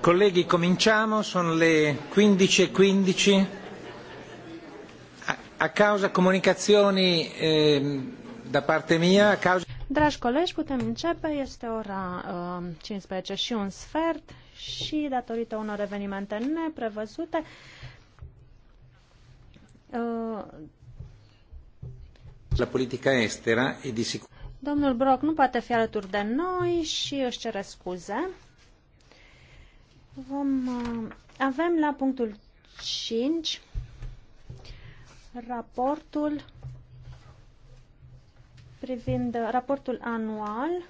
Colleghi, cominciamo, sono le 15.15. quindici A causa comunicazioni ehm, da parte mia, a causa... Dragi colegi, putem începe. Este ora uh, ehm, 15 și un sfert și datorită unor evenimente neprevăzute, uh, la politica estera e di sicurezza. Domnul Brock nu poate fi alături de noi și își cere scuze. Vom, uh, avem la punctul 5 raportul privind uh, raportul anual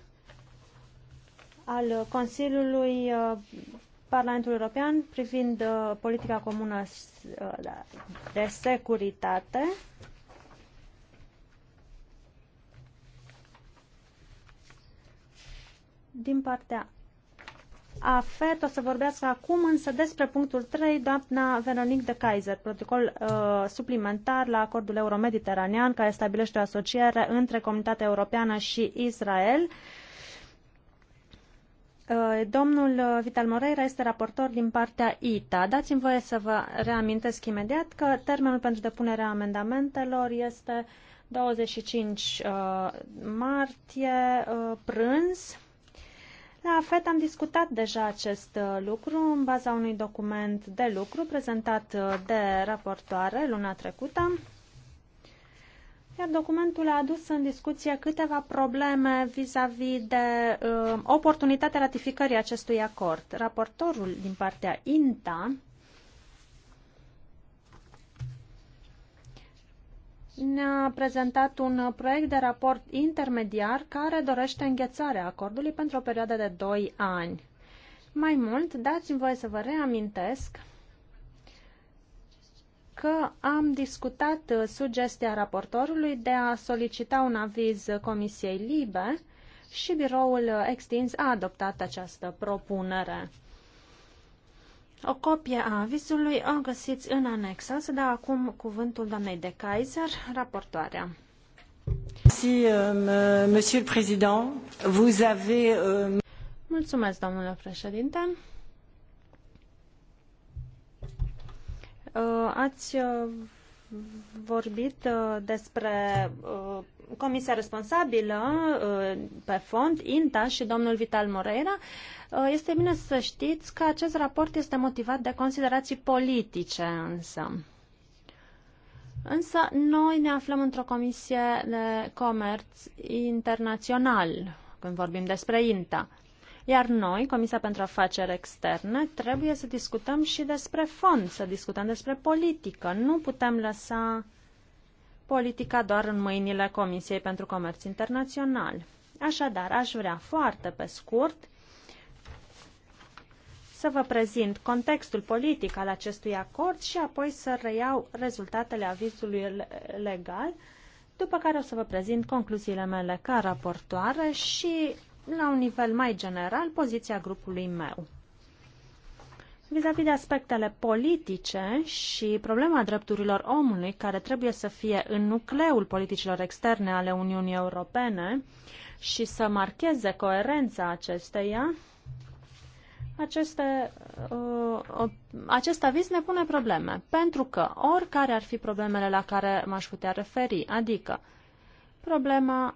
al Consiliului uh, Parlamentului European privind politica comună de securitate. Din partea AFET o să vorbească acum însă despre punctul 3, doamna Veronique de Kaiser, protocol uh, suplimentar la acordul euromediteranean care stabilește o asociere între Comunitatea Europeană și Israel. Uh, domnul Vital Moreira este raportor din partea ITA. Dați-mi voie să vă reamintesc imediat că termenul pentru depunerea amendamentelor este 25 uh, martie, uh, prânz. La AFET am discutat deja acest uh, lucru în baza unui document de lucru prezentat uh, de raportoare luna trecută, iar documentul a adus în discuție câteva probleme vis-a-vis -vis de uh, oportunitatea ratificării acestui acord. Raportorul din partea INTA ne-a prezentat un proiect de raport intermediar care dorește înghețarea acordului pentru o perioadă de 2 ani. Mai mult, dați-mi voie să vă reamintesc că am discutat sugestia raportorului de a solicita un aviz Comisiei Libe și biroul extins a adoptat această propunere. O copie a avizului o găsiți în anexă. Să dau acum cuvântul doamnei de Kaiser, raportoarea. Euh, euh, Mulțumesc, domnule președinte. Uh, ați uh, vorbit uh, despre comisia responsabilă uh, pe fond, INTA și domnul Vital Moreira, uh, este bine să știți că acest raport este motivat de considerații politice însă. Însă noi ne aflăm într-o comisie de comerț internațional când vorbim despre INTA. Iar noi, Comisia pentru Afaceri Externe, trebuie să discutăm și despre fond, să discutăm despre politică. Nu putem lăsa politica doar în mâinile Comisiei pentru Comerț Internațional. Așadar, aș vrea foarte pe scurt să vă prezint contextul politic al acestui acord și apoi să reiau rezultatele avizului legal, după care o să vă prezint concluziile mele ca raportoare și, la un nivel mai general, poziția grupului meu. Vis-a-vis -vis de aspectele politice și problema drepturilor omului, care trebuie să fie în nucleul politicilor externe ale Uniunii Europene și să marcheze coerența acesteia, aceste, uh, acest aviz ne pune probleme, pentru că oricare ar fi problemele la care m-aș putea referi, adică problema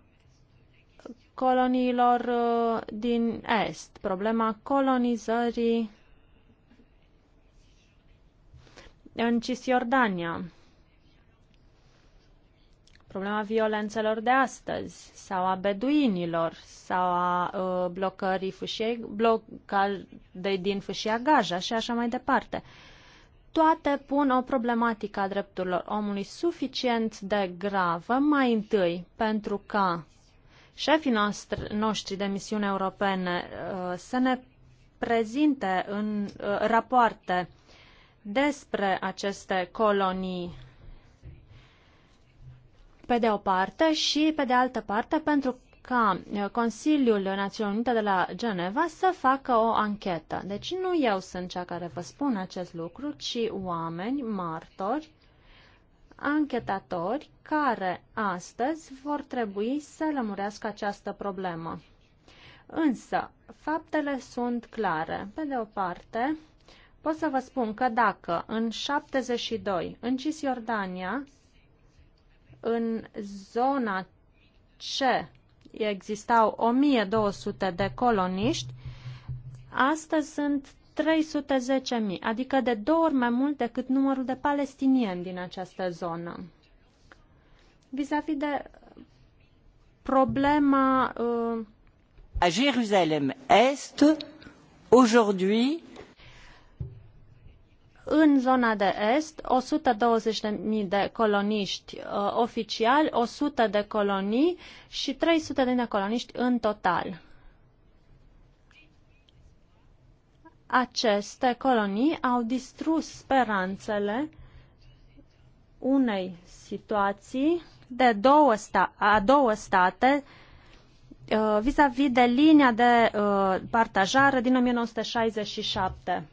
coloniilor uh, din Est, problema colonizării în Cisjordania, problema violențelor de astăzi sau a beduinilor sau a uh, blocării fâșiei, blocadei din fâșia Gaja și așa mai departe. Toate pun o problematică a drepturilor omului suficient de gravă mai întâi pentru ca șefii noștri, noștri de misiune europene uh, să ne prezinte în uh, rapoarte uh, despre aceste colonii pe de o parte și pe de altă parte pentru ca eh, Consiliul Națiunilor Unite de la Geneva să facă o anchetă. Deci nu eu sunt cea care vă spun acest lucru, ci oameni, martori, anchetatori care astăzi vor trebui să lămurească această problemă. Însă, faptele sunt clare. Pe de o parte, Pot să vă spun că dacă în 72, în Cisjordania, în zona C existau 1200 de coloniști, astăzi sunt 310.000, adică de două ori mai mult decât numărul de palestinieni din această zonă. Vis-a-vis -vis de problema... Uh... A Jérusalem Est, aujourd'hui, în zona de est, 120.000 de coloniști uh, oficiali, 100 de colonii și 300 de coloniști în total. Aceste colonii au distrus speranțele unei situații de două sta- a două state uh, vis-a-vis uh, -vis de linia de uh, partajare din 1967.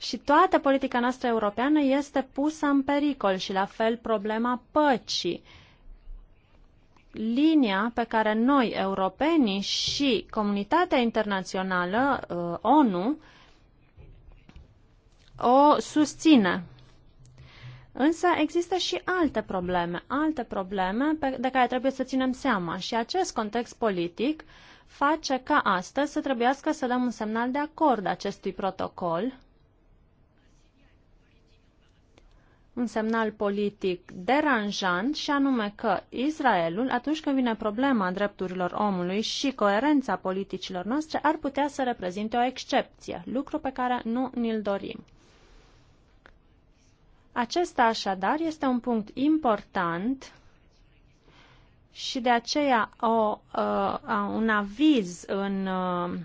Și toată politica noastră europeană este pusă în pericol și la fel problema păcii. Linia pe care noi, europenii și comunitatea internațională, uh, ONU, o susține. Însă există și alte probleme, alte probleme pe, de care trebuie să ținem seama și acest context politic face ca astăzi să trebuiască să dăm un semnal de acord acestui protocol un semnal politic deranjant și anume că Israelul, atunci când vine problema drepturilor omului și coerența politicilor noastre, ar putea să reprezinte o excepție, lucru pe care nu ni-l dorim. Acesta așadar este un punct important și de aceea o, uh, un aviz în uh,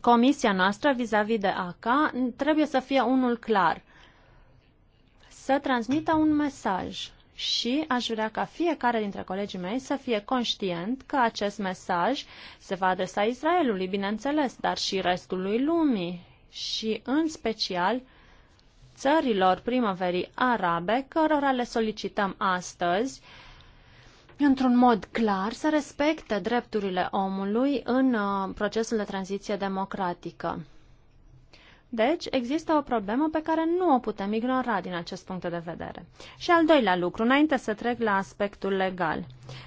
comisia noastră vis-a-vis -vis de ACA trebuie să fie unul clar să transmită un mesaj și aș vrea ca fiecare dintre colegii mei să fie conștient că acest mesaj se va adresa Israelului, bineînțeles, dar și restului lumii și, în special, țărilor primăverii arabe, cărora le solicităm astăzi, într-un mod clar, să respecte drepturile omului în uh, procesul de tranziție democratică. Deci, există o problemă pe care nu o putem ignora din acest punct de vedere. Și al doilea lucru, înainte să trec la aspectul legal.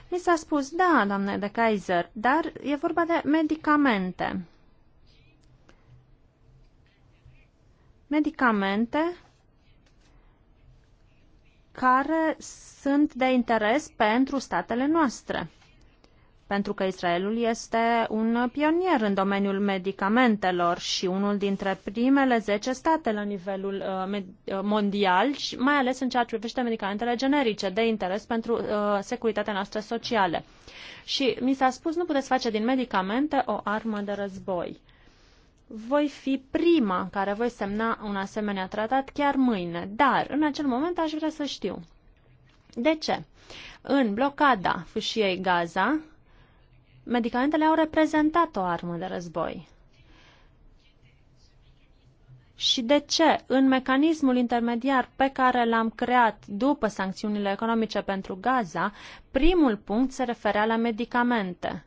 Mi s-a spus, da, doamne de Kaiser, dar e vorba de medicamente. Medicamente care sunt de interes pentru statele noastre pentru că Israelul este un pionier în domeniul medicamentelor și unul dintre primele 10 state la nivelul uh, uh, mondial, și mai ales în ceea ce privește medicamentele generice, de interes pentru uh, securitatea noastră socială. Și mi s-a spus, nu puteți face din medicamente o armă de război voi fi prima care voi semna un asemenea tratat chiar mâine, dar în acel moment aș vrea să știu. De ce? În blocada fâșiei Gaza, medicamentele au reprezentat o armă de război. Și de ce în mecanismul intermediar pe care l-am creat după sancțiunile economice pentru Gaza, primul punct se referea la medicamente?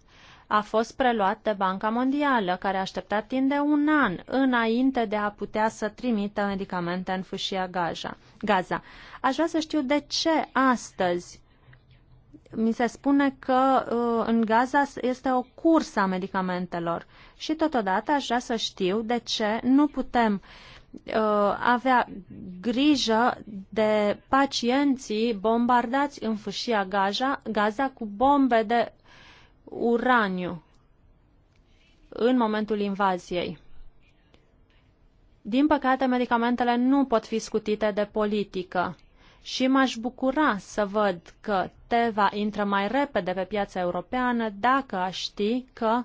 A fost preluat de Banca Mondială, care așteptat timp de un an înainte de a putea să trimită medicamente în fâșia Gaza. Aș vrea să știu de ce astăzi mi se spune că uh, în Gaza este o cursă a medicamentelor și totodată aș vrea să știu de ce nu putem uh, avea grijă de pacienții bombardați în fâșia Gaza, Gaza cu bombe de uraniu în momentul invaziei. Din păcate, medicamentele nu pot fi scutite de politică și m-aș bucura să văd că Teva intră mai repede pe piața europeană dacă aș ști că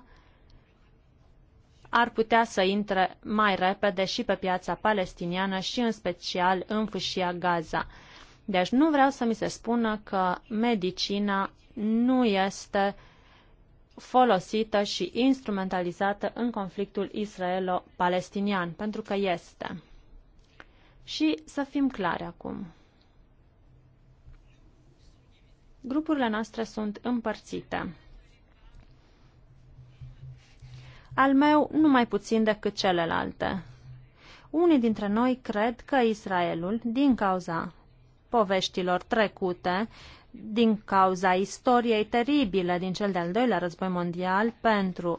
ar putea să intre mai repede și pe piața palestiniană și în special în fâșia Gaza. Deci nu vreau să mi se spună că medicina nu este folosită și instrumentalizată în conflictul israelo-palestinian, pentru că este. Și să fim clari acum. Grupurile noastre sunt împărțite. Al meu nu mai puțin decât celelalte. Unii dintre noi cred că Israelul, din cauza poveștilor trecute, din cauza istoriei teribile din cel de-al doilea război mondial pentru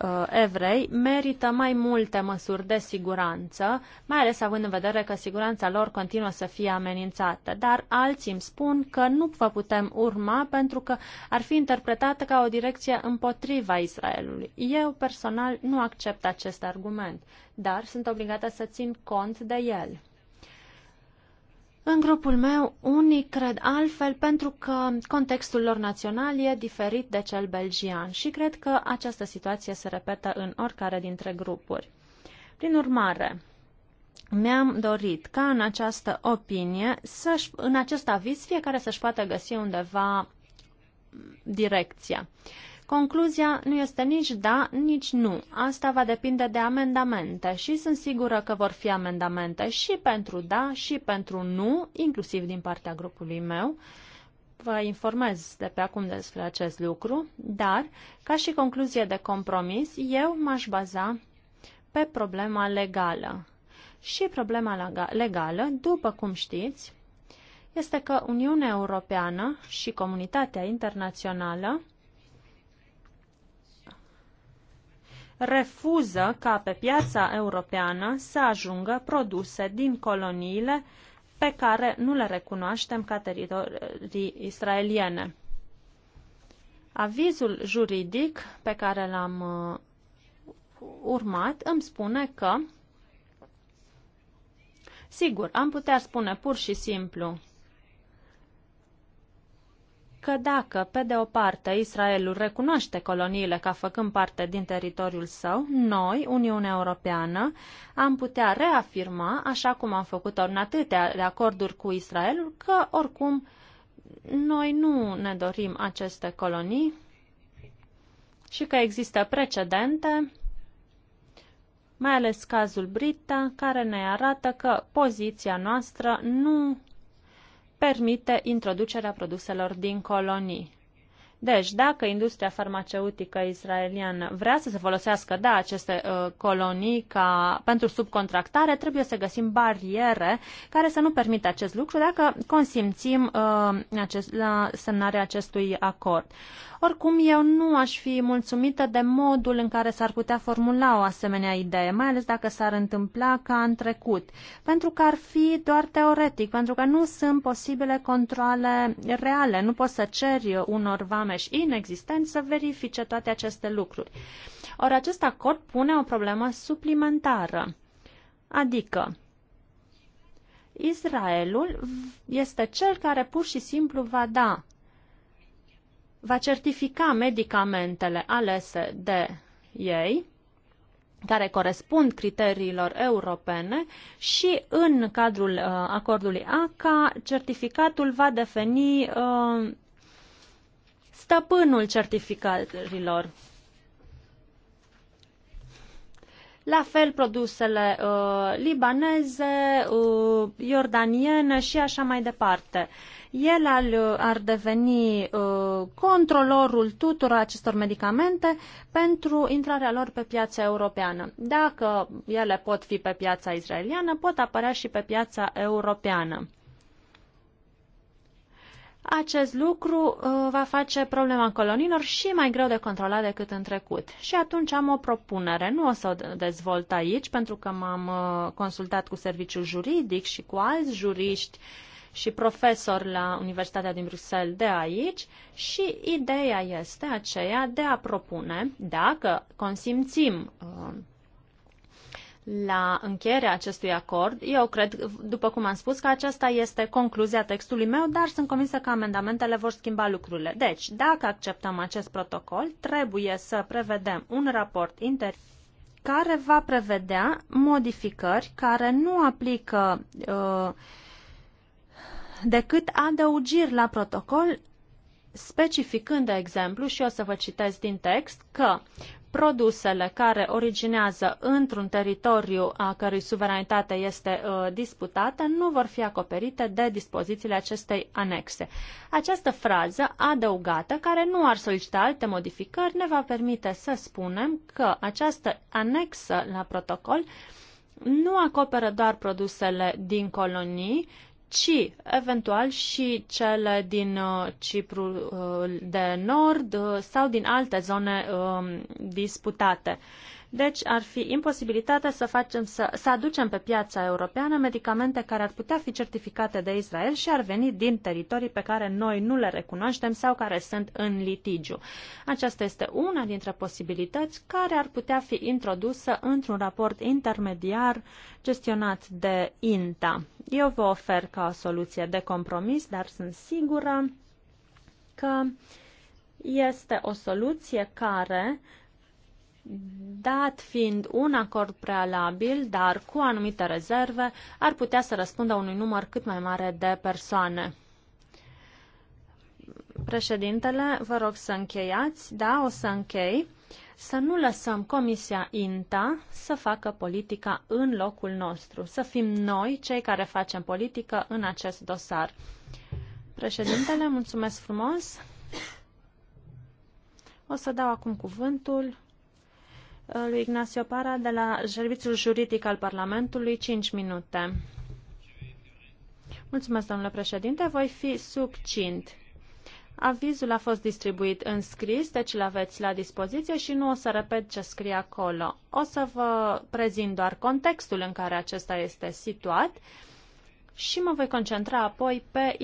Uh, evrei merită mai multe măsuri de siguranță, mai ales având în vedere că siguranța lor continuă să fie amenințată. Dar alții îmi spun că nu vă putem urma pentru că ar fi interpretată ca o direcție împotriva Israelului. Eu personal nu accept acest argument, dar sunt obligată să țin cont de el. În grupul meu, unii cred altfel pentru că contextul lor național e diferit de cel belgian și cred că această situație se repetă în oricare dintre grupuri. Prin urmare, mi-am dorit ca în această opinie, să în acest aviz, fiecare să-și poată găsi undeva direcția. Uh, Concluzia nu este nici da, nici nu. Asta va depinde de amendamente și sunt sigură că vor fi amendamente și pentru da și pentru nu, inclusiv din partea grupului meu. Vă informez de pe acum despre acest lucru, dar, ca și concluzie de compromis, eu m-aș baza pe problema legală. Și problema legală, după cum știți, este că Uniunea Europeană și comunitatea internațională refuză ca pe piața europeană să ajungă produse din coloniile pe care nu le recunoaștem ca teritorii israeliene. Avizul juridic pe care l-am uh, urmat îmi spune că, sigur, am putea spune pur și simplu că dacă, pe de o parte, Israelul recunoaște coloniile ca făcând parte din teritoriul său, noi, Uniunea Europeană, am putea reafirma, așa cum am făcut ori în atâtea de acorduri cu Israelul, că, oricum, noi nu ne dorim aceste colonii și că există precedente, mai ales cazul Brita, care ne arată că poziția noastră nu permite introducerea produselor din colonii. Deci, dacă industria farmaceutică israeliană vrea să se folosească, da, aceste uh, colonii ca, pentru subcontractare, trebuie să găsim bariere care să nu permită acest lucru dacă consimțim uh, acest, la semnarea acestui acord. Uh, oricum, eu nu aș fi mulțumită de modul în care s-ar putea formula o asemenea idee, mai ales dacă s-ar întâmpla ca în trecut, pentru că ar fi doar teoretic, pentru că nu sunt posibile controle reale. Nu poți să ceri unor vameși inexistenți să verifice toate aceste lucruri. Ori acest acord pune o problemă suplimentară. Adică, Israelul este cel care pur și simplu va da va certifica medicamentele alese de ei, care corespund criteriilor europene și în cadrul uh, acordului ACA, certificatul va defini uh, stăpânul certificărilor La fel produsele uh, libaneze, uh, iordaniene și așa mai departe. El ar, uh, ar deveni uh, controlorul tuturor acestor medicamente pentru intrarea lor pe piața europeană. Dacă ele pot fi pe piața israeliană, pot apărea și pe piața europeană acest lucru uh, va face problema colonilor și mai greu de controlat decât în trecut. Și atunci am o propunere. Nu o să o dezvolt aici, pentru că m-am uh, consultat cu serviciul juridic și cu alți juriști și profesori la Universitatea din Bruxelles de aici și ideea este aceea de a propune, dacă consimțim uh, la încheierea acestui acord. Eu cred, după cum am spus, că aceasta este concluzia textului meu, dar sunt convinsă că amendamentele vor schimba lucrurile. Deci, dacă acceptăm acest protocol, trebuie să prevedem un raport inter care va prevedea modificări care nu aplică uh, decât adăugiri la protocol specificând, de exemplu, și o să vă citesc din text, că produsele care originează într-un teritoriu a cărui suveranitate este uh, disputată nu vor fi acoperite de dispozițiile acestei anexe. Această frază adăugată, care nu ar solicita alte modificări, ne va permite să spunem că această anexă la protocol nu acoperă doar produsele din colonii, ci eventual și cele din uh, Cipru uh, de Nord uh, sau din alte zone um, disputate. Deci ar fi imposibilitatea să, facem, să, să aducem pe piața europeană medicamente care ar putea fi certificate de Israel și ar veni din teritorii pe care noi nu le recunoaștem sau care sunt în litigiu. Aceasta este una dintre posibilități care ar putea fi introdusă într-un raport intermediar gestionat de INTA. Eu vă ofer ca o soluție de compromis, dar sunt sigură că este o soluție care dat fiind un acord prealabil, dar cu anumite rezerve, ar putea să răspundă unui număr cât mai mare de persoane. Președintele, vă rog să încheiați. Da, o să închei. Să nu lăsăm Comisia INTA să facă politica în locul nostru, să fim noi cei care facem politică în acest dosar. Președintele, mulțumesc frumos. O să dau acum cuvântul Uh, lui Ignacio Para de la Serviciul Juridic al Parlamentului, cinci minute. Mulțumesc, domnule președinte. Voi fi succint. Avizul a fost distribuit în scris, deci îl aveți la dispoziție și nu o să repet ce scrie acolo. O să vă prezint doar contextul în care acesta este situat și mă voi concentra apoi pe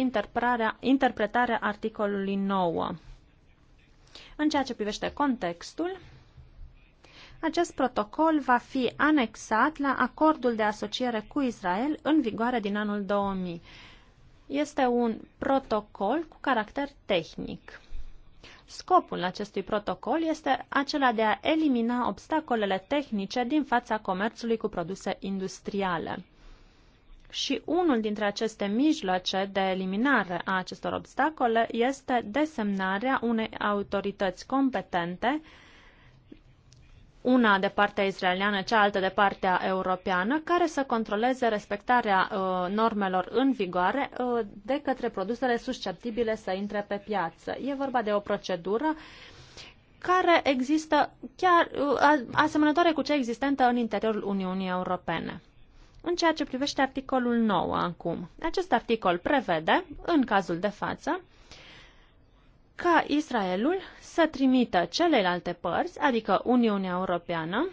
interpretarea articolului 9. În ceea ce privește contextul, acest protocol va fi anexat la acordul de asociere cu Israel în vigoare din anul 2000. Este un protocol cu caracter tehnic. Scopul acestui protocol este acela de a elimina obstacolele tehnice din fața comerțului cu produse industriale. Și unul dintre aceste mijloace de eliminare a acestor obstacole este desemnarea unei autorități competente una de partea israeliană, cealaltă de partea europeană, care să controleze respectarea uh, normelor în vigoare uh, de către produsele susceptibile să intre pe piață. E vorba de o procedură care există chiar uh, asemănătoare cu cea existentă în interiorul Uniunii Europene. În ceea ce privește articolul 9 acum, acest articol prevede, în cazul de față, ca Israelul să trimită celelalte părți, adică Uniunea Europeană,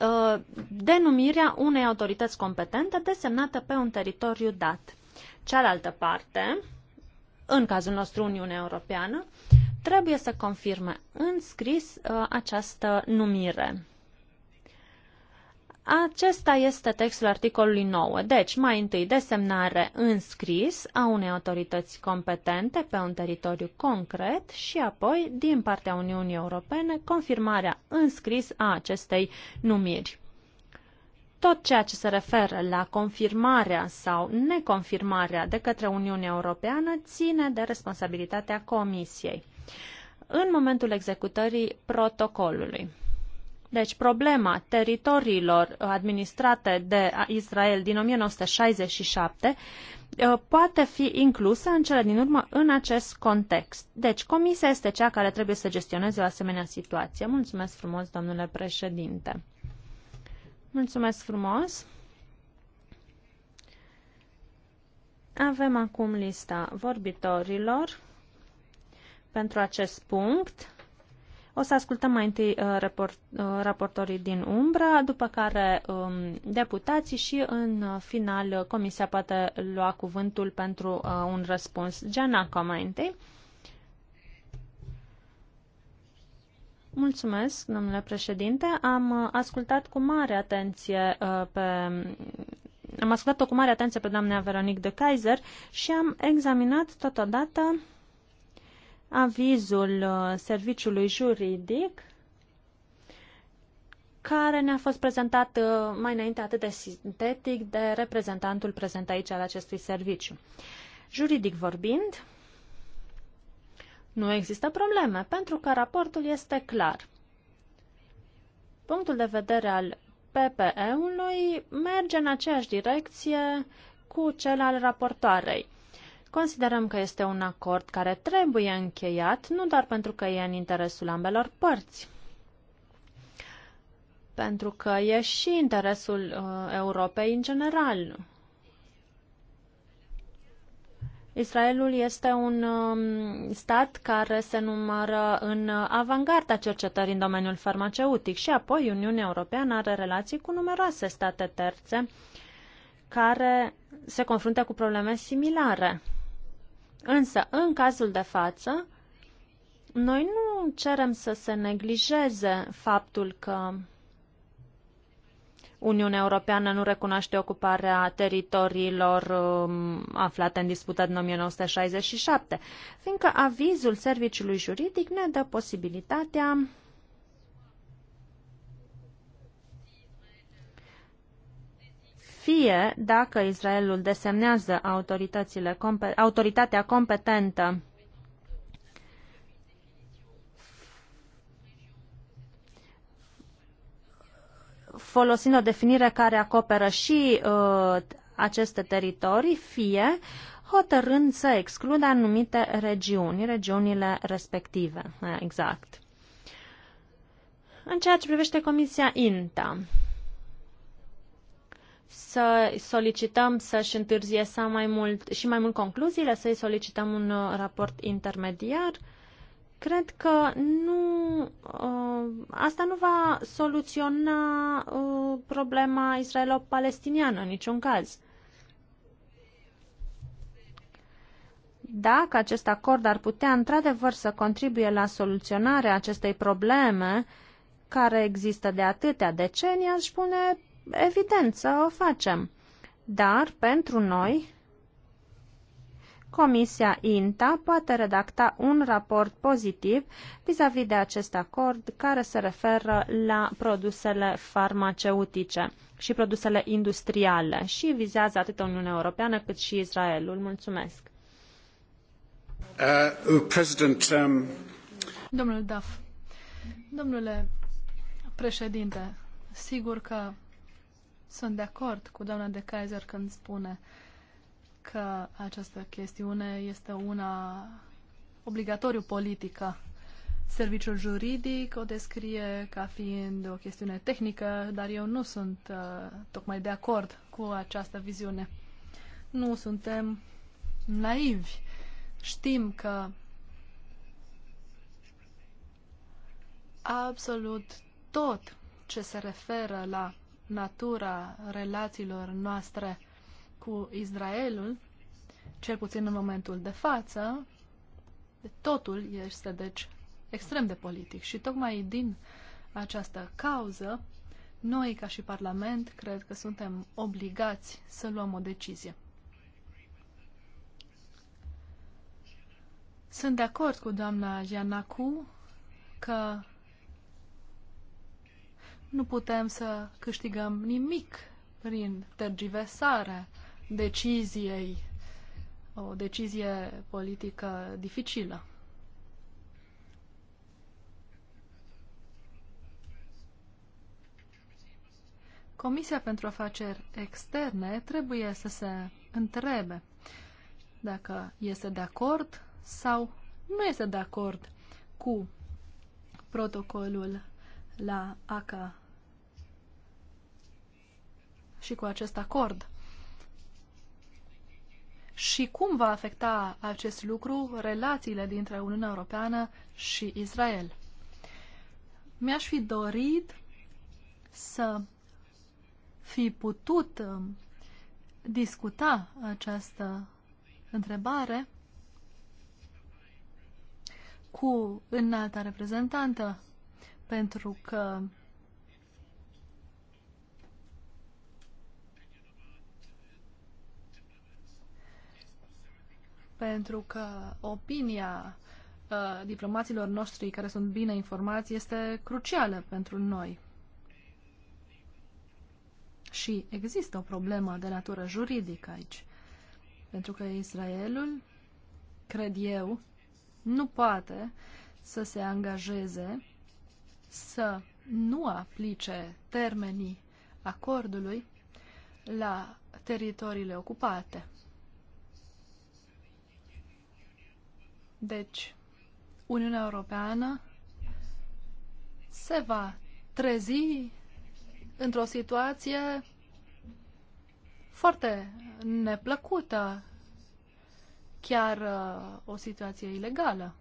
ă, denumirea unei autorități competente desemnată pe un teritoriu dat. Cealaltă parte, în cazul nostru Uniunea Europeană, trebuie să confirme în scris ă, această numire. Acesta este textul articolului 9. Deci, mai întâi, desemnare în scris a unei autorități competente pe un teritoriu concret și apoi, din partea Uniunii Europene, confirmarea în scris a acestei numiri. Tot ceea ce se referă la confirmarea sau neconfirmarea de către Uniunea Europeană ține de responsabilitatea Comisiei în momentul executării protocolului. Deci problema teritoriilor administrate de Israel din 1967 uh, poate fi inclusă în cele din urmă în acest context. Deci comisia este cea care trebuie să gestioneze o asemenea situație. Mulțumesc frumos, domnule președinte. Mulțumesc frumos. Avem acum lista vorbitorilor pentru acest punct. O să ascultăm mai întâi uh, raport, uh, raportorii din umbra, după care um, deputații și în uh, final comisia poate lua cuvântul pentru uh, un răspuns. Gianaca mai întâi. Mulțumesc, domnule președinte. Am uh, ascultat cu mare atenție uh, pe am ascultat-o cu mare atenție pe doamna Veronique de Kaiser și am examinat totodată avizul uh, serviciului juridic care ne-a fost prezentat uh, mai înainte atât de sintetic de reprezentantul prezent aici al acestui serviciu. Juridic vorbind, nu există probleme, pentru că raportul este clar. Punctul de vedere al PPE-ului merge în aceeași direcție cu cel al raportoarei. Considerăm că este un acord care trebuie încheiat, nu doar pentru că e în interesul ambelor părți, pentru că e și interesul uh, Europei în general. Israelul este un um, stat care se numără în avangarda cercetării în domeniul farmaceutic și apoi Uniunea Europeană are relații cu numeroase state terțe care se confruntă cu probleme similare. Însă, în cazul de față, noi nu cerem să se neglijeze faptul că Uniunea Europeană nu recunoaște ocuparea teritoriilor um, aflate în dispută din 1967, fiindcă avizul serviciului juridic ne dă posibilitatea Fie dacă Israelul desemnează autoritățile, autoritatea competentă folosind o definire care acoperă și uh, aceste teritorii, fie hotărând să excludă anumite regiuni, regiunile respective, exact. În ceea ce privește Comisia INTA, să solicităm să-și întârzie să mai mult, și mai mult concluziile, să-i solicităm un uh, raport intermediar. Cred că nu, uh, asta nu va soluționa uh, problema israelo-palestiniană în niciun caz. Dacă acest acord ar putea într-adevăr să contribuie la soluționarea acestei probleme care există de atâtea decenii, aș spune evident, să o facem. Dar, pentru noi, Comisia INTA poate redacta un raport pozitiv vis-a-vis -vis de acest acord care se referă la produsele farmaceutice și produsele industriale și vizează atât Uniunea Europeană cât și Israelul. Mulțumesc. Uh, President, um... Domnul Duff, domnule președinte, sigur că sunt de acord cu doamna de Kaiser când spune că această chestiune este una obligatoriu politică. Serviciul juridic o descrie ca fiind o chestiune tehnică, dar eu nu sunt uh, tocmai de acord cu această viziune. Nu suntem naivi. Știm că absolut tot ce se referă la natura relațiilor noastre cu Israelul, cel puțin în momentul de față, totul este, deci, extrem de politic. Și tocmai din această cauză, noi, ca și Parlament, cred că suntem obligați să luăm o decizie. Sunt de acord cu doamna Ianacu că nu putem să câștigăm nimic prin tergiversare deciziei, o decizie politică dificilă. Comisia pentru Afaceri Externe trebuie să se întrebe dacă este de acord sau nu este de acord cu protocolul la ACA și cu acest acord. Și cum va afecta acest lucru relațiile dintre Uniunea Europeană și Israel? Mi-aș fi dorit să fi putut um, discuta această întrebare cu înalta reprezentantă, pentru că pentru că opinia uh, diplomaților noștri care sunt bine informați este crucială pentru noi. Și există o problemă de natură juridică aici, pentru că Israelul, cred eu, nu poate să se angajeze să nu aplice termenii acordului la teritoriile ocupate. Deci, Uniunea Europeană se va trezi într-o situație foarte neplăcută, chiar uh, o situație ilegală.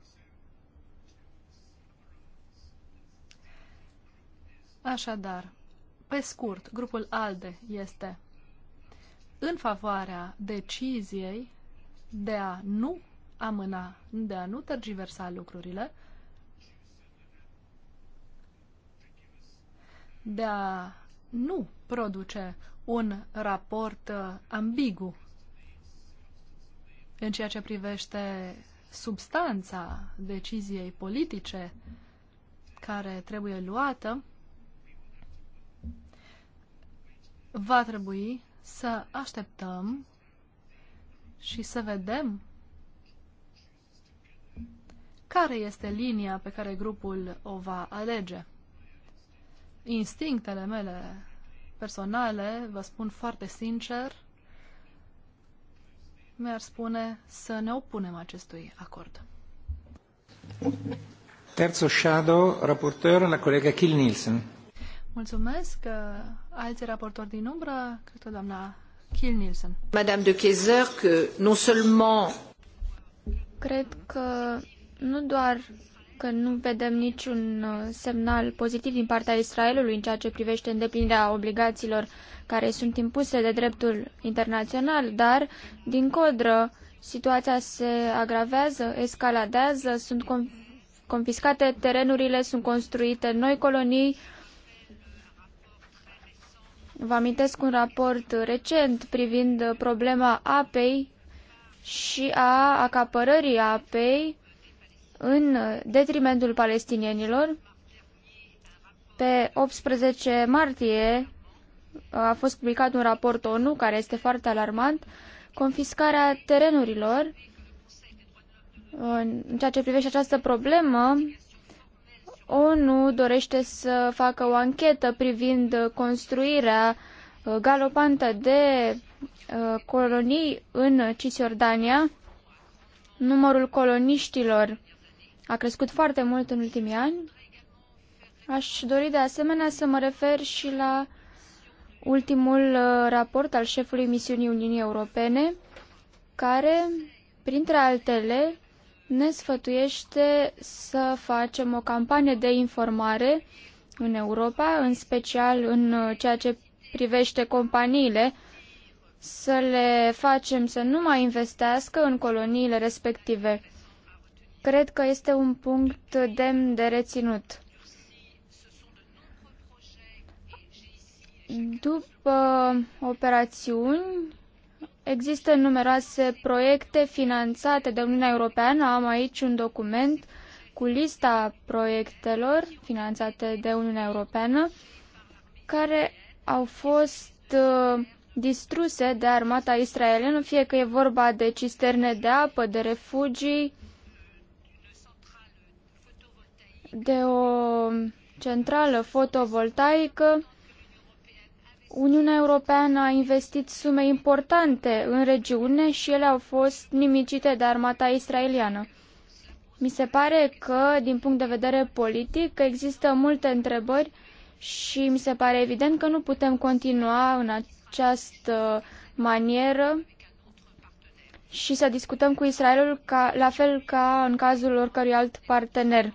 Așadar, pe scurt, grupul ALDE este în favoarea deciziei de a nu amâna, de a nu tergiversa lucrurile, de a nu produce un raport uh, ambigu în ceea ce privește substanța deciziei politice care trebuie luată, va trebui să așteptăm și să vedem care este linia pe care grupul o va alege. Instinctele mele personale, vă spun foarte sincer, mi-ar spune să ne opunem acestui acord. Terzo shadow, raportor, la colega Kill Nielsen. Mulțumesc. Alți raportori din umbră, cred că doamna Kill Nielsen. Madame de Kaiser, că non seulement Cred că nu doar că nu vedem niciun uh, semnal pozitiv din partea Israelului în ceea ce privește îndeplinirea obligațiilor care sunt impuse de dreptul internațional, dar, din codră, situația se agravează, escaladează, sunt confiscate terenurile, sunt construite noi colonii. Vă amintesc un raport recent privind problema apei și a acapărării apei în detrimentul palestinienilor. Pe 18 martie a fost publicat un raport ONU care este foarte alarmant, confiscarea terenurilor în ceea ce privește această problemă, ONU dorește să facă o anchetă privind construirea uh, galopantă de uh, colonii în Cisjordania. Numărul coloniștilor a crescut foarte mult în ultimii ani. Aș dori de asemenea să mă refer și la ultimul uh, raport al șefului misiunii Uniunii Europene, care, printre altele, ne sfătuiește să facem o campanie de informare în Europa, în special în uh, ceea ce privește companiile, să le facem să nu mai investească în coloniile respective. Cred că este un punct demn de reținut. După operațiuni, există numeroase proiecte finanțate de Uniunea Europeană. Am aici un document cu lista proiectelor finanțate de Uniunea Europeană care au fost uh, distruse de armata israeliană, fie că e vorba de cisterne de apă, de refugii de o centrală fotovoltaică, Uniunea Europeană a investit sume importante în regiune și ele au fost nimicite de armata israeliană. Mi se pare că, din punct de vedere politic, există multe întrebări și mi se pare evident că nu putem continua în această manieră și să discutăm cu Israelul ca, la fel ca în cazul oricărui alt partener.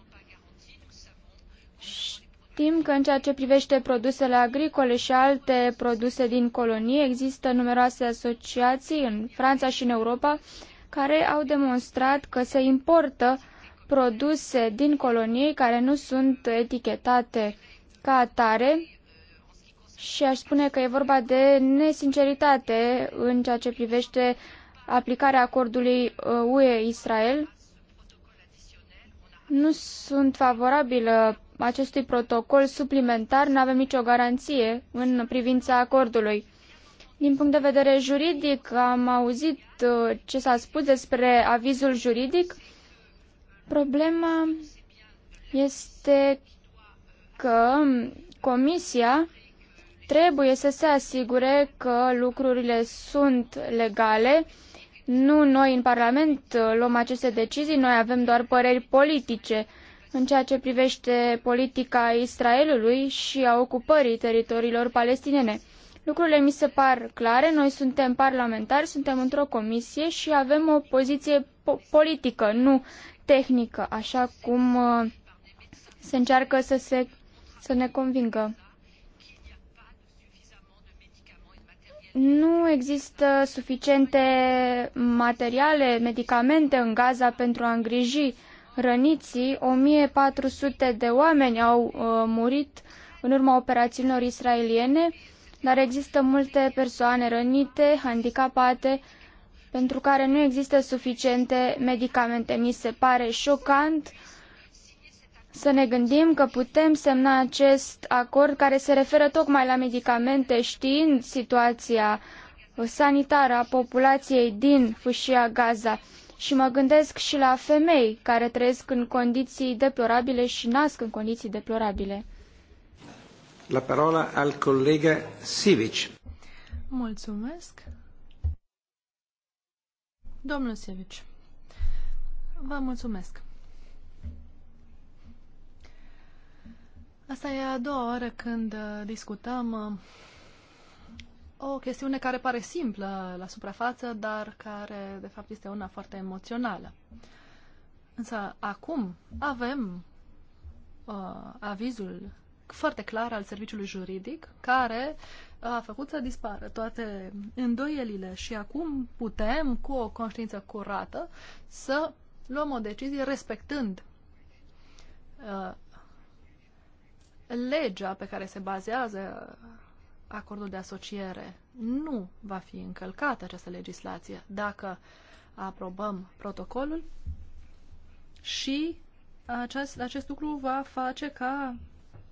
Știm că în ceea ce privește produsele agricole și alte produse din colonie există numeroase asociații în Franța și în Europa care au demonstrat că se importă produse din colonie care nu sunt etichetate ca atare și aș spune că e vorba de nesinceritate în ceea ce privește aplicarea acordului UE-Israel. Uh, nu sunt favorabilă acestui protocol suplimentar nu avem nicio garanție în privința acordului. Din punct de vedere juridic, am auzit uh, ce s-a spus despre avizul juridic. Problema este că Comisia trebuie să se asigure că lucrurile sunt legale. Nu noi în Parlament uh, luăm aceste decizii, noi avem doar păreri politice în ceea ce privește politica Israelului și a ocupării teritoriilor palestinene. Lucrurile mi se par clare, noi suntem parlamentari, suntem într-o comisie și avem o poziție po politică, nu tehnică, așa cum uh, se încearcă să, se, să ne convingă. Nu există suficiente materiale, medicamente în Gaza pentru a îngriji răniții, 1400 de oameni au uh, murit în urma operațiunilor israeliene, dar există multe persoane rănite, handicapate, pentru care nu există suficiente medicamente. Mi se pare șocant să ne gândim că putem semna acest acord care se referă tocmai la medicamente, știind situația sanitară a populației din fâșia Gaza. Și mă gândesc și la femei care trăiesc în condiții deplorabile și nasc în condiții deplorabile. La parola al colega Sivic. Mulțumesc. Domnul Sivic, vă mulțumesc. Asta e a doua oară când uh, discutăm uh, o chestiune care pare simplă la suprafață, dar care de fapt este una foarte emoțională. Însă acum avem uh, avizul foarte clar al serviciului juridic care uh, a făcut să dispară toate îndoielile și acum putem, cu o conștiință curată, să luăm o decizie respectând uh, legea pe care se bazează acordul de asociere, nu va fi încălcată această legislație dacă aprobăm protocolul și acest, acest lucru va face ca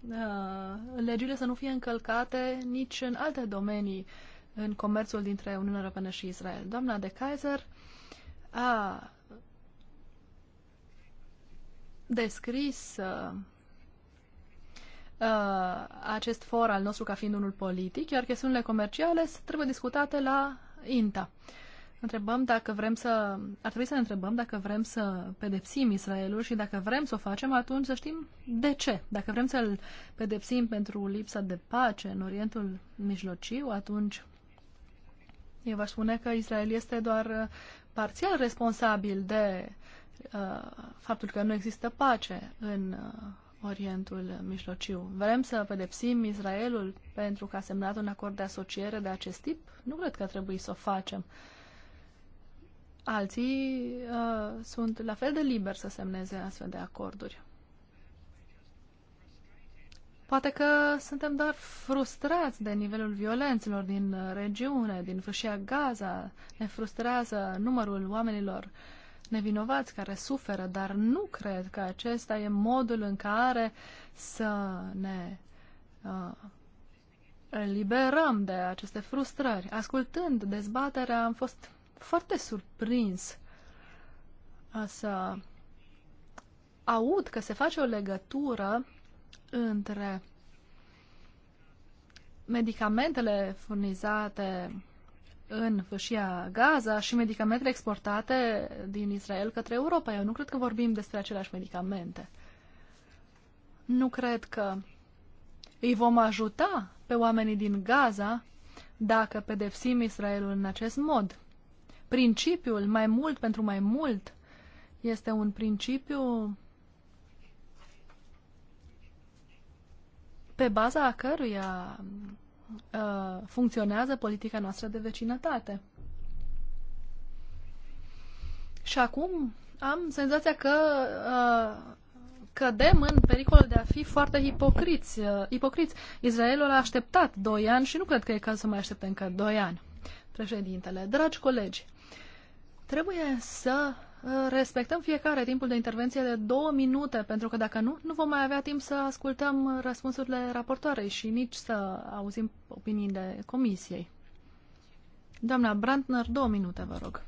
uh, legile să nu fie încălcate nici în alte domenii în comerțul dintre Uniunea Europeană și Israel. Doamna de Kaiser a descris uh, Uh, acest for al nostru ca fiind unul politic, iar chestiunile comerciale trebuie discutate la INTA. Întrebăm dacă vrem să, ar trebui să ne întrebăm dacă vrem să pedepsim Israelul și dacă vrem să o facem, atunci să știm de ce. Dacă vrem să-l pedepsim pentru lipsa de pace în Orientul Mijlociu, atunci eu vă spune că Israel este doar uh, parțial responsabil de uh, faptul că nu există pace în uh, Orientul Mijlociu. Vrem să pedepsim Israelul pentru că a semnat un acord de asociere de acest tip? Nu cred că trebuie să o facem. Alții uh, sunt la fel de liberi să semneze astfel de acorduri. Poate că suntem doar frustrați de nivelul violențelor din regiune, din fâșia Gaza. Ne frustrează numărul oamenilor uh, nevinovați care suferă, dar nu cred că acesta e modul în care să ne uh, eliberăm de aceste frustrări. Ascultând dezbaterea, am fost foarte surprins uh, să aud că se face o legătură între medicamentele furnizate în fâșia Gaza și medicamentele exportate din Israel către Europa. Eu nu cred că vorbim despre aceleași medicamente. Nu cred că îi vom ajuta pe oamenii din Gaza dacă pedepsim Israelul în acest mod. Principiul mai mult pentru mai mult este un principiu pe baza căruia Uh, funcționează politica noastră de vecinătate. Și acum am senzația că uh, cădem în pericolul de a fi foarte hipocriți. Uh, ipocriți. Israelul a așteptat 2 ani și nu cred că e cazul să mai așteptăm încă 2 ani. Președintele, dragi colegi, trebuie să respectăm fiecare timpul de intervenție de două minute, pentru că dacă nu, nu vom mai avea timp să ascultăm răspunsurile raportoarei și nici să auzim opiniile comisiei. Doamna Brandner, două minute, vă rog.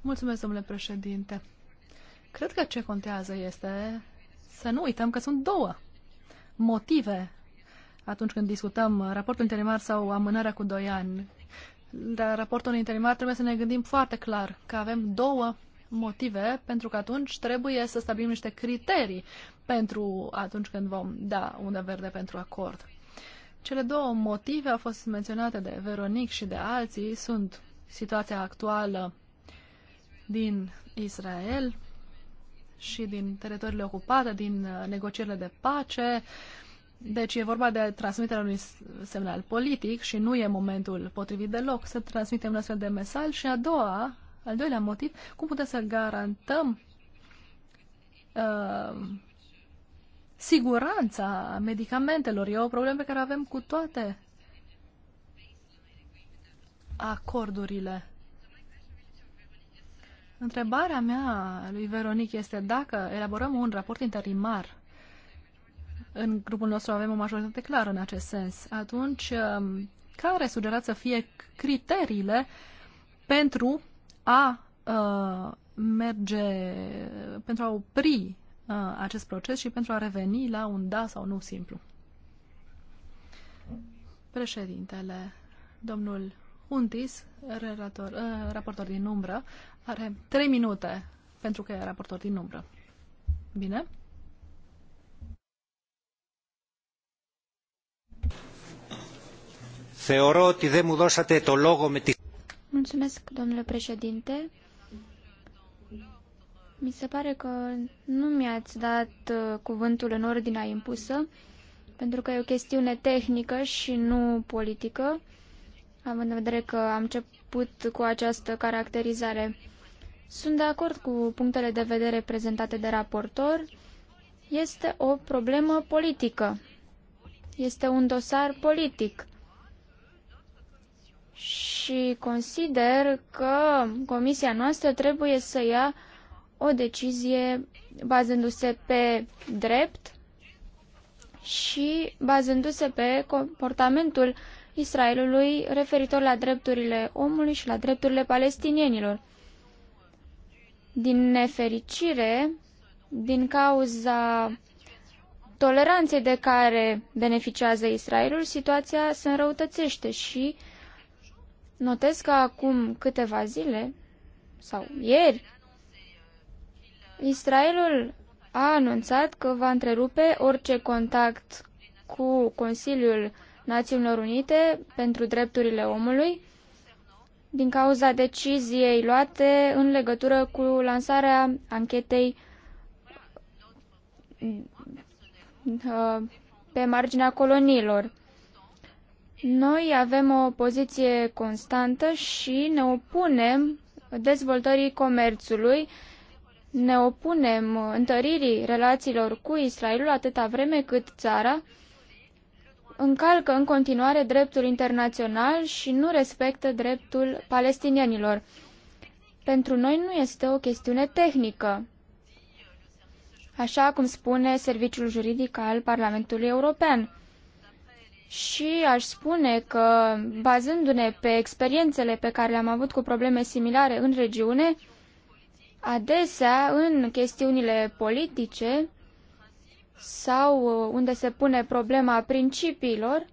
Mulțumesc, domnule președinte. Cred că ce contează este să nu uităm că sunt două motive atunci când discutăm raportul interimar sau amânarea cu doi ani de raportul interimar trebuie să ne gândim foarte clar că avem două motive, pentru că atunci trebuie să stabilim niște criterii pentru atunci când vom da undă verde pentru acord. Cele două motive au fost menționate de Veronic și de alții, sunt situația actuală din Israel și din teritoriile ocupate, din uh, negocierile de pace, uh, deci e vorba de transmiterea unui semnal politic și nu e momentul potrivit deloc să transmitem un astfel de mesaj. Și a doua, al doilea motiv, cum putem să garantăm uh, siguranța medicamentelor? E o problemă pe care o avem cu toate acordurile. Întrebarea mea lui Veronic este dacă elaborăm un raport interimar în grupul nostru avem o majoritate clară în acest sens. Atunci, um, care sugerați să fie criteriile pentru a uh, merge, pentru a opri uh, acest proces și pentru a reveni la un da sau nu simplu? Președintele, domnul Huntis, relator, uh, raportor din umbră, are trei minute pentru că e raportor din umbră. Bine? domnule președinte. Mi se pare că nu mi-ați dat uh, cuvântul în ordinea impusă, pentru că e o chestiune tehnică și nu politică, având în vedere că am început cu această caracterizare. Sunt de acord cu punctele de vedere prezentate de raportor. Este o problemă politică. Este un dosar politic și consider că comisia noastră trebuie să ia o decizie bazându-se pe drept și bazându-se pe comportamentul Israelului referitor la drepturile omului și la drepturile palestinienilor. Din nefericire, din cauza toleranței de care beneficiază Israelul, situația se înrăutățește și Notez că acum câteva zile, sau ieri, Israelul a anunțat că va întrerupe orice contact cu Consiliul Națiunilor Unite pentru Drepturile Omului din cauza deciziei luate în legătură cu lansarea anchetei uh, pe marginea coloniilor. Noi avem o poziție constantă și ne opunem dezvoltării comerțului, ne opunem întăririi relațiilor cu Israelul atâta vreme cât țara încalcă în continuare dreptul internațional și nu respectă dreptul palestinienilor. Pentru noi nu este o chestiune tehnică, așa cum spune Serviciul Juridic al Parlamentului European și aș spune că, bazându-ne pe experiențele pe care le-am avut cu probleme similare în regiune, adesea, în chestiunile politice sau unde se pune problema principiilor,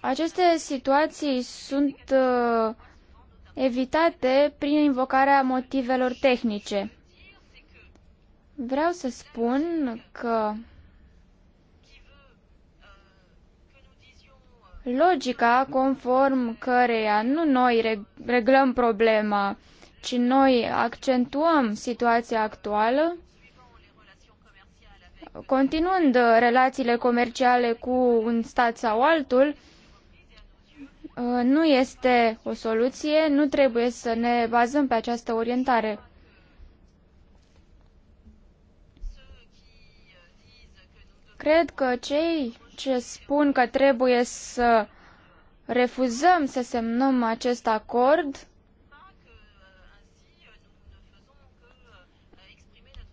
aceste situații sunt uh, evitate prin invocarea motivelor tehnice. Vreau să spun că Logica conform căreia nu noi reglăm problema, ci noi accentuăm situația actuală, continuând relațiile comerciale cu un stat sau altul, nu este o soluție, nu trebuie să ne bazăm pe această orientare. Cred că cei ce spun că trebuie să refuzăm să semnăm acest acord,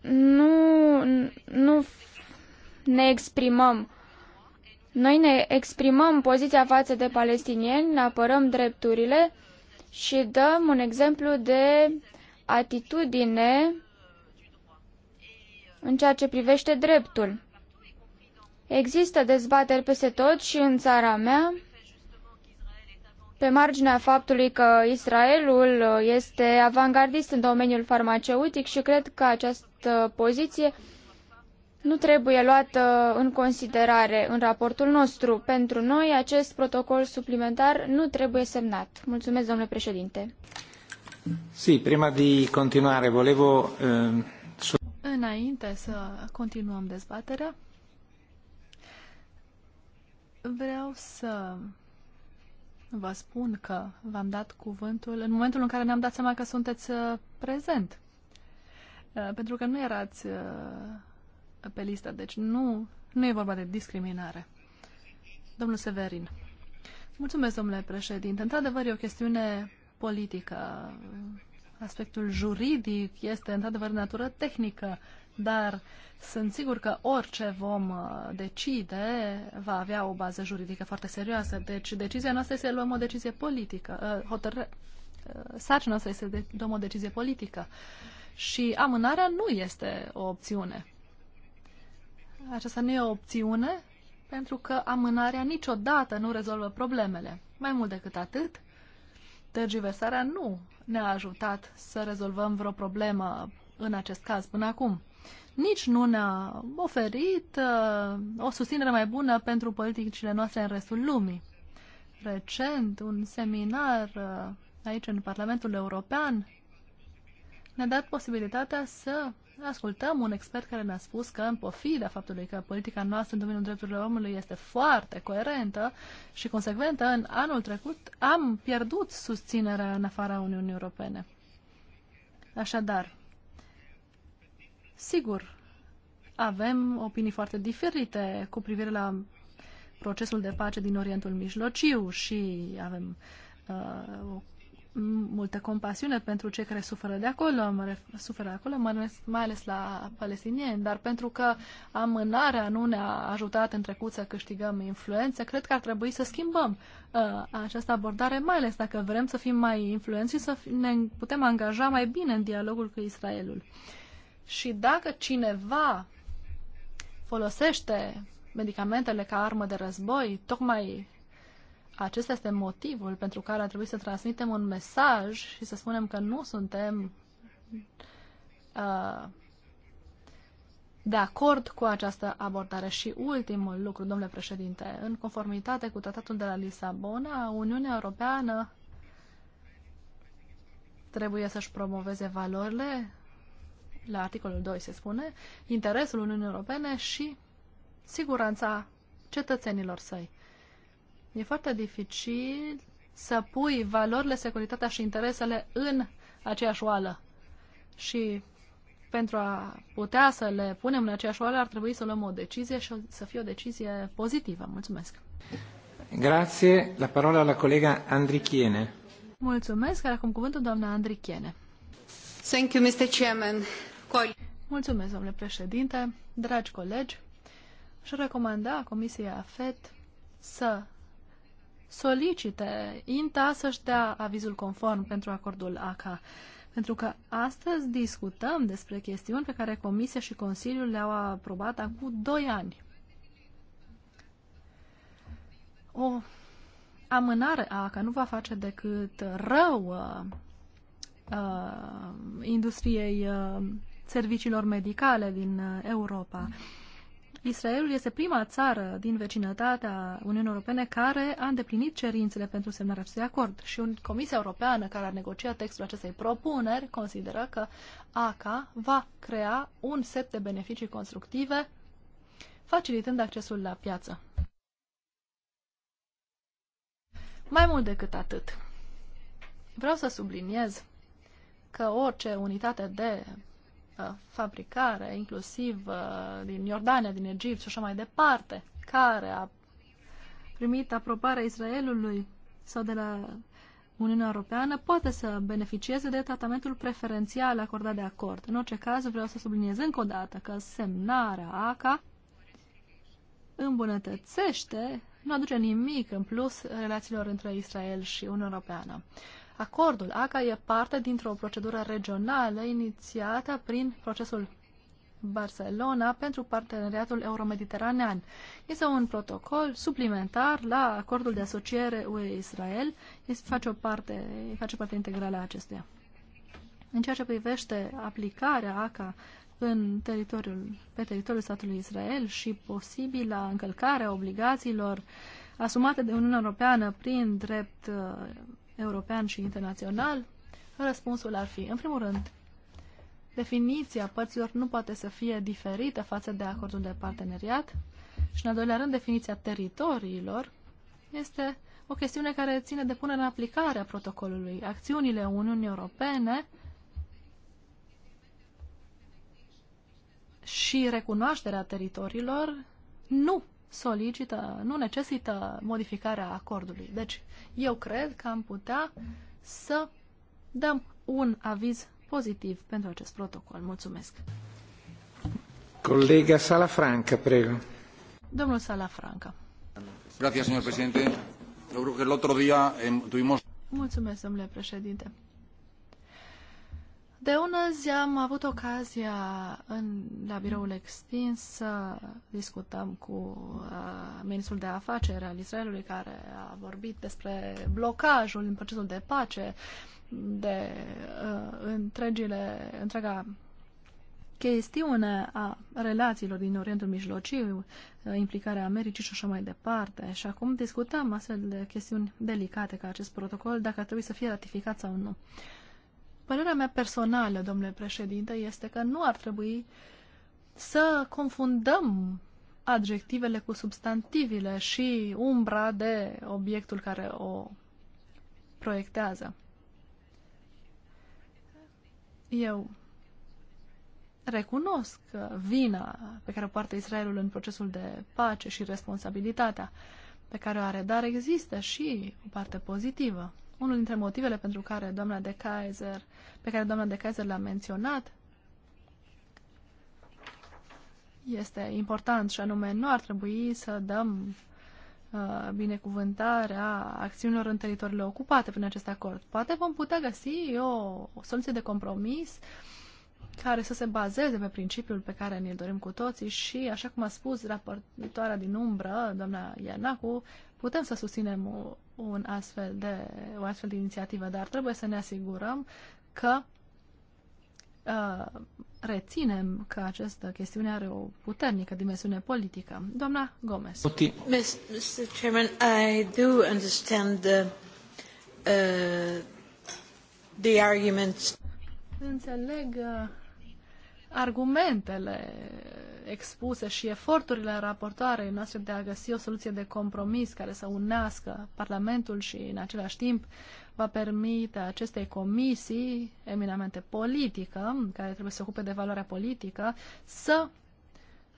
nu, nu ne exprimăm. Noi ne exprimăm poziția față de palestinieni, ne apărăm drepturile și dăm un exemplu de atitudine în ceea ce privește dreptul. Există dezbateri peste tot și în țara mea pe marginea faptului că Israelul este avangardist în domeniul farmaceutic și cred că această poziție nu trebuie luată în considerare în raportul nostru. Pentru noi, acest protocol suplimentar nu trebuie semnat. Mulțumesc, domnule președinte. prima continuare, volevo... Ehm, Înainte să continuăm dezbaterea, Vreau să vă spun că v-am dat cuvântul în momentul în care ne-am dat seama că sunteți uh, prezent. Uh, pentru că nu erați uh, pe listă, deci nu, nu e vorba de discriminare. Domnul Severin. Mulțumesc, domnule președinte. Într-adevăr, e o chestiune politică. Aspectul juridic este, într-adevăr, de natură tehnică dar sunt sigur că orice vom uh, decide va avea o bază juridică foarte serioasă. Deci decizia noastră este să luăm o decizie politică, uh, Hotărâ... Uh, sarcina noastră este să luăm o decizie politică. Și amânarea nu este o opțiune. Aceasta nu e o opțiune pentru că amânarea niciodată nu rezolvă problemele. Mai mult decât atât, tergiversarea nu ne-a ajutat să rezolvăm vreo problemă în acest caz până acum nici nu ne-a oferit uh, o susținere mai bună pentru politicile noastre în restul lumii. Recent, un seminar uh, aici în Parlamentul European ne-a dat posibilitatea să ascultăm un expert care ne-a spus că, în pofida faptului că politica noastră în domeniul drepturilor omului este foarte coerentă și consecventă, în anul trecut am pierdut susținerea în afara Uniunii Europene. Așadar, Sigur, avem opinii foarte diferite cu privire la procesul de pace din Orientul Mijlociu și avem uh, multă compasiune pentru cei care suferă de acolo, suferă acolo, mai ales la palestinieni, dar pentru că amânarea nu ne-a ajutat în trecut să câștigăm influență, cred că ar trebui să schimbăm uh, această abordare, mai ales dacă vrem să fim mai influenți și să ne putem angaja mai bine în dialogul cu Israelul. Uh, și dacă cineva folosește medicamentele ca armă de război, tocmai acesta este motivul pentru care ar trebui să transmitem un mesaj și să spunem că nu suntem uh, de acord cu această abordare. Și ultimul lucru, domnule președinte, în conformitate cu tratatul de la Lisabona, Uniunea Europeană trebuie să-și promoveze valorile la articolul 2 se spune, interesul Uniunii Europene și siguranța cetățenilor săi. E foarte dificil să pui valorile, securitatea și interesele în aceeași oală. Și pentru a putea să le punem în aceeași oală, ar trebui să luăm o decizie și să fie o decizie pozitivă. Mulțumesc! Grazie. La parola la colega Andrichiene. Mulțumesc. acum cuvântul doamna Andrichiene. Thank you, Mr. Chairman. Mulțumesc, domnule președinte, dragi colegi. Și recomanda Comisia AFET să solicite INTA să-și dea avizul conform pentru acordul ACA. Pentru că astăzi discutăm despre chestiuni pe care Comisia și Consiliul le-au aprobat acum 2 ani. O amânare a ACA nu va face decât rău uh, uh industriei uh, serviciilor medicale din uh, Europa. Israelul este prima țară din vecinătatea Uniunii Europene care a îndeplinit cerințele pentru semnarea acestui acord și Comisia Europeană care a negociat textul acestei propuneri consideră că ACA va crea un set de beneficii constructive facilitând accesul la piață. Mai mult decât atât, vreau să subliniez că orice unitate de Uh, fabricare, inclusiv uh, din Iordania, din Egipt și așa mai departe, care a primit aprobarea Israelului sau de la Uniunea Europeană, poate să beneficieze de tratamentul preferențial acordat de acord. În orice caz, vreau să subliniez încă o dată că semnarea ACA îmbunătățește, nu aduce nimic în plus relațiilor între Israel și Uniunea Europeană. Acordul ACA e parte dintr-o procedură regională inițiată prin procesul Barcelona pentru parteneriatul euromediteranean. Este un protocol suplimentar la acordul de asociere UE-Israel, face, o parte, face parte integrală a acestuia. În ceea ce privește aplicarea ACA în teritoriul, pe teritoriul statului Israel și posibila încălcare a obligațiilor asumate de Uniunea Europeană prin drept uh, european și internațional, răspunsul ar fi, în primul rând, definiția părților nu poate să fie diferită față de acordul de parteneriat și, în al doilea rând, definiția teritoriilor este o chestiune care ține de punerea în aplicare a protocolului. Acțiunile Uniunii Europene și recunoașterea teritoriilor nu solicită, nu necesită modificarea acordului. Deci, eu cred că am putea să dăm un aviz pozitiv pentru acest protocol. Mulțumesc. Colega Salafranca, prego. Domnul Salafranca. Gracias, señor presidente. Eu creo que el otro día tuvimos... Mulțumesc, domnule președinte. De una zi am avut ocazia în, la biroul extins să discutăm cu uh, ministrul de afaceri al Israelului care a vorbit despre blocajul în procesul de pace de uh, întregile, întreaga chestiune a relațiilor din Orientul Mijlociu, uh, implicarea Americii și așa mai departe. Și acum discutăm astfel de chestiuni delicate ca acest protocol, dacă ar trebui să fie ratificat sau nu. Uh, Părerea mea personală, domnule președinte, este că nu ar trebui să confundăm adjectivele cu substantivile și umbra de obiectul care o proiectează. Eu recunosc vina pe care o poartă Israelul în procesul de pace și responsabilitatea pe care o are, dar există și o parte pozitivă unul dintre motivele pentru care doamna de Kaiser, pe care doamna de Kaiser l-a menționat, este important și anume nu ar trebui să dăm uh, binecuvântarea acțiunilor în teritoriile ocupate prin acest acord. Poate vom putea găsi o, o soluție de compromis care să se bazeze pe principiul pe care ne-l dorim cu toții și, așa cum a spus raportoarea din umbră, doamna Ianacu, putem să susținem un astfel de, o astfel de inițiativă, dar trebuie să ne asigurăm că uh, reținem că această chestiune are o puternică dimensiune politică. Doamna Gomez. Mr. Chairman, I do understand the, uh, the arguments. Înțeleg uh, argumentele expuse și eforturile raportoarei noastre de a găsi o soluție de compromis care să unească Parlamentul și în același timp va permite acestei comisii eminamente politică, care trebuie să se ocupe de valoarea politică, să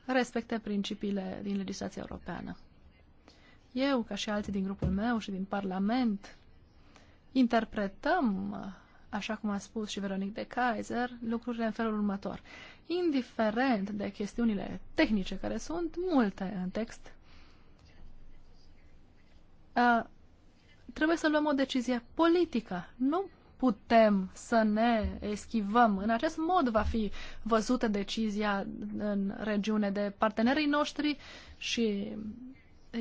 respecte principiile din legislația europeană. Eu, ca și alții din grupul meu și din Parlament, interpretăm așa cum a spus și Veronique de Kaiser, lucrurile în felul următor. Indiferent de chestiunile tehnice care sunt multe în text, trebuie să luăm o decizie politică. Nu putem să ne eschivăm. În acest mod va fi văzută decizia în regiune de partenerii noștri și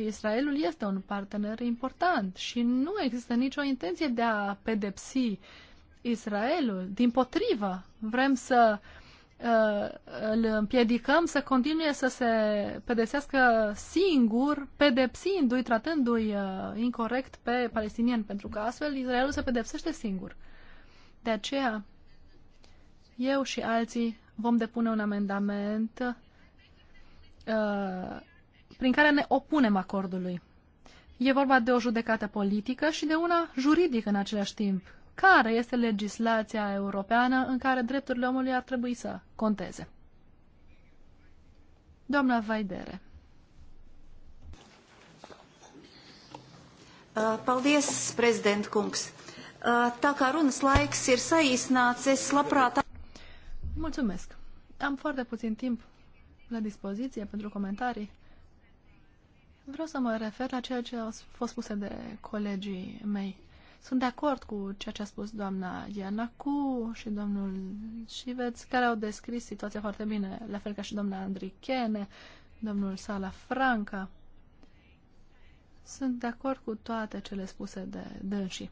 Israelul este un partener important și nu există nicio intenție de a pedepsi Israelul. Din potrivă, vrem să uh, îl împiedicăm să continue să se pedesească singur, pedepsindu-i, tratându-i uh, incorrect pe palestinieni, pentru că astfel Israelul se pedepsește singur. De aceea, eu și alții vom depune un amendament uh, prin care ne opunem acordului. E vorba de o judecată politică și de una juridică în același timp care este legislația europeană în care drepturile omului ar trebui să conteze. Doamna Vaidere. Uh, paldies, prezident kungs. Uh, tā kā runas laiks ir saīsnāts, labprāt... Mulțumesc. Am foarte puțin timp la dispoziție pentru comentarii. Vreau să mă refer la ceea ce au fost spuse de colegii mei. Sunt de acord cu ceea ce a spus doamna Cu și domnul Șiveț, care au descris situația foarte bine, la fel ca și doamna Andrichene, domnul Sala Franca. Sunt de acord cu toate cele spuse de dânsii.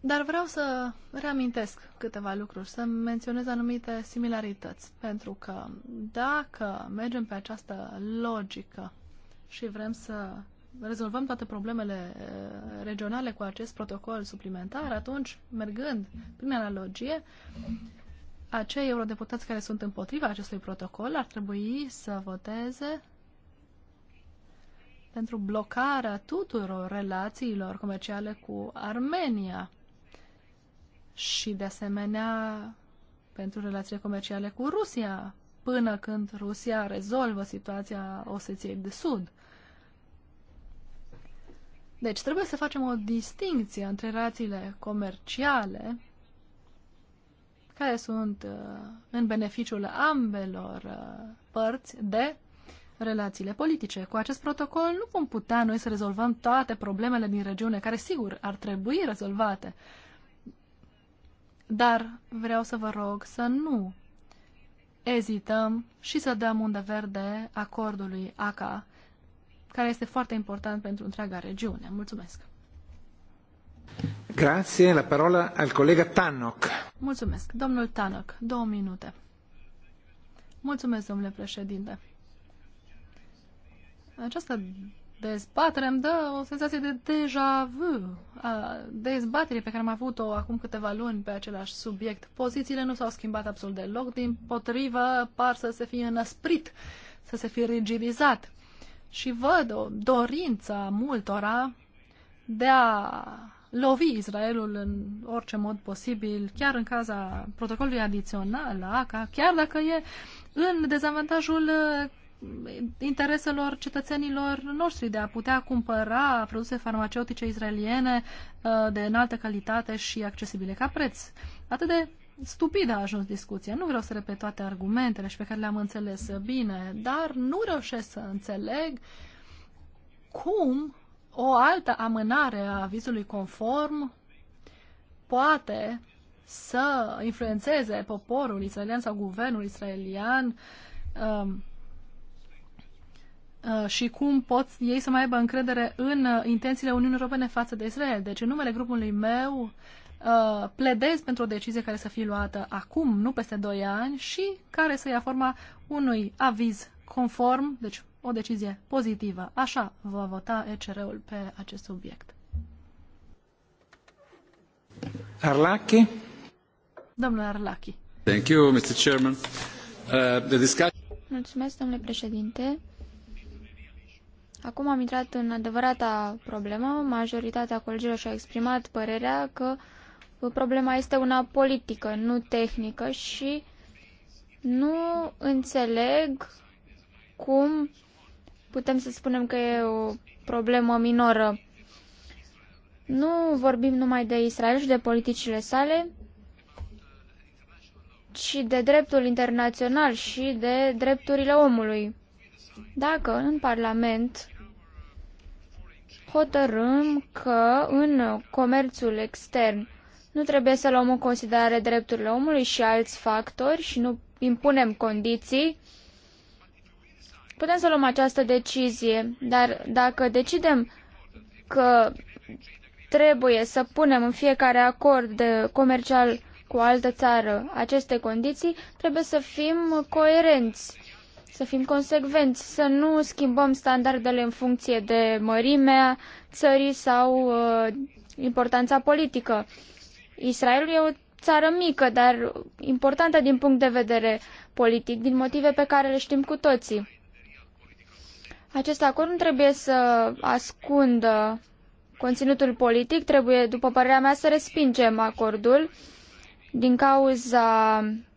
Dar vreau să reamintesc câteva lucruri, să menționez anumite similarități, pentru că dacă mergem pe această logică și vrem să rezolvăm toate problemele eh, regionale cu acest protocol suplimentar, atunci, mergând prin analogie, acei eurodeputați care sunt împotriva acestui protocol ar trebui să voteze pentru blocarea tuturor relațiilor comerciale cu Armenia și, de asemenea, pentru relațiile comerciale cu Rusia, până când Rusia rezolvă situația Oseției de Sud. Deci trebuie să facem o distinție între relațiile comerciale, care sunt uh, în beneficiul ambelor uh, părți, de relațiile politice. Cu acest protocol nu vom putea noi să rezolvăm toate problemele din regiune, care sigur ar trebui rezolvate. Dar vreau să vă rog să nu ezităm și să dăm unde verde acordului ACA care este foarte important pentru întreaga regiune. Mulțumesc! Grazie, la parola al colega Tannock. Mulțumesc. Domnul Tannock, două minute. Mulțumesc, domnule președinte. Această dezbatere îmi dă o senzație de deja vu. Dezbaterea pe care am avut-o acum câteva luni pe același subiect. Pozițiile nu s-au schimbat absolut deloc, din potrivă par să se fie înăsprit, să se fie rigidizat și văd o dorință a multora de a lovi Israelul în orice mod posibil, chiar în caza protocolului adițional la ACA, chiar dacă e în dezavantajul uh, intereselor cetățenilor noștri de a putea cumpăra produse farmaceutice israeliene uh, de înaltă calitate și accesibile ca preț. Atât de stupidă a ajuns discuția. Nu vreau să repet toate argumentele și pe care le-am înțeles bine, dar nu reușesc să înțeleg cum o altă amânare a avizului conform poate să influențeze poporul israelian sau guvernul israelian um, uh, și cum pot ei să mai aibă încredere în uh, intențiile Uniunii Europene față de Israel. Deci, în numele grupului meu, Uh, pledez pentru o decizie care să fie luată acum, nu peste 2 ani, și care să ia forma unui aviz conform, deci o decizie pozitivă. Așa va vota ECR-ul pe acest subiect. Arlachi. Domnule Arlachi. Thank you, Mr. Chairman. Uh, the discussion... Mulțumesc, domnule președinte. Acum am intrat în adevărata problemă. Majoritatea colegilor și-au exprimat părerea că Problema este una politică, nu tehnică și nu înțeleg cum putem să spunem că e o problemă minoră. Nu vorbim numai de Israel și de politicile sale, ci de dreptul internațional și de drepturile omului. Dacă în Parlament hotărâm că în comerțul extern nu trebuie să luăm în considerare drepturile omului și alți factori și nu impunem condiții. Putem să luăm această decizie, dar dacă decidem că trebuie să punem în fiecare acord de comercial cu altă țară aceste condiții, trebuie să fim coerenți, să fim consecvenți, să nu schimbăm standardele în funcție de mărimea țării sau uh, importanța politică. Israelul e o țară mică, dar importantă din punct de vedere politic, din motive pe care le știm cu toții. Acest acord nu trebuie să ascundă conținutul politic, trebuie, după părerea mea, să respingem acordul din cauza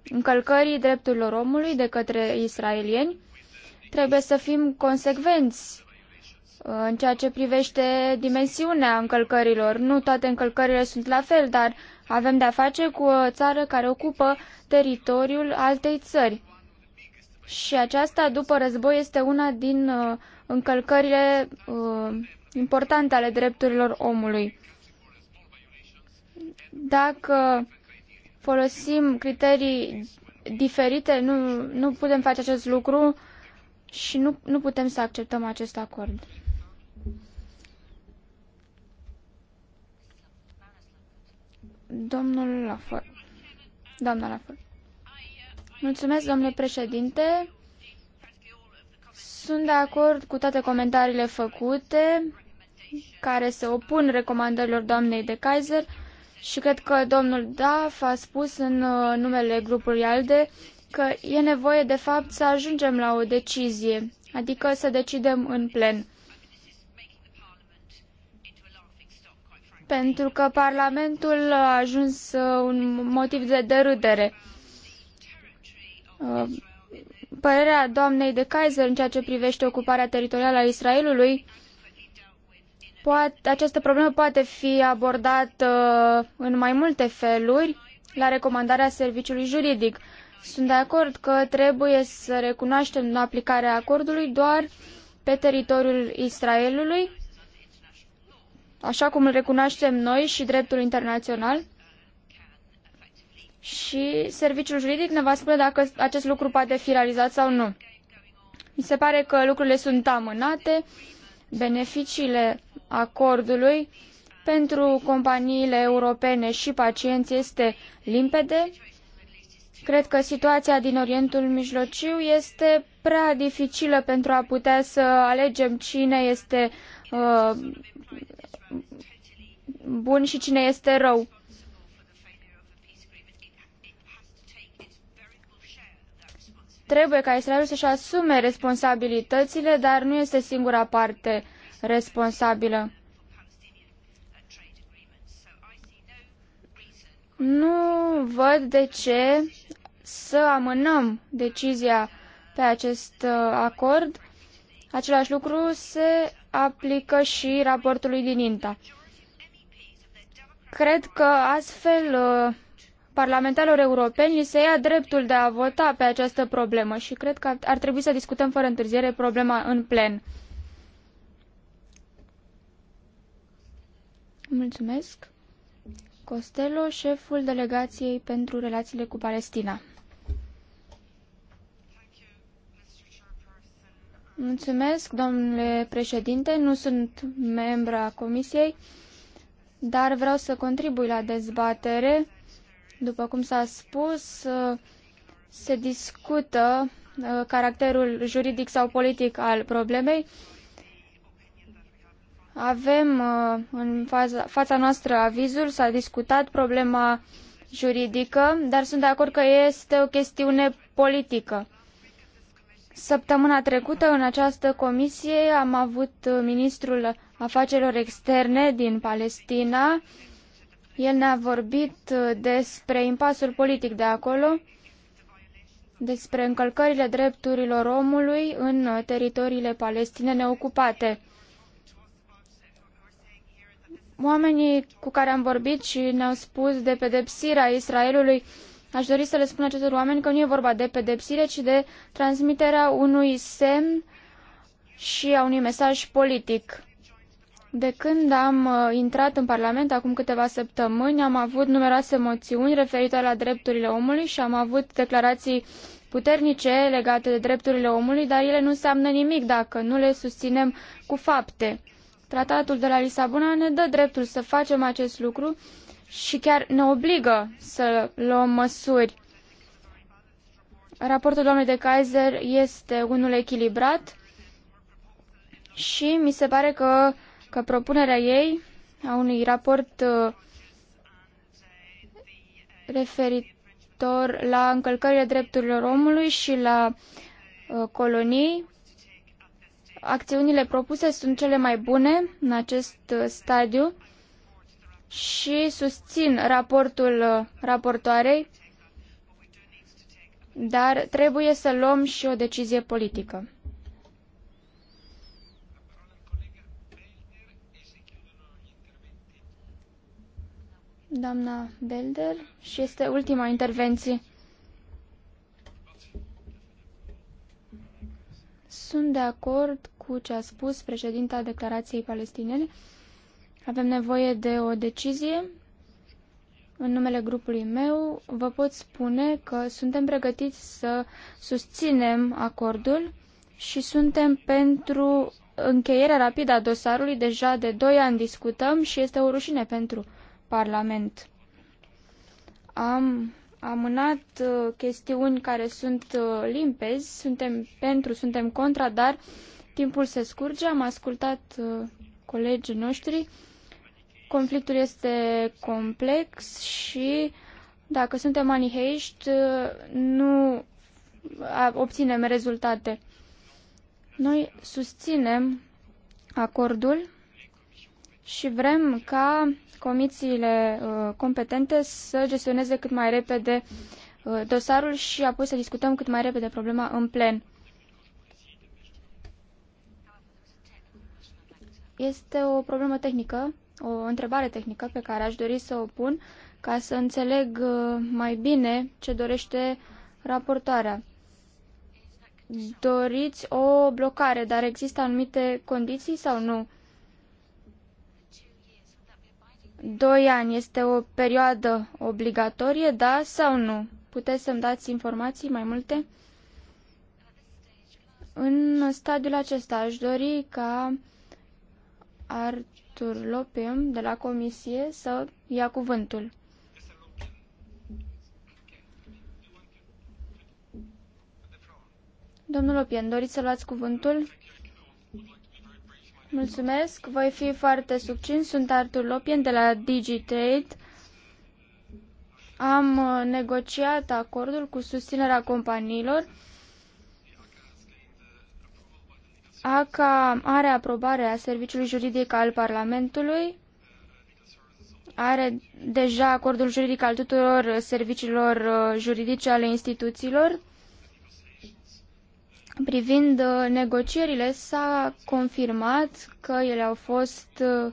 încălcării drepturilor omului de către israelieni. Trebuie să fim consecvenți în ceea ce privește dimensiunea încălcărilor, nu toate încălcările sunt la fel, dar avem de-a face cu o țară care ocupă teritoriul altei țări. Și aceasta, după război, este una din uh, încălcările uh, importante ale drepturilor omului. Dacă folosim criterii diferite, nu, nu putem face acest lucru și nu, nu putem să acceptăm acest acord. Domnul Lafor. Doamna Lafor. Mulțumesc, domnule președinte. Sunt de acord cu toate comentariile făcute care se opun recomandărilor doamnei de Kaiser și cred că domnul Daf a spus în uh, numele grupului ALDE că e nevoie de fapt să ajungem la o decizie, adică să decidem în plen. pentru că Parlamentul a ajuns uh, un motiv de derâdere. Uh, părerea doamnei de Kaiser în ceea ce privește ocuparea teritorială a Israelului, poate, această problemă poate fi abordată uh, în mai multe feluri la recomandarea serviciului juridic. Sunt de acord că trebuie să recunoaștem aplicarea acordului doar pe teritoriul Israelului, așa cum îl recunoaștem noi și dreptul internațional. Și serviciul juridic ne va spune dacă acest lucru poate fi realizat sau nu. Mi se pare că lucrurile sunt amânate, beneficiile acordului pentru companiile europene și pacienți este limpede. Cred că situația din Orientul Mijlociu este prea dificilă pentru a putea să alegem cine este uh, bun și cine este rău. Trebuie ca Israelul să-și asume responsabilitățile, dar nu este singura parte responsabilă. Nu văd de ce să amânăm decizia pe acest uh, acord. Același lucru se aplică și raportului din INTA. Cred că astfel uh, parlamentarilor europeni li se ia dreptul de a vota pe această problemă și cred că ar trebui să discutăm fără întârziere problema în plen. Mulțumesc. Costello, șeful delegației pentru relațiile cu Palestina. Mulțumesc, domnule președinte. Nu sunt membra comisiei, dar vreau să contribui la dezbatere. După cum s-a spus, se discută uh, caracterul juridic sau politic al problemei. Avem uh, în faza, fața noastră avizul, s-a discutat problema juridică, dar sunt de acord că este o chestiune politică. Săptămâna trecută, în această comisie, am avut ministrul afacerilor externe din Palestina. El ne-a vorbit despre impasul politic de acolo, despre încălcările drepturilor omului în teritoriile palestinene ocupate. Oamenii cu care am vorbit și ne-au spus de pedepsirea Israelului Aș dori să le spun acestor oameni că nu e vorba de pedepsire, ci de transmiterea unui semn și a unui mesaj politic. De când am uh, intrat în Parlament, acum câteva săptămâni, am avut numeroase moțiuni referitoare la drepturile omului și am avut declarații puternice legate de drepturile omului, dar ele nu înseamnă nimic dacă nu le susținem cu fapte. Tratatul de la Lisabona ne dă dreptul să facem acest lucru și chiar ne obligă să luăm măsuri. Raportul doamnei de Kaiser este unul echilibrat și mi se pare că, că propunerea ei a unui raport uh, referitor la încălcările drepturilor omului și la uh, colonii acțiunile propuse sunt cele mai bune în acest uh, stadiu și susțin raportul uh, raportoarei, dar trebuie să luăm și o decizie politică. Doamna Belder și este ultima intervenție. Sunt de acord cu ce a spus președinta declarației palestiniene. Avem nevoie de o decizie. În numele grupului meu vă pot spune că suntem pregătiți să susținem acordul și suntem pentru încheierea rapidă a dosarului. Deja de 2 ani discutăm și este o rușine pentru Parlament. Am amânat uh, chestiuni care sunt uh, limpezi, suntem pentru, suntem contra, dar timpul se scurge. Am ascultat uh, colegii noștri Conflictul este complex și dacă suntem maniheiști, nu obținem rezultate. Noi susținem acordul și vrem ca comisiile uh, competente să gestioneze cât mai repede uh, dosarul și apoi să discutăm cât mai repede problema în plen. Este o problemă tehnică o întrebare tehnică pe care aș dori să o pun ca să înțeleg uh, mai bine ce dorește raportarea. Doriți o blocare, dar există anumite condiții sau nu? Doi ani este o perioadă obligatorie, da sau nu? Puteți să-mi dați informații mai multe? În stadiul acesta aș dori ca ar Turlopim de la Comisie să ia cuvântul. Domnul Lopien, doriți să luați cuvântul? Mulțumesc, voi fi foarte succint. Sunt Artur Lopien de la DigiTrade. Am negociat acordul cu susținerea companiilor ACA are aprobarea Serviciului Juridic al Parlamentului, are deja acordul juridic al tuturor serviciilor uh, juridice ale instituțiilor. Privind uh, negocierile, s-a confirmat că ele au fost uh,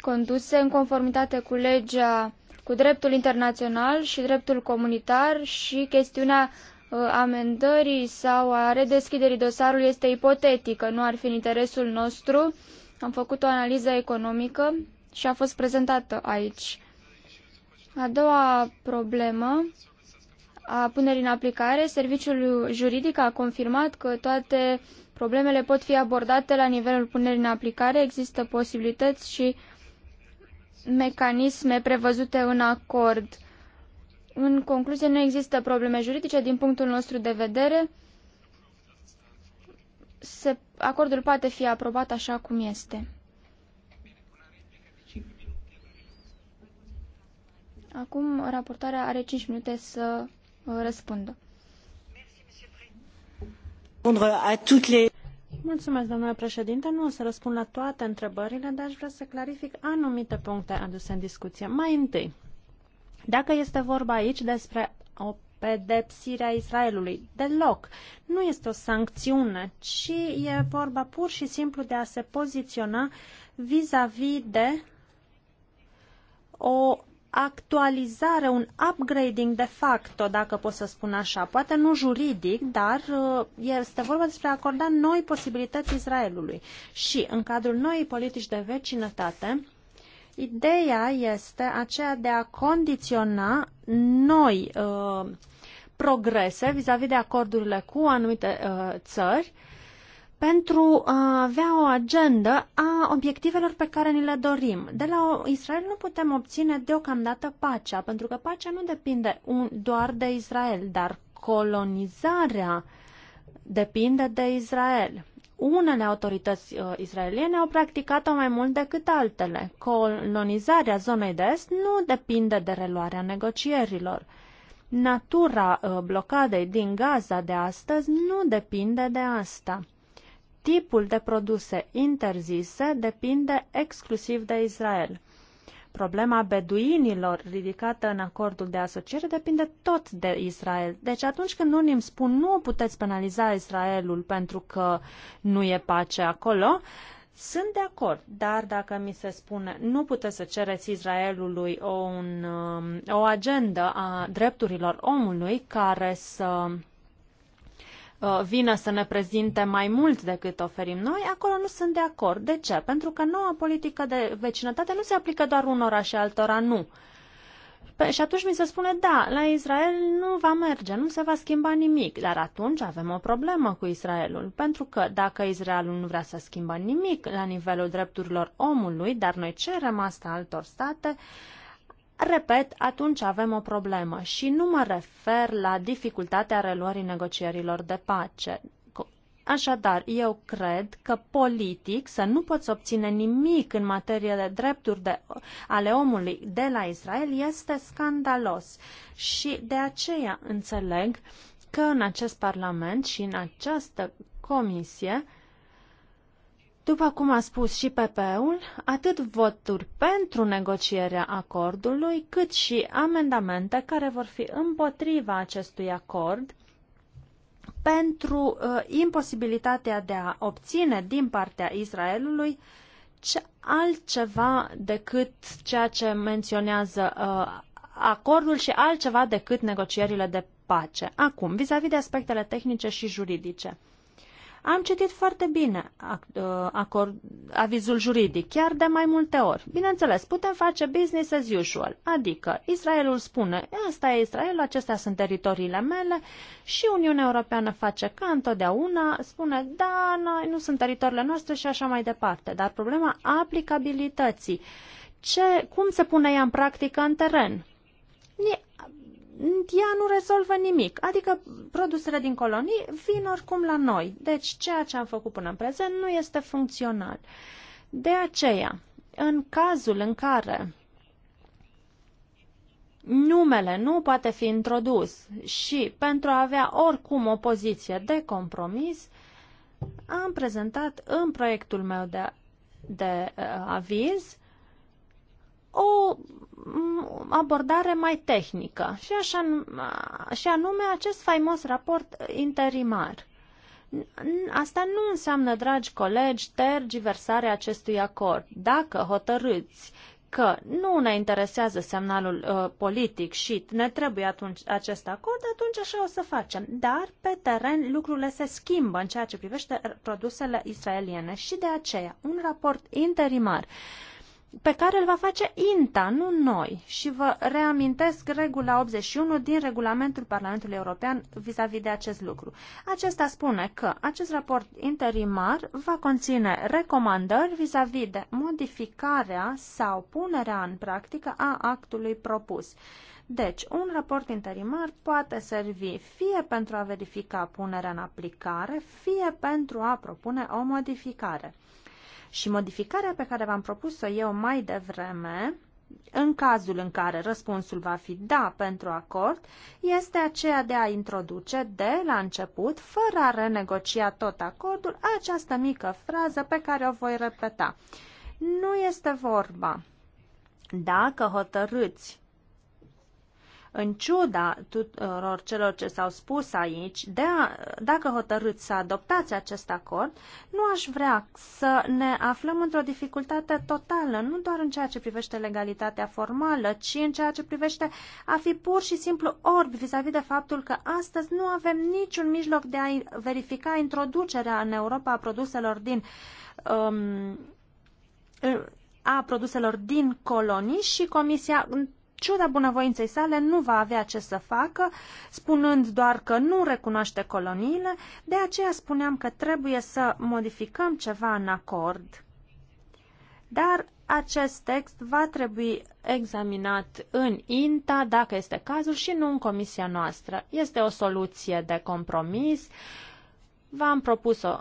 conduse în conformitate cu legea, cu dreptul internațional și dreptul comunitar și chestiunea Uh, amendării sau a redeschiderii dosarului este ipotetică, nu ar fi în interesul nostru. Am făcut o analiză economică și a fost prezentată aici. A doua problemă a punerii în aplicare, serviciul juridic a confirmat că toate problemele pot fi abordate la nivelul punerii în aplicare, există posibilități și mecanisme prevăzute în acord în concluzie, nu există probleme juridice din punctul nostru de vedere. Se, acordul poate fi aprobat așa cum este. Acum raportarea are 5 minute să uh, răspundă. Mulțumesc, domnule președinte. Nu o să răspund la toate întrebările, dar aș vrea să clarific anumite puncte aduse în discuție. Mai întâi, dacă este vorba aici despre o pedepsire a Israelului, deloc. Nu este o sancțiune, ci e vorba pur și simplu de a se poziționa vis-a-vis -vis de o actualizare, un upgrading de facto, dacă pot să spun așa. Poate nu juridic, dar uh, este vorba despre a acorda noi posibilități Israelului. Și în cadrul noii politici de vecinătate, Ideea este aceea de a condiționa noi uh, progrese vis-a-vis -vis de acordurile cu anumite uh, țări pentru a avea o agendă a obiectivelor pe care ni le dorim. De la Israel nu putem obține deocamdată pacea, pentru că pacea nu depinde un, doar de Israel, dar colonizarea depinde de Israel unele autorități uh, israeliene au practicat-o mai mult decât altele. Colonizarea zonei de est nu depinde de reluarea negocierilor. Natura uh, blocadei din Gaza de astăzi nu depinde de asta. Tipul de produse interzise depinde exclusiv de Israel problema beduinilor ridicată în acordul de asociere depinde tot de Israel. Deci atunci când unii îmi spun nu puteți penaliza Israelul pentru că nu e pace acolo, sunt de acord, dar dacă mi se spune nu puteți să cereți Israelului o, un, um, o agendă a drepturilor omului care să Uh, vină să ne prezinte mai mult decât oferim noi, acolo nu sunt de acord. De ce? Pentru că noua politică de vecinătate nu se aplică doar unora și altora nu. Pe, și atunci mi se spune, da, la Israel nu va merge, nu se va schimba nimic. Dar atunci avem o problemă cu Israelul, pentru că dacă Israelul nu vrea să schimbă nimic la nivelul drepturilor omului, dar noi cerem asta altor state, uh, Repet, atunci avem o problemă și nu mă refer la dificultatea reluării negocierilor de pace. Așadar, eu cred că politic să nu poți obține nimic în materie de drepturi de, ale omului de la Israel este scandalos. Și de aceea înțeleg că în acest Parlament și în această comisie după cum a spus și PP-ul, atât voturi pentru negocierea acordului, cât și amendamente care vor fi împotriva acestui acord, pentru uh, imposibilitatea de a obține din partea Israelului ce altceva decât ceea ce menționează uh, acordul și altceva decât negocierile de pace. Acum, vis-a-vis -vis de aspectele tehnice și juridice. Am citit foarte bine uh, acord, avizul juridic, chiar de mai multe ori. Bineînțeles, putem face business as usual, adică Israelul spune, asta e Israel, acestea sunt teritoriile mele și Uniunea Europeană face ca întotdeauna, spune, da, noi nu sunt teritoriile noastre și așa mai departe. Dar problema aplicabilității, ce, cum se pune ea în practică în teren? E ea nu rezolvă nimic. Adică produsele din colonii vin oricum la noi. Deci ceea ce am făcut până în prezent nu este funcțional. De aceea, în cazul în care numele nu poate fi introdus și pentru a avea oricum o poziție de compromis, am prezentat în proiectul meu de, de uh, aviz o mm, abordare mai tehnică și, așa, și anume acest faimos raport interimar. Asta nu înseamnă, dragi colegi, tergiversarea acestui acord. Dacă hotărâți că nu ne interesează semnalul uh, politic și ne trebuie atunci acest acord, atunci așa o să facem. Dar pe teren lucrurile se schimbă în ceea ce privește produsele israeliene și de aceea un raport interimar uh, pe care îl va face INTA, nu noi. Și vă reamintesc regula 81 din regulamentul Parlamentului European vis-a-vis -vis de acest lucru. Acesta spune că acest raport interimar va conține recomandări vis-a-vis -vis de modificarea sau punerea în practică a actului propus. Deci, un raport interimar poate servi fie pentru a verifica punerea în aplicare, fie pentru a propune o modificare. Și modificarea pe care v-am propus-o eu mai devreme, în cazul în care răspunsul va fi da pentru acord, este aceea de a introduce de la început, fără a renegocia tot acordul, această mică frază pe care o voi repeta. Nu este vorba dacă hotărâți în ciuda tuturor celor ce s-au spus aici, de a, dacă hotărâți să adoptați acest acord, nu aș vrea să ne aflăm într-o dificultate totală, nu doar în ceea ce privește legalitatea formală, ci în ceea ce privește a fi pur și simplu orb vis-a-vis -vis de faptul că astăzi nu avem niciun mijloc de a verifica introducerea în Europa a produselor din. Um, a produselor din colonii și Comisia ciuda bunăvoinței sale, nu va avea ce să facă, spunând doar că nu recunoaște coloniile, de aceea spuneam că trebuie să modificăm ceva în acord. Dar acest text va trebui examinat în INTA, dacă este cazul, și nu în comisia noastră. Este o soluție de compromis. V-am propus-o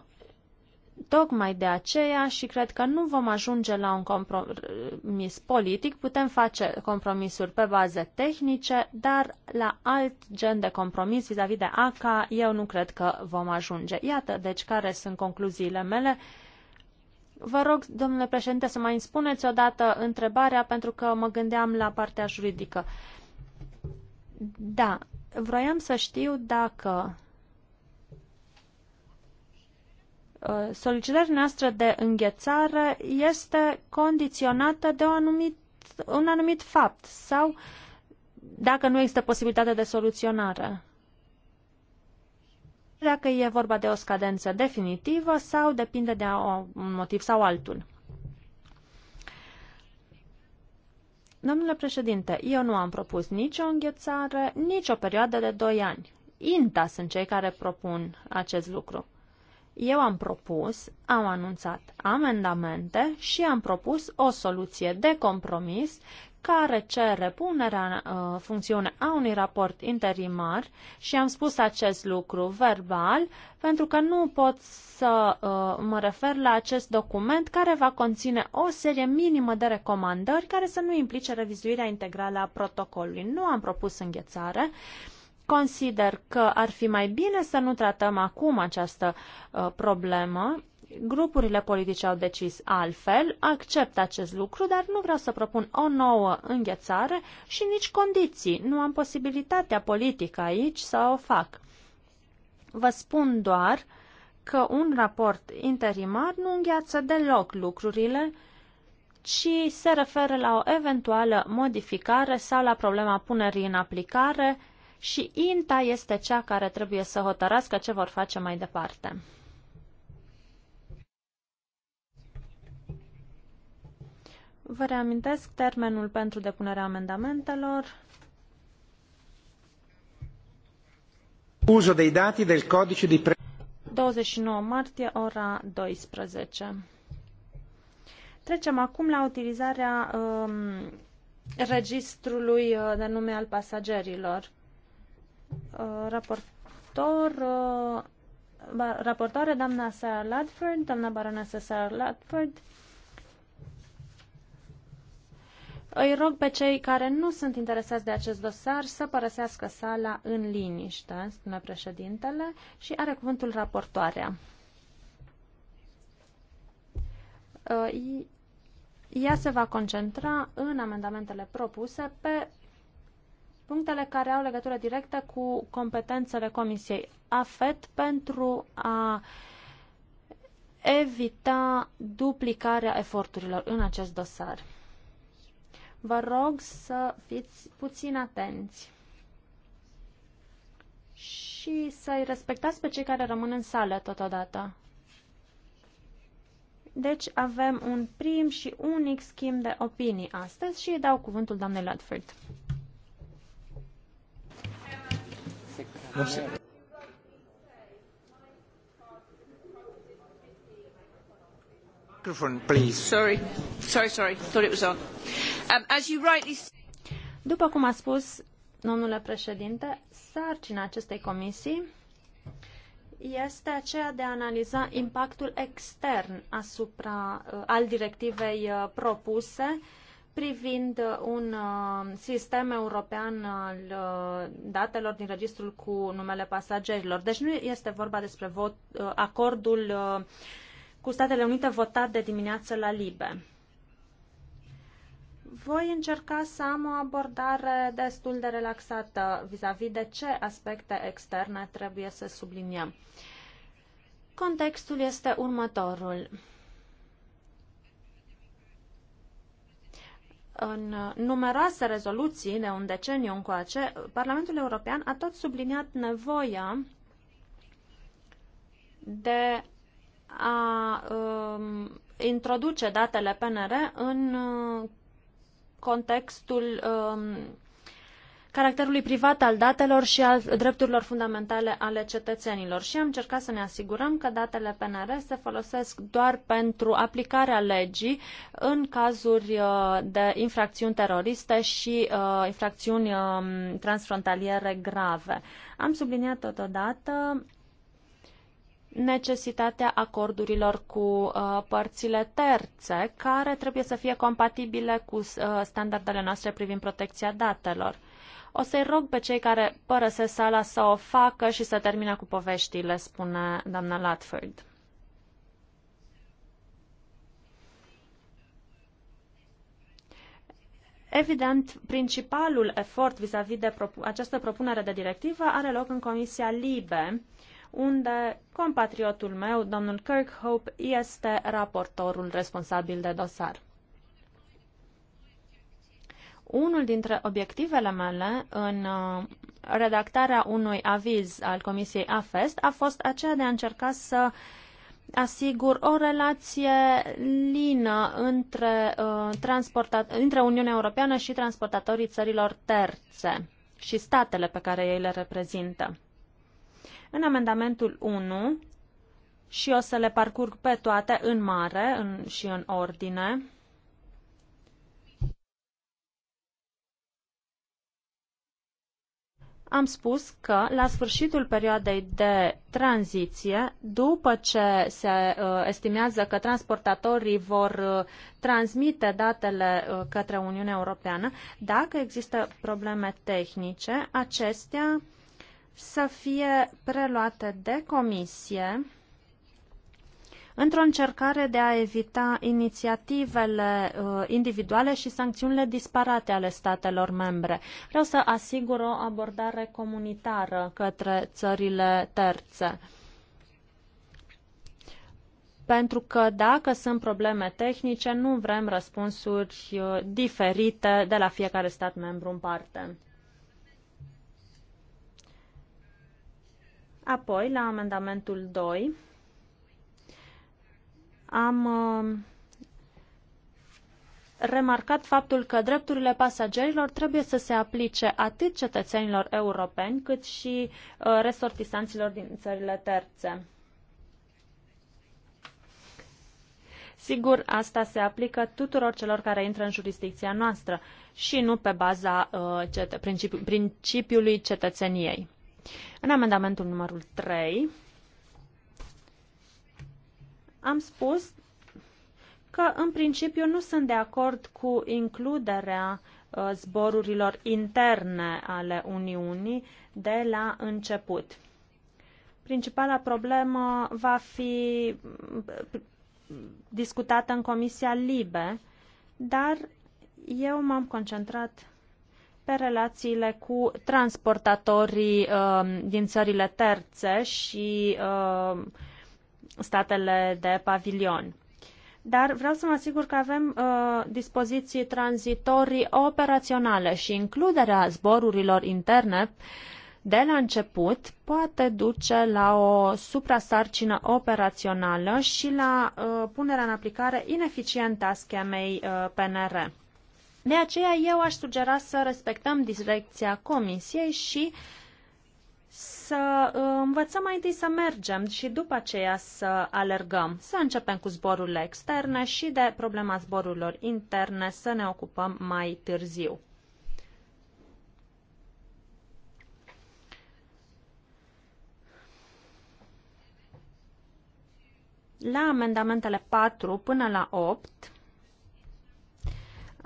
Tocmai de aceea și cred că nu vom ajunge la un compromis politic, putem face compromisuri pe baze tehnice, dar la alt gen de compromis vis-a-vis -vis de ACA eu nu cred că vom ajunge. Iată, deci, care sunt concluziile mele. Vă rog, domnule președinte, să mai îmi spuneți odată întrebarea, pentru că mă gândeam la partea juridică. Da, vroiam să știu dacă Uh, solicitarea noastră de înghețare este condiționată de un anumit, un anumit fapt sau dacă nu există posibilitate de soluționare. Dacă e vorba de o scadență definitivă sau depinde de un motiv sau altul. Domnule președinte, eu nu am propus nicio înghețare, nici o perioadă de 2 ani. INTA sunt cei care propun acest lucru eu am propus, am anunțat amendamente și am propus o soluție de compromis care cere punerea în uh, funcțiune a unui raport interimar și am spus acest lucru verbal pentru că nu pot să uh, mă refer la acest document care va conține o serie minimă de recomandări care să nu implice revizuirea integrală a protocolului. Nu am propus înghețare, uh, consider că ar fi mai bine să nu tratăm acum această uh, problemă. Grupurile politice au decis altfel, accept acest lucru, dar nu vreau să propun o nouă înghețare și nici condiții. Nu am posibilitatea politică aici să o fac. Vă spun doar că un raport interimar nu îngheață deloc lucrurile, ci se referă la o eventuală modificare sau la problema punerii în aplicare și INTA este cea care trebuie să hotărască ce vor face mai departe. Vă reamintesc termenul pentru depunerea amendamentelor. Uso dei dati del codice di pre 29 martie, ora 12. Trecem acum la utilizarea um, registrului uh, de nume al pasagerilor. Uh, raportor, uh, raportoare, doamna Sarah Ladford, doamna baronesa Sarah Ladford. Îi rog pe cei care nu sunt interesați de acest dosar să părăsească sala în liniște, spune președintele, și are cuvântul raportoarea. Uh, ea se va concentra în amendamentele propuse pe punctele care au legătură directă cu competențele Comisiei AFET pentru a evita duplicarea eforturilor în acest dosar. Vă rog să fiți puțin atenți și să-i respectați pe cei care rămân în sală totodată. Deci avem un prim și unic schimb de opinii astăzi și îi dau cuvântul doamnei Ludford. No please. Sorry, sorry, sorry. Thought it was on. Um, După cum a spus domnule președinte, sarcina acestei comisii este aceea de a analiza impactul extern asupra uh, al directivei uh, propuse uh, privind uh, un uh, sistem european al uh, datelor din registrul cu numele pasagerilor. Deci nu este vorba despre vot, acordul cu Statele Unite votat de dimineață la Libe. Voi încerca să am o abordare destul de relaxată vis-a-vis -vis de ce aspecte externe trebuie să subliniem. Contextul este următorul. În numeroase rezoluții de un deceniu încoace, Parlamentul European a tot subliniat nevoia de a um, introduce datele PNR în uh, contextul um, caracterului privat al datelor și al drepturilor fundamentale ale cetățenilor și am încercat să ne asigurăm că datele PNR se folosesc doar pentru aplicarea legii în cazuri uh, de infracțiuni teroriste și uh, infracțiuni um, transfrontaliere grave. Am subliniat totodată necesitatea acordurilor cu uh, părțile terțe, care trebuie să fie compatibile cu uh, standardele noastre privind protecția datelor. O să-i rog pe cei care părăsesc sala să o facă și să termine cu poveștile, spune doamna Latford. Evident, principalul efort vis-a-vis -vis de propu- această propunere de directivă are loc în Comisia Libe, unde compatriotul meu, domnul Kirkhope, este raportorul responsabil de dosar. Unul dintre obiectivele mele în uh, redactarea unui aviz al Comisiei AFEST a fost aceea de a încerca să asigur o relație lină între, uh, între Uniunea Europeană și transportatorii țărilor terțe și statele pe care ei le reprezintă. În amendamentul 1, și o să le parcurg pe toate în mare în, și în ordine, am spus că la sfârșitul perioadei de tranziție, după ce se uh, estimează că transportatorii vor uh, transmite datele uh, către Uniunea Europeană, dacă există probleme tehnice, acestea să fie preluate de comisie într-o încercare de a evita inițiativele uh, individuale și sancțiunile disparate ale statelor membre. Vreau să asigur o abordare comunitară către țările terțe pentru că dacă sunt probleme tehnice, nu vrem răspunsuri uh, diferite de la fiecare stat membru în parte. Apoi, la amendamentul 2, am uh, remarcat faptul că drepturile pasagerilor trebuie să se aplice atât cetățenilor europeni cât și uh, resortisanților din țările terțe. Sigur, asta se aplică tuturor celor care intră în jurisdicția noastră și nu pe baza uh, principi- principiului cetățeniei. În amendamentul numărul 3 am spus că în principiu nu sunt de acord cu includerea uh, zborurilor interne ale Uniunii de la început. Principala problemă va fi mm, discutată în Comisia Libe, dar eu m-am concentrat pe relațiile cu transportatorii uh, din țările terțe și uh, statele de pavilion. Dar vreau să mă asigur că avem uh, dispoziții tranzitorii operaționale și includerea zborurilor interne de la început poate duce la o suprasarcină operațională și la uh, punerea în aplicare ineficientă a schemei uh, PNR. De aceea eu aș sugera să respectăm direcția Comisiei și uh, să uh, învățăm mai întâi să mergem și după aceea să alergăm. Să începem cu zborurile externe și de problema zborurilor interne să ne ocupăm mai târziu. La amendamentele 4 până la 8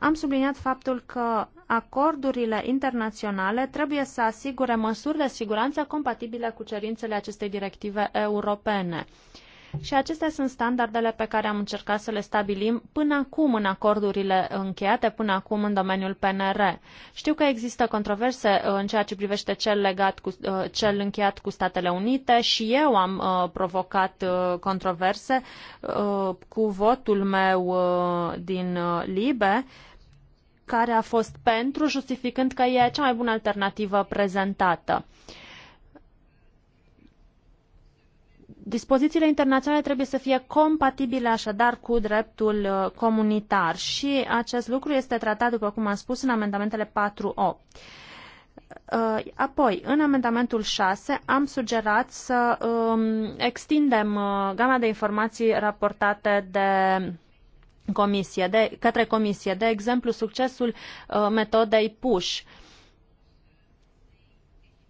am subliniat faptul că acordurile internaționale trebuie să asigure măsuri de siguranță compatibile cu cerințele acestei directive europene. Și acestea sunt standardele pe care am încercat să le stabilim până acum în acordurile încheiate, până acum în domeniul PNR. Știu că există controverse uh, în ceea ce privește cel, legat cu, uh, cel încheiat cu Statele Unite și eu am uh, provocat controverse cu votul meu din Libe care a fost pentru, justificând că e cea mai bună alternativă prezentată. Dispozițiile internaționale trebuie să fie compatibile așadar cu dreptul uh, comunitar și acest lucru este tratat, după cum am spus, în amendamentele 4.8. Uh, apoi, în amendamentul 6 am sugerat să um, extindem uh, gama de informații raportate de comisie, de, către comisie. De exemplu, succesul uh, metodei PUSH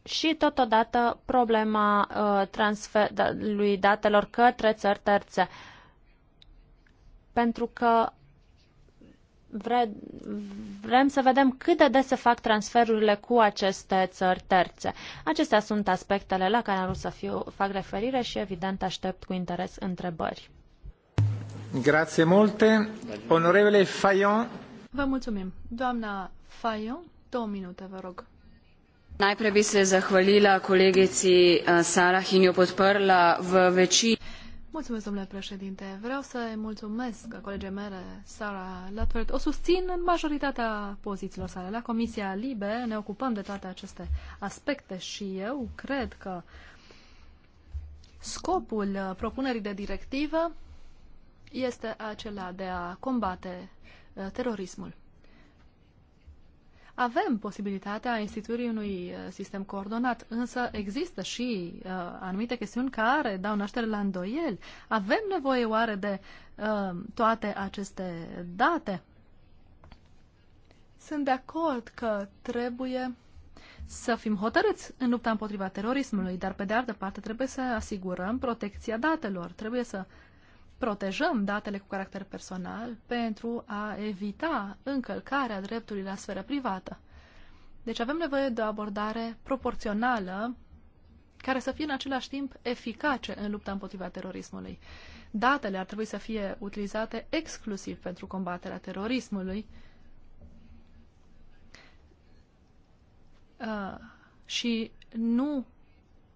și totodată problema uh, transferului da, datelor către țări terțe. Pentru că vre, vrem să vedem cât de des se fac transferurile cu aceste țări terțe. Acestea sunt aspectele la care am vrut să fiu, fac referire și, evident, aștept cu interes întrebări. Grazie molte. Onorevole Fayon. Vă Doamna Fayon, două minute, vă rog. Najprej bi se zahvalila kolegici eh, Sarah in jo podprla v večini. Mulțumesc, domnule președinte. Vreau să-i mulțumesc colegii mele, Sara Latford. O susțin în majoritatea pozițiilor sale. La Comisia Libe ne ocupăm de toate aceste aspecte și eu cred că scopul propunerii de directivă este acela de a combate uh, terorismul. Avem posibilitatea instituirii unui uh, sistem coordonat, însă există și uh, anumite chestiuni care dau naștere la îndoieli. Avem nevoie oare de uh, toate aceste date? Sunt de acord că trebuie să fim hotărâți în lupta împotriva terorismului, dar pe de altă parte trebuie să asigurăm protecția datelor. Trebuie să uh, protejăm datele cu caracter personal pentru a evita încălcarea dreptului la sferă privată. Deci avem nevoie de o abordare proporțională care să fie în același timp eficace în lupta împotriva terorismului. Datele ar trebui să fie utilizate exclusiv pentru combaterea terorismului uh, și nu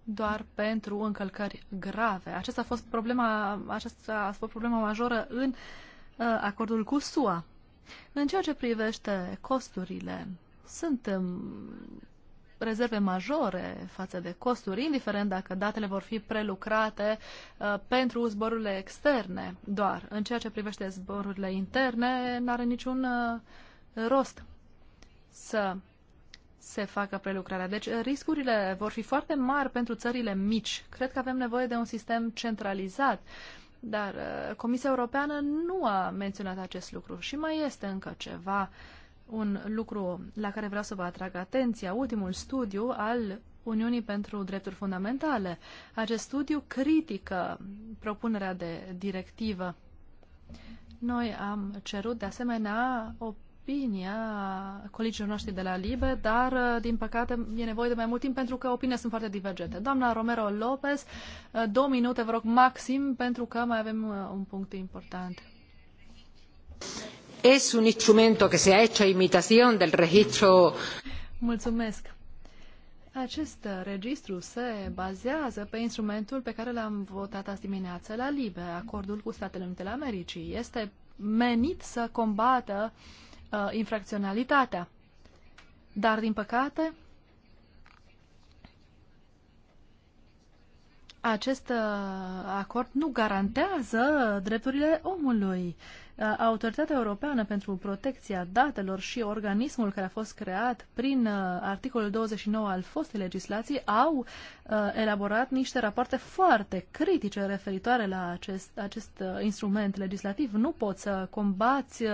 doar pentru încălcări grave. Aceasta a fost problema, aceasta a fost problema majoră în uh, acordul cu SUA. În ceea ce privește costurile, sunt um, rezerve majore față de costuri, indiferent dacă datele vor fi prelucrate uh, pentru zborurile externe doar. În ceea ce privește zborurile interne, n-are niciun uh, rost să se facă prelucrarea. Deci eh, riscurile vor fi foarte mari pentru țările mici. Cred că avem nevoie de un sistem centralizat. Dar eh, Comisia Europeană nu a menționat acest lucru și mai este încă ceva, un lucru la care vreau să vă atrag atenția, ultimul studiu al Uniunii pentru Drepturi Fundamentale. Acest studiu critică propunerea de directivă. Noi am cerut de asemenea o opinia colegilor noștri de la LIBE, dar, uh, din păcate, e nevoie de mai mult timp pentru că opiniile sunt foarte divergente. Doamna Romero Lopez, uh, două minute, vă rog, maxim, pentru că mai avem uh, un punct important. Es un instrumento que se ha hecho imitación del registro. Mulțumesc. Acest registru se bazează pe instrumentul pe care l-am votat azi dimineață la LIBE, acordul cu Statele Unite ale Americii. Este menit să combată uh, infracționalitatea. Dar, din păcate, acest uh, acord nu garantează drepturile omului. Uh, Autoritatea Europeană pentru Protecția Datelor și organismul care a fost creat prin uh, articolul 29 al fostei legislații au uh, elaborat niște rapoarte foarte critice referitoare la acest, acest instrument legislativ. Nu poți să combați uh,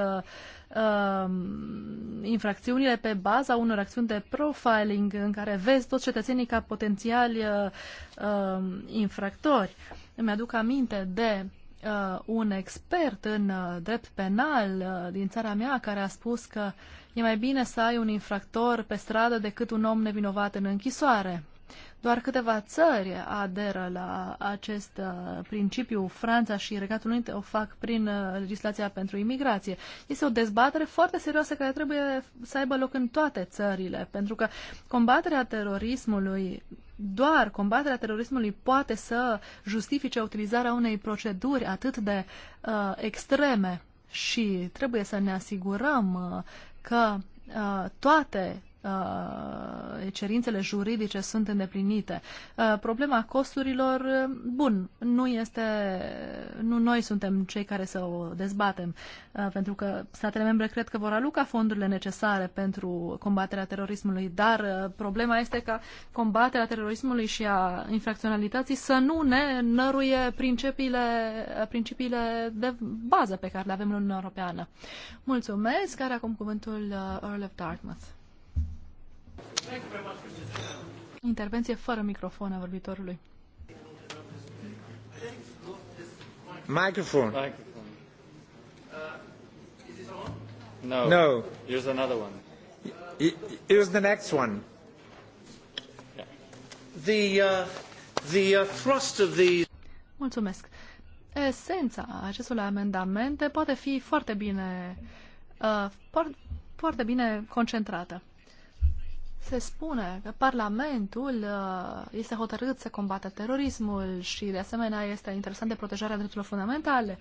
um, infracțiunile pe baza unor acțiuni de profiling în care vezi toți cetățenii ca potențiali uh, um, infractori. Îmi aduc aminte de uh, un expert în uh, drept penal uh, din țara mea care a spus că e mai bine să ai un infractor pe stradă decât un om nevinovat în închisoare. Doar câteva țări aderă la acest uh, principiu. Franța și Regatul Unit o fac prin uh, legislația pentru imigrație. Este o dezbatere foarte serioasă care trebuie să aibă loc în toate țările, pentru că combaterea terorismului doar combaterea terorismului poate să justifice utilizarea unei proceduri atât de uh, extreme și trebuie să ne asigurăm uh, că uh, toate Uh, cerințele juridice sunt îndeplinite. Uh, problema costurilor, uh, bun, nu este, nu noi suntem cei care să o dezbatem, pentru că statele membre cred că vor aluca fondurile necesare pentru combaterea terorismului, dar problema este ca combaterea terorismului și a infracționalității să nu ne năruie principiile, principiile de bază pe care le avem în Uniunea Europeană. Mulțumesc, care acum cuvântul Earl of Dartmouth. Intervenție fără microfon a vorbitorului. Microphone. Uh, no. No. Here's another one. Here's the next one. The, uh, the uh, thrust of the... Mulțumesc. Esența acestor amendamente poate fi foarte bine, uh, foarte bine concentrată se spune că Parlamentul uh, este hotărât să combată terorismul și, de asemenea, este interesant de protejarea drepturilor fundamentale.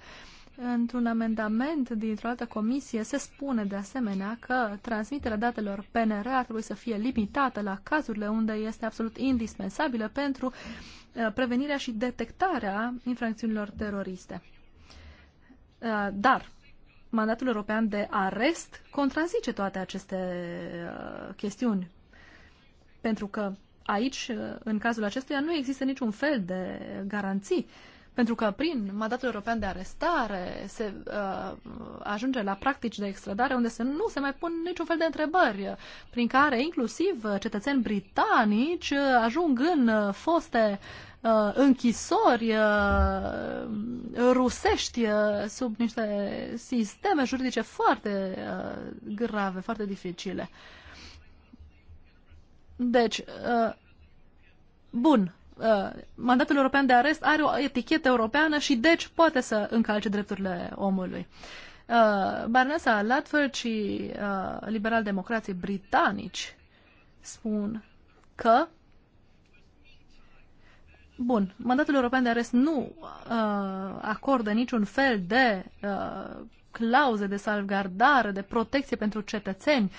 Într-un amendament dintr-o altă comisie se spune, de asemenea, că transmiterea datelor PNR ar trebui să fie limitată la cazurile unde este absolut indispensabilă pentru uh, prevenirea și detectarea infracțiunilor teroriste. Uh, dar, mandatul european de arest contrazice toate aceste uh, chestiuni. Pentru că aici, uh, în cazul acestuia, nu există niciun fel de garanții. Pentru că prin mandatul european de arestare se uh, ajunge la practici de extradare unde se, nu se mai pun niciun fel de întrebări, prin care inclusiv cetățeni britanici uh, ajung în uh, foste uh, închisori uh, rusești uh, sub niște sisteme juridice foarte uh, grave, foarte dificile. Uh, deci, uh, bun, uh, mandatul european de arest are o etichetă europeană și deci poate să încalce drepturile omului. Uh, Barnesa Latford și liberal-democrații britanici spun că Bun, mandatul european de arest nu uh, acordă niciun fel de uh, clauze de salvgardare, de protecție pentru cetățeni.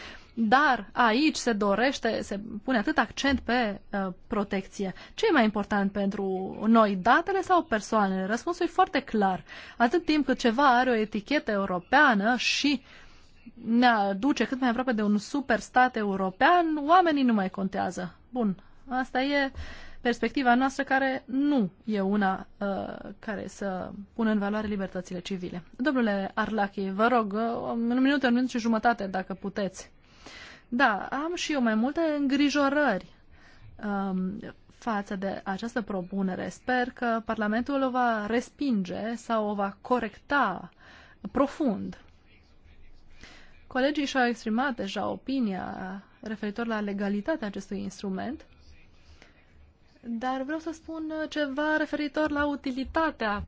Dar aici se dorește, se pune atât accent pe uh, protecție. Ce e mai important pentru noi, datele sau persoanele? Răspunsul e foarte clar. Atât timp cât ceva are o etichetă europeană și ne aduce cât mai aproape de un super stat european, oamenii nu mai contează. Bun, asta e perspectiva noastră care nu e una uh, care să pună în valoare libertățile civile. Domnule Arlachi, vă rog, uh, în un minut, în minut și jumătate, dacă puteți. Da, am și eu mai multe îngrijorări um, față de această propunere. Sper că Parlamentul o va respinge sau o va corecta profund. Colegii și-au exprimat deja opinia referitor la legalitatea acestui instrument, dar vreau să spun ceva referitor la utilitatea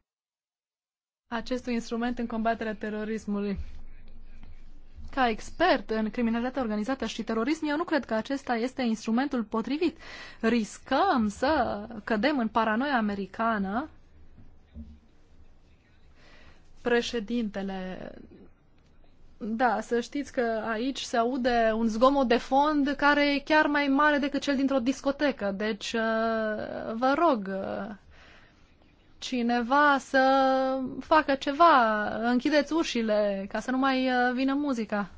acestui instrument în combaterea terorismului. Ca expert în criminalitatea organizată și terorism, eu nu cred că acesta este instrumentul potrivit. Riscăm să cădem în paranoia americană. Președintele da, să știți că aici se aude un zgomot de fond care e chiar mai mare decât cel dintr-o discotecă. Deci, uh, vă rog, uh, cineva să facă ceva, închideți ușile ca să nu mai uh, vină muzica.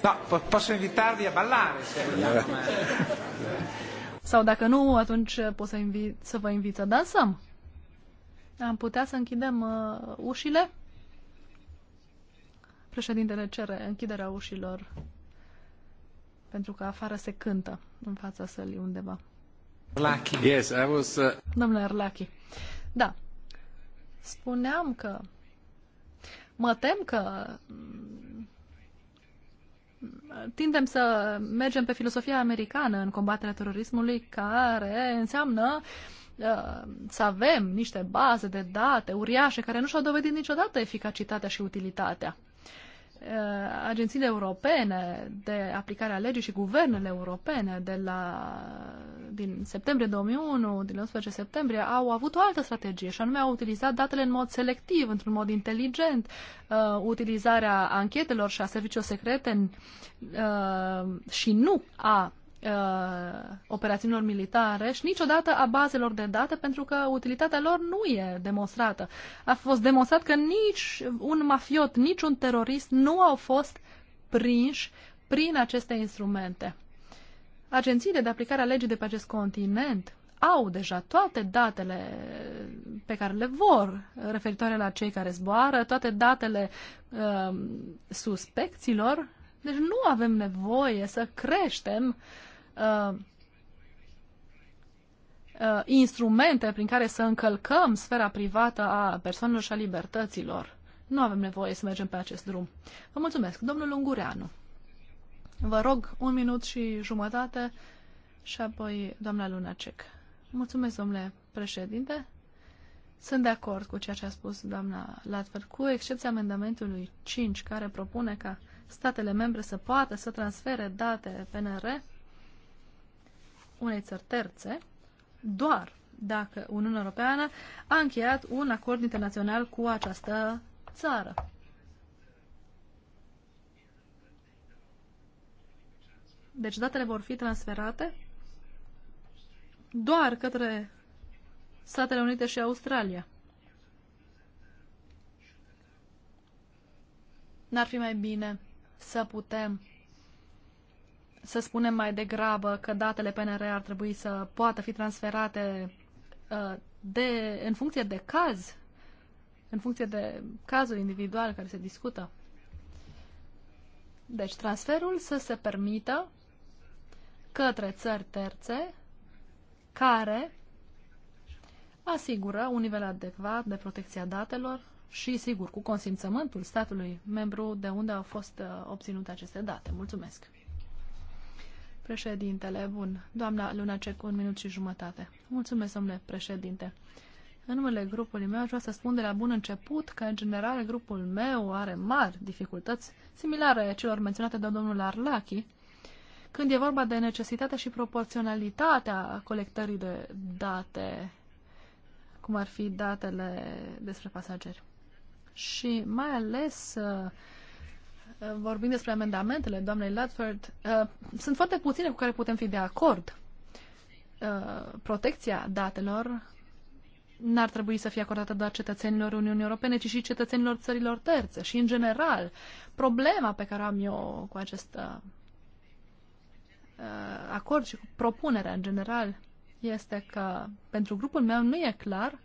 Da, no, posso invitarvi a ballare se Sau dacă nu, atunci pot să, invit, să vă invit să dansăm. Am putea să închidem uh, ușile? Președintele cere închiderea ușilor pentru că afară se cântă în fața sălii undeva. Arlachi. Yes, I was, uh... Domnule Arlachi, da, spuneam că mă tem că mm, tindem să mergem pe filosofia americană în combaterea terorismului, care înseamnă uh, să avem niște baze de date uriașe care nu și-au dovedit niciodată eficacitatea și utilitatea. Uh, agențiile europene de aplicare a legii și guvernele europene de la, din septembrie 2001, din 11 septembrie, au avut o altă strategie și anume au utilizat datele în mod selectiv, într-un mod inteligent, uh, utilizarea anchetelor și a serviciilor secrete în, uh, și nu a uh, operațiunilor militare și niciodată a bazelor de date pentru că utilitatea lor nu e demonstrată. A fost demonstrat că nici un mafiot, nici un terorist nu au fost prinși prin aceste instrumente. Agențiile de aplicare a legii de pe acest continent au deja toate datele pe care le vor referitoare la cei care zboară, toate datele uh, suspecților, deci nu avem nevoie să creștem uh, Uh, uh, instrumente prin care să încălcăm sfera privată a persoanelor și a libertăților. Nu avem nevoie să mergem pe acest drum. Vă mulțumesc. Domnul Ungureanu, vă rog un minut și jumătate și apoi doamna Lunacek. Mulțumesc, domnule președinte. Sunt de acord cu ceea ce a spus doamna Latver, cu excepția amendamentului 5, care propune ca statele membre să poată să transfere date PNR unei țări terțe doar dacă Uniunea Europeană a încheiat un acord internațional cu această țară. Deci datele vor fi transferate doar către Statele Unite și Australia. N-ar fi mai bine să putem să spunem mai degrabă că datele PNR ar trebui să poată fi transferate uh, de, în funcție de caz, în funcție de cazul individual care se discută. Deci transferul să se permită către țări terțe care asigură un nivel adecvat de protecția datelor și, sigur, cu consimțământul statului membru de unde au fost uh, obținute aceste date. Mulțumesc! Președintele, bun. Doamna Lunacek, un minut și jumătate. Mulțumesc, domnule președinte. În numele grupului meu aș vrea să spun de la bun început că, în general, grupul meu are mari dificultăți similare celor menționate de domnul Arlachi, când e vorba de necesitatea și proporționalitatea colectării de date, cum ar fi datele despre pasageri. Și mai ales uh, Eh, vorbim despre amendamentele doamnei Latford, eh, sunt foarte puține cu care putem fi de acord. Eh, protecția datelor n-ar trebui să fie acordată doar cetățenilor Uniunii Europene, ci și cetățenilor țărilor terțe. Și, în general, problema pe care o am eu cu acest acord și cu propunerea, în general, este că pentru grupul meu nu e clar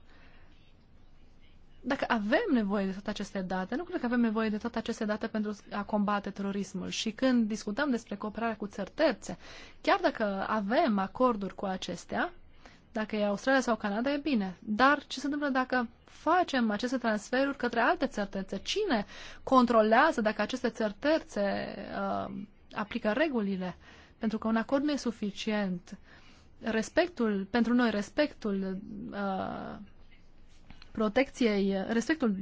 dacă avem nevoie de toate aceste date, nu cred că avem nevoie de toate aceste date pentru a combate terorismul. Și când discutăm despre cooperarea cu țări terțe, chiar dacă avem acorduri cu acestea, dacă e Australia sau Canada, e bine. Dar ce se întâmplă dacă facem aceste transferuri către alte țări terțe? Cine controlează dacă aceste țări terțe uh, aplică regulile? Pentru că un acord nu e suficient. Respectul, pentru noi, respectul uh, protecției, respectul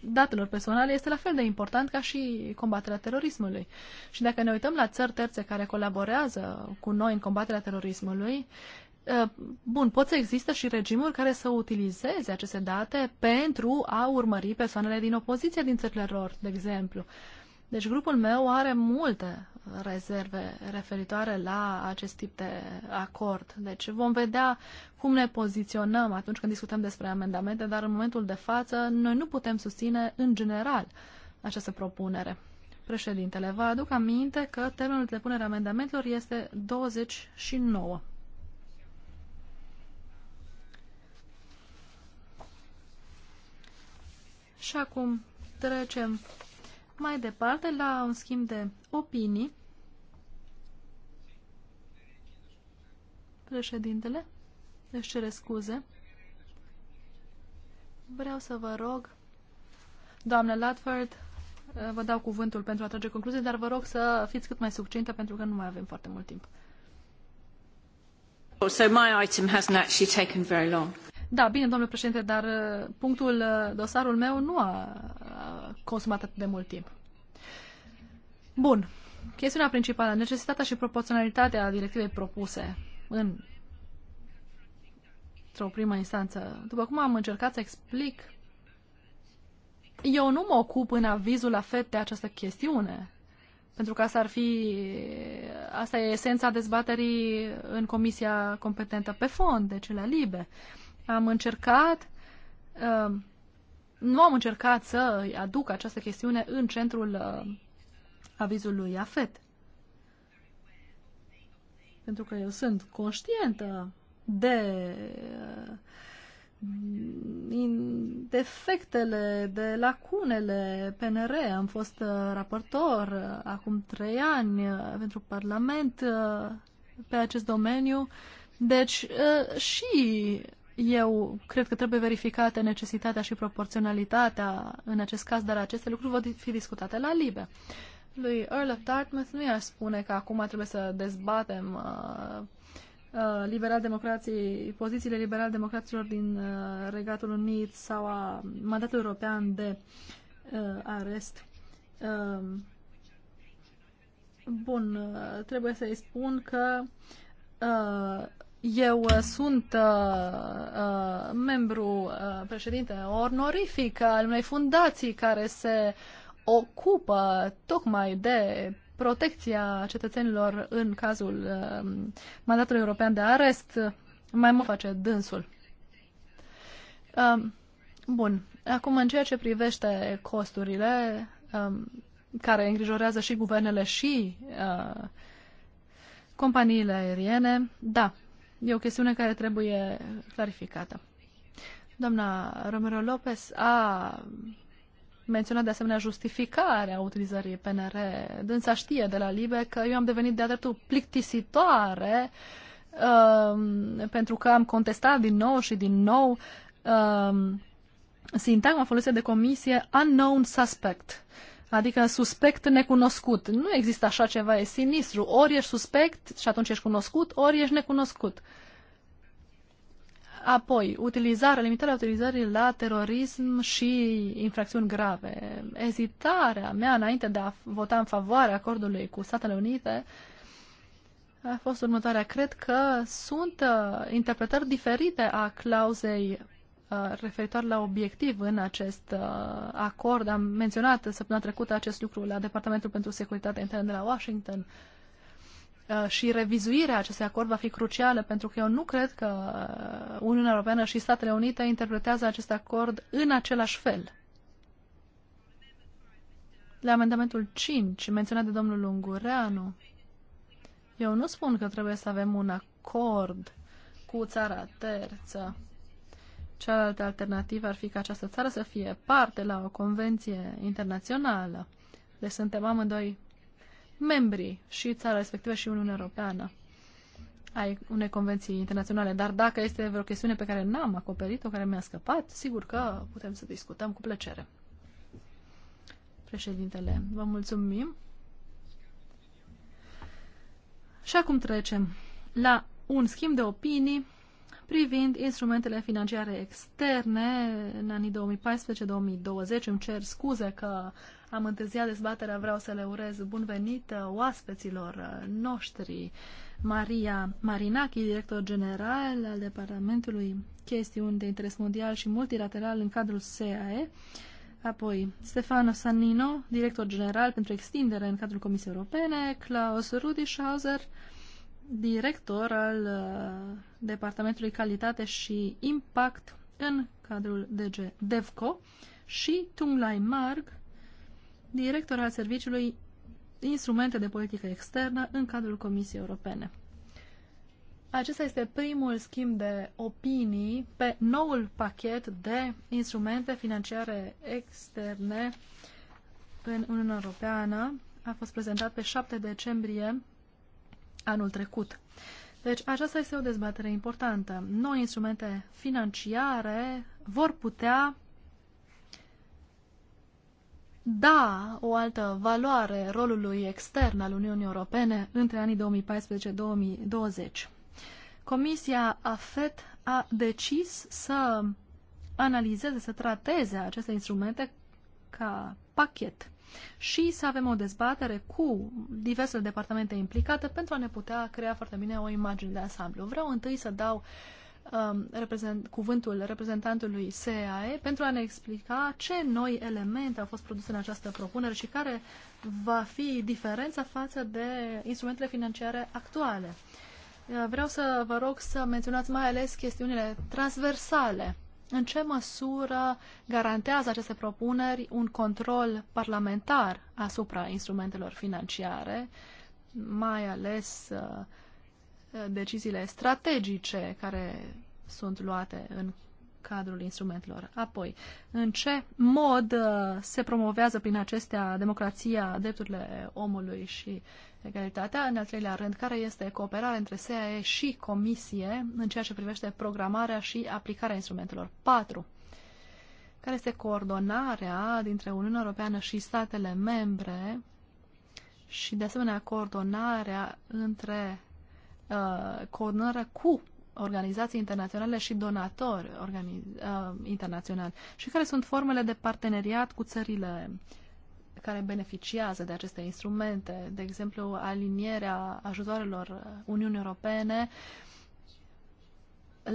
datelor personale este la fel de important ca și combaterea terorismului. Și dacă ne uităm la țări terțe care colaborează cu noi în combaterea terorismului, ă, Bun, pot să există și regimuri care să utilizeze aceste date pentru a urmări persoanele din opoziție din țările lor, de exemplu. Deci grupul meu are multe rezerve referitoare la acest tip de acord. Deci vom vedea cum ne poziționăm atunci când discutăm despre amendamente, dar în momentul de față noi nu putem susține în general această propunere. Președintele, vă aduc aminte că termenul de punere a amendamentelor este 29. Și acum trecem mai departe la un schimb de opinii. Președintele își cere scuze. Vreau să vă rog, doamnă Latford, vă dau cuvântul pentru a trage concluzii, dar vă rog să fiți cât mai succintă pentru că nu mai avem foarte mult timp. So my item hasn't actually taken very long. Da, bine, domnule președinte, dar uh, punctul, uh, dosarul meu nu a, consumat atât de mult timp. Bun. Chestiunea principală, necesitatea și proporționalitatea directivei propuse în într-o primă instanță. După cum am încercat să explic, eu nu mă ocup în avizul la FED de această chestiune, pentru că asta ar fi, asta e esența dezbaterii în comisia competentă pe fond, deci la LIBE. Am încercat uh, nu am încercat să aduc această chestiune în centrul uh, avizului AFET. Pentru că eu sunt conștientă de uh, defectele, de lacunele PNR. Am fost uh, raportor acum trei ani pentru Parlament pe acest domeniu. Deci și eu cred că trebuie verificată necesitatea și proporționalitatea în acest caz, dar aceste lucruri vor fi discutate la LIBE. Lui Earl of Dartmouth nu i-aș spune că acum trebuie să dezbatem uh, uh, liberal-democrații, pozițiile liberal-democraților din uh, Regatul Unit sau a mandatul european de uh, arest. Uh, bun, uh, trebuie să-i spun că uh, eu uh, sunt uh, uh, membru, uh, președinte onorific al unei fundații care se ocupă tocmai de protecția cetățenilor în cazul uh, mandatului european de arest. Mai mult face dânsul. Uh, bun. Acum, în ceea ce privește costurile um, care îngrijorează și guvernele și uh, companiile aeriene, da, E o chestiune care trebuie clarificată. Doamna Romero Lopez a menționat de asemenea justificarea utilizării PNR. Dânsa știe de la Libe că eu am devenit de-a dreptul plictisitoare um, pentru că am contestat din nou și din nou um, sintagma folosită de comisie unknown suspect. Uh, Adică suspect necunoscut. Nu există așa ceva, e sinistru. Ori ești suspect și atunci ești cunoscut, ori ești necunoscut. Apoi, utilizarea, limitarea utilizării la terorism și infracțiuni grave. Ezitarea mea înainte de a vota în favoarea acordului cu Statele Unite a fost următoarea. Cred că sunt uh, interpretări diferite a clauzei Uh, referitor la obiectiv în acest uh, acord. Am menționat săptămâna trecută acest lucru la Departamentul pentru Securitate Internă de la Washington uh, și revizuirea acestui acord va fi crucială pentru că eu nu cred că Uniunea Europeană și Statele Unite interpretează acest acord în același fel. La amendamentul 5, menționat de domnul Ungureanu, eu nu spun că trebuie să avem un acord cu țara terță. Cealaltă alternativă ar fi ca această țară să fie parte la o convenție internațională. Deci suntem amândoi membri și țara respectivă și Uniunea Europeană ai unei convenții internaționale. Dar dacă este vreo chestiune pe care n-am acoperit-o, care mi-a scăpat, sigur că putem să discutăm cu plăcere. Președintele, vă mulțumim. Și acum trecem la un schimb de opinii privind instrumentele financiare externe în anii 2014-2020. Îmi cer scuze că am întârziat dezbaterea, vreau să le urez bun venit uh, oaspeților uh, noștri. Maria Marinachi, director general al Departamentului Chestiuni de Interes Mondial și Multilateral în cadrul SEAE. apoi Stefano Sannino, director general pentru extindere în cadrul Comisiei Europene, Klaus Rudischhauser, director al uh, Departamentului Calitate și Impact în cadrul DG DEVCO și Tunglai Marg, director al Serviciului Instrumente de Politică Externă în cadrul Comisiei Europene. Acesta este primul schimb de opinii pe noul pachet de instrumente financiare externe în Uniunea Europeană. A fost prezentat pe 7 decembrie anul trecut. Deci aceasta este o dezbatere importantă. Noi instrumente financiare vor putea da o altă valoare rolului extern al Uniunii Europene între anii 2014-2020. Comisia AFET a decis să analizeze, să trateze aceste instrumente ca pachet și să avem o dezbatere cu diversele departamente implicate pentru a ne putea crea foarte bine o imagine de ansamblu. Vreau întâi să dau um, reprezent, cuvântul reprezentantului SAE pentru a ne explica ce noi elemente au fost produse în această propunere și care va fi diferența față de instrumentele financiare actuale. Uh, vreau să vă rog să menționați mai ales chestiunile transversale în ce măsură garantează aceste propuneri un control parlamentar asupra instrumentelor financiare, mai ales uh, deciziile strategice care sunt luate în cadrul instrumentelor. Apoi, în ce mod uh, se promovează prin acestea democrația, drepturile omului și egalitatea. În al treilea rând, care este cooperarea între SAE și Comisie în ceea ce privește programarea și aplicarea instrumentelor? 4. Care este coordonarea dintre Uniunea Europeană și statele membre și, de asemenea, coordonarea între uh, coordonarea cu organizații internaționale și donatori organiz, uh, internaționali și care sunt formele de parteneriat cu țările uh, care beneficiază de aceste instrumente, de exemplu alinierea ajutoarelor Uniunii Europene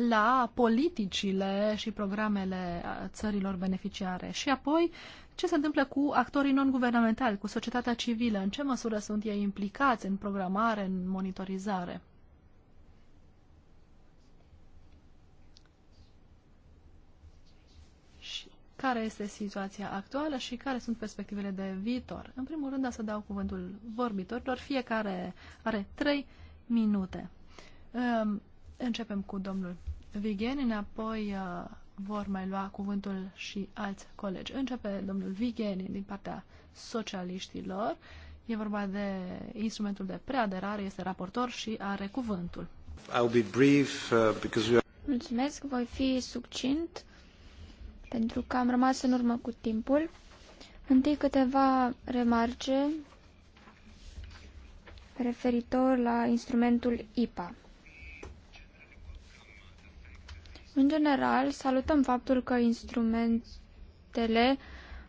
la politicile și programele țărilor beneficiare. Și apoi, ce se întâmplă cu actorii non-guvernamentali, cu societatea civilă? În ce măsură sunt ei implicați în programare, în monitorizare? care este situația actuală și care sunt perspectivele de viitor. În primul rând, să dau cuvântul vorbitorilor. Fiecare are trei minute. Începem cu domnul Vigeni, apoi uh, vor mai lua cuvântul și alți colegi. Începe domnul Vigeni din partea socialiștilor. E vorba de instrumentul de preaderare, este raportor și are cuvântul. I'll be brief, uh, because we are... Mulțumesc, voi fi succint. Uh, pentru că am rămas în urmă cu timpul. Întâi câteva remarce referitor la instrumentul IPA. În general, salutăm faptul că instrumentele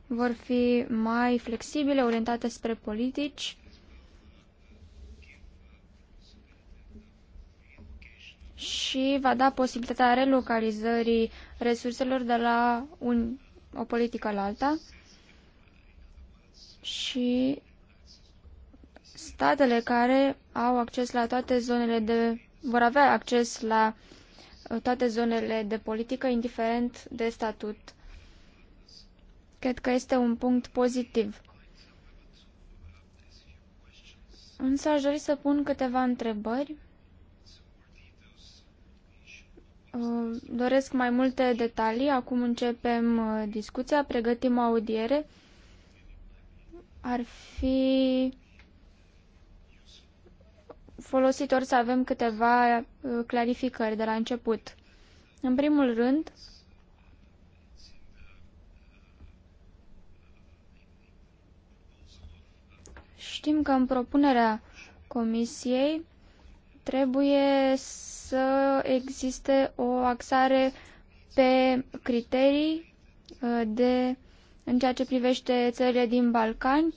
vor fi mai flexibile, orientate spre politici și va da posibilitatea relocalizării resurselor de la un, o politică la alta și statele care au acces la toate zonele de vor avea acces la uh, toate zonele de politică, indiferent de statut. Cred că este un punct pozitiv. Însă aș dori să pun câteva întrebări. Uh, doresc mai multe detalii. Acum începem uh, discuția, pregătim o audiere. Ar fi folositor să avem câteva uh, clarificări de la început. În primul rând, știm că în propunerea Comisiei trebuie să să existe o axare pe criterii uh, de, în ceea ce privește țările din Balcani,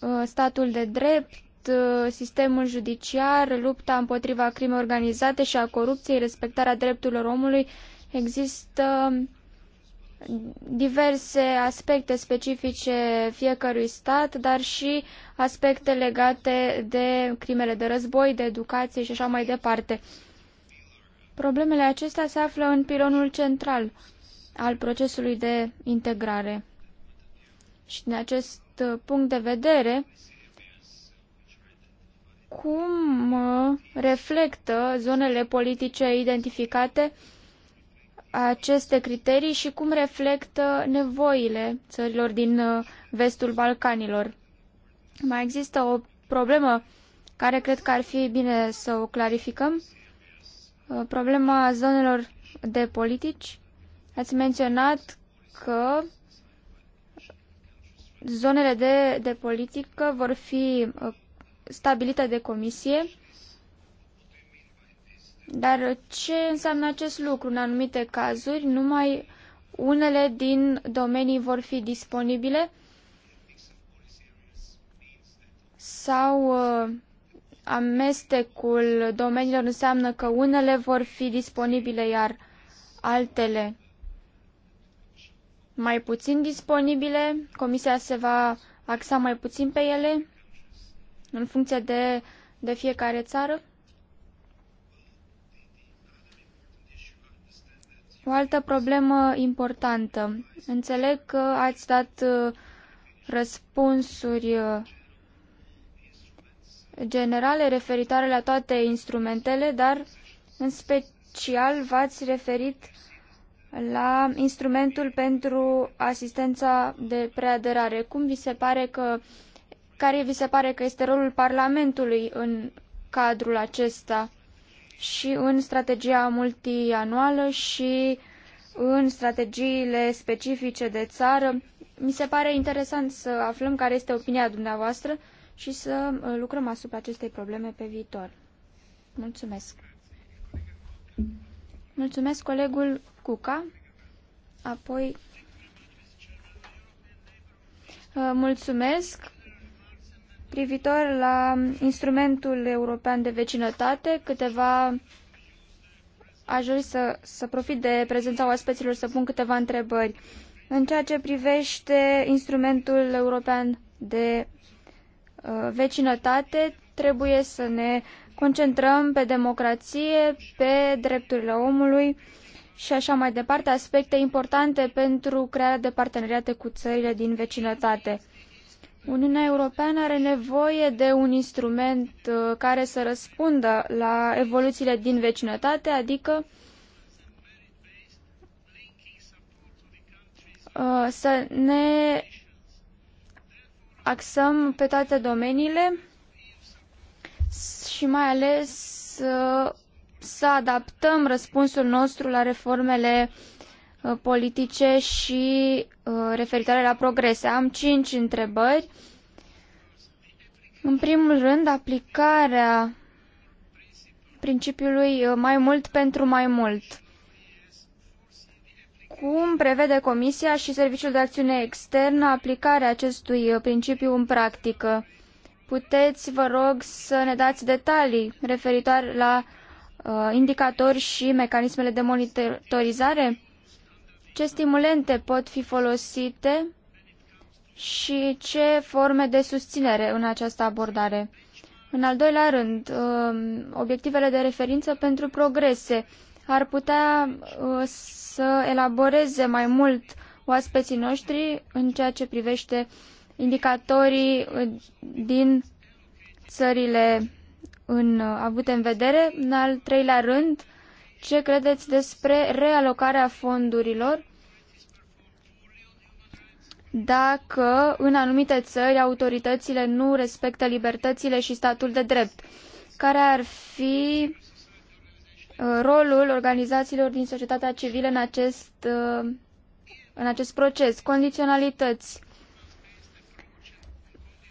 uh, statul de drept, uh, sistemul judiciar, lupta împotriva crimei organizate și a corupției, respectarea drepturilor omului. Există diverse aspecte specifice fiecărui stat, dar și aspecte legate de crimele de război, de educație și așa mai departe. Problemele acestea se află în pilonul central al procesului de integrare. Și din acest punct de vedere, cum uh, reflectă zonele politice identificate aceste criterii și cum reflectă nevoile țărilor din uh, vestul Balcanilor. Mai există o problemă care cred că ar fi bine să o clarificăm. Uh, problema zonelor de politici. Ați menționat că zonele de, de politică vor fi uh, stabilite de comisie dar ce înseamnă acest lucru? În anumite cazuri, numai unele din domenii vor fi disponibile sau uh, amestecul domeniilor înseamnă că unele vor fi disponibile, iar altele mai puțin disponibile, comisia se va axa mai puțin pe ele în funcție de, de fiecare țară? O altă problemă importantă. Înțeleg că ați dat uh, răspunsuri uh, generale referitoare la toate instrumentele, dar în special v-ați referit la instrumentul pentru asistența de preaderare. Cum vi se pare că, care vi se pare că este rolul Parlamentului în cadrul acesta? și în strategia multianuală și în strategiile specifice de țară. Mi se pare interesant să aflăm care este opinia dumneavoastră și să uh, lucrăm asupra acestei probleme pe viitor. Mulțumesc. Mulțumesc colegul Cuca, apoi uh, Mulțumesc privitor la instrumentul european de vecinătate, câteva aș dori să, să profit de prezența oaspeților să pun câteva întrebări. În ceea ce privește instrumentul european de uh, vecinătate, trebuie să ne concentrăm pe democrație, pe drepturile omului și așa mai departe, aspecte importante pentru crearea de parteneriate cu țările din vecinătate. Uniunea Europeană are nevoie de un instrument uh, care să răspundă la evoluțiile din vecinătate, adică uh, să ne axăm pe toate domeniile și mai ales uh, să adaptăm răspunsul nostru la reformele Uh, politice și uh, referitoare la progrese. Am cinci întrebări. În primul rând, aplicarea principiului uh, mai mult pentru mai mult. Cum prevede Comisia și Serviciul de Acțiune Externă aplicarea acestui principiu în practică? Puteți, vă rog, să ne dați detalii referitoare la uh, indicatori și mecanismele de monitorizare? ce stimulente pot fi folosite și ce forme de susținere în această abordare. În al doilea rând, um, obiectivele de referință pentru progrese ar putea uh, să elaboreze mai mult oaspeții noștri în ceea ce privește indicatorii uh, din țările în, uh, avute în vedere. În al treilea rând, ce credeți despre realocarea fondurilor dacă în anumite țări autoritățile nu respectă libertățile și statul de drept? Care ar fi uh, rolul organizațiilor din societatea civilă în acest, uh, în acest proces? Condiționalități.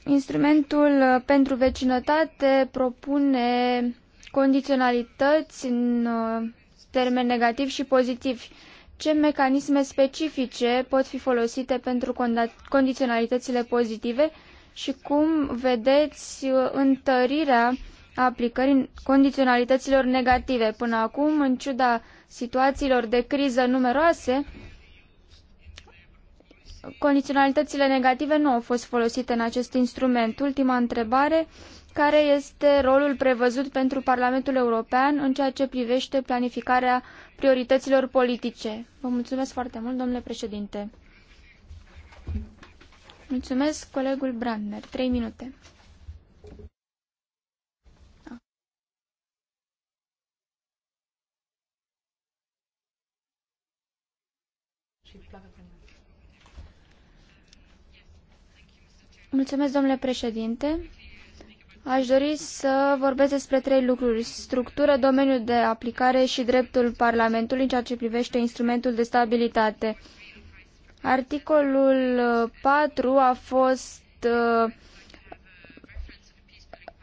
Instrumentul uh, pentru vecinătate propune condiționalități în termeni negativ și pozitiv. Ce mecanisme specifice pot fi folosite pentru condiționalitățile pozitive și cum vedeți uh, întărirea aplicării condiționalităților negative? Până acum, în ciuda situațiilor de criză numeroase, condiționalitățile negative nu au fost folosite în acest instrument. Ultima întrebare care este rolul prevăzut pentru Parlamentul European în ceea ce privește planificarea priorităților politice. Vă mulțumesc foarte mult, domnule președinte. Mulțumesc, colegul Brandner. Trei minute. Mulțumesc, domnule președinte. Aș dori să vorbesc despre trei lucruri. Structură, domeniul de aplicare și dreptul Parlamentului în ceea ce privește instrumentul de stabilitate. Articolul 4 uh, a fost uh,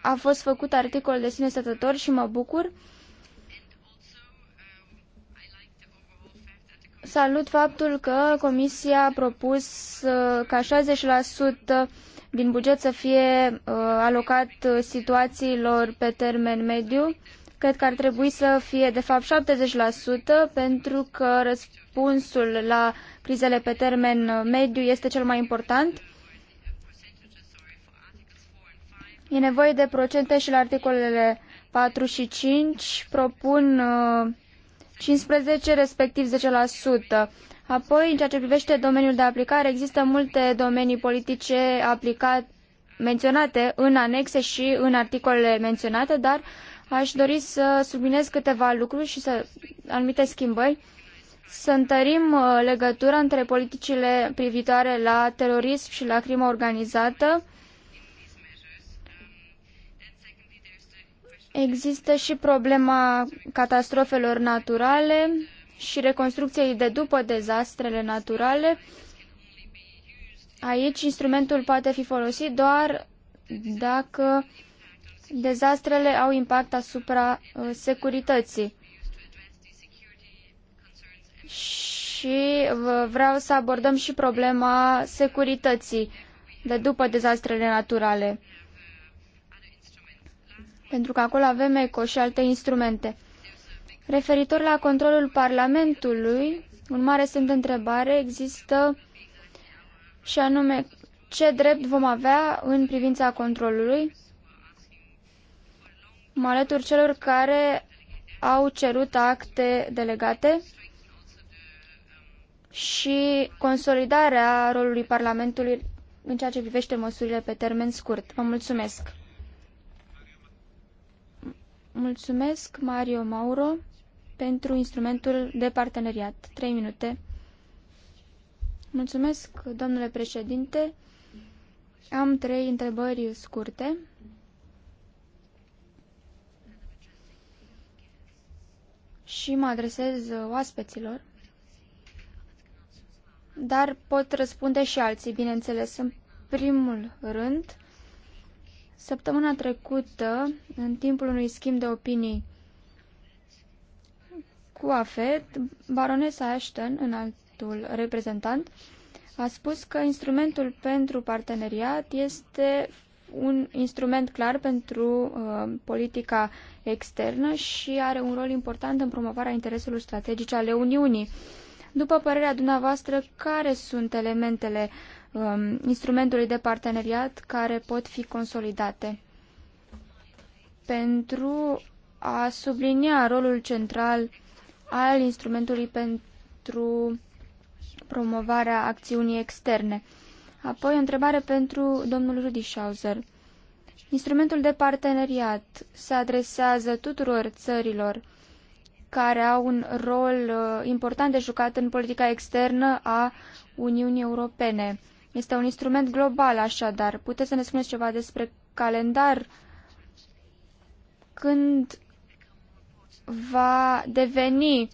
a fost făcut articol de sine stătător și mă bucur. Salut faptul că Comisia a propus uh, ca 60% din buget să fie uh, alocat situațiilor pe termen mediu. Cred că ar trebui să fie, de fapt, 70% pentru că răspunsul la crizele pe termen uh, mediu este cel mai important. E nevoie de procente și la articolele 4 și 5 propun 15, uh, respectiv 10%. Apoi, în ceea ce privește domeniul de aplicare, există multe domenii politice aplicat, menționate în anexe și în articolele menționate, dar aș dori să subliniez câteva lucruri și să anumite schimbări. Să întărim uh, legătura între politicile privitoare la terorism și la crimă organizată. Există și problema catastrofelor naturale și reconstrucției de după dezastrele naturale, aici instrumentul poate fi folosit doar dacă dezastrele au impact asupra uh, securității. Și uh, vreau să abordăm și problema securității de după dezastrele naturale. Pentru că acolo avem eco și alte instrumente. Referitor la controlul Parlamentului, un mare semn de întrebare există și anume ce drept vom avea în privința controlului. Mă alătur celor care au cerut acte delegate și consolidarea rolului Parlamentului în ceea ce privește măsurile pe termen scurt. Vă mulțumesc! Mulțumesc, Mario Mauro pentru instrumentul de parteneriat. 3 minute. Mulțumesc, domnule președinte. Am trei întrebări scurte. Și mă adresez oaspeților. Dar pot răspunde și alții, bineînțeles. În primul rând, săptămâna trecută, în timpul unui schimb de opinii cu AFET, baronesa Ashton, altul reprezentant, a spus că instrumentul pentru parteneriat este un instrument clar pentru uh, politica externă și are un rol important în promovarea intereselor strategice ale Uniunii. După părerea dumneavoastră, care sunt elementele um, instrumentului de parteneriat care pot fi consolidate pentru a sublinia rolul central al instrumentului pentru promovarea acțiunii externe. Apoi o întrebare pentru domnul Rudi Schauser. Instrumentul de parteneriat se adresează tuturor țărilor care au un rol uh, important de jucat în politica externă a Uniunii Europene. Este un instrument global, așadar. Puteți să ne spuneți ceva despre calendar? Când va deveni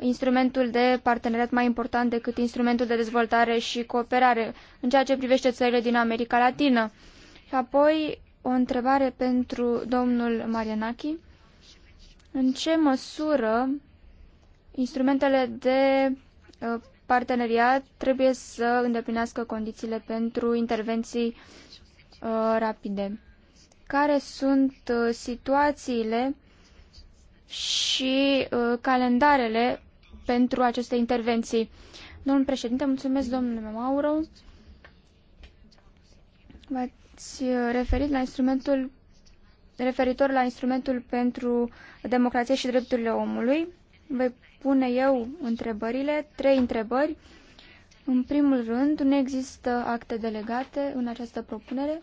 instrumentul de parteneriat mai important decât instrumentul de dezvoltare și cooperare în ceea ce privește țările din America Latină. Și apoi o întrebare pentru domnul Marianaki. În ce măsură instrumentele de uh, parteneriat trebuie să îndeplinească condițiile pentru intervenții uh, rapide? Care sunt uh, situațiile și uh, calendarele pentru aceste intervenții. Domnul președinte, mulțumesc domnule Mauro. V-ați uh, referit la instrumentul referitor la instrumentul pentru democrație și drepturile omului. Voi pune eu întrebările, trei întrebări. În primul rând, nu există acte delegate în această propunere.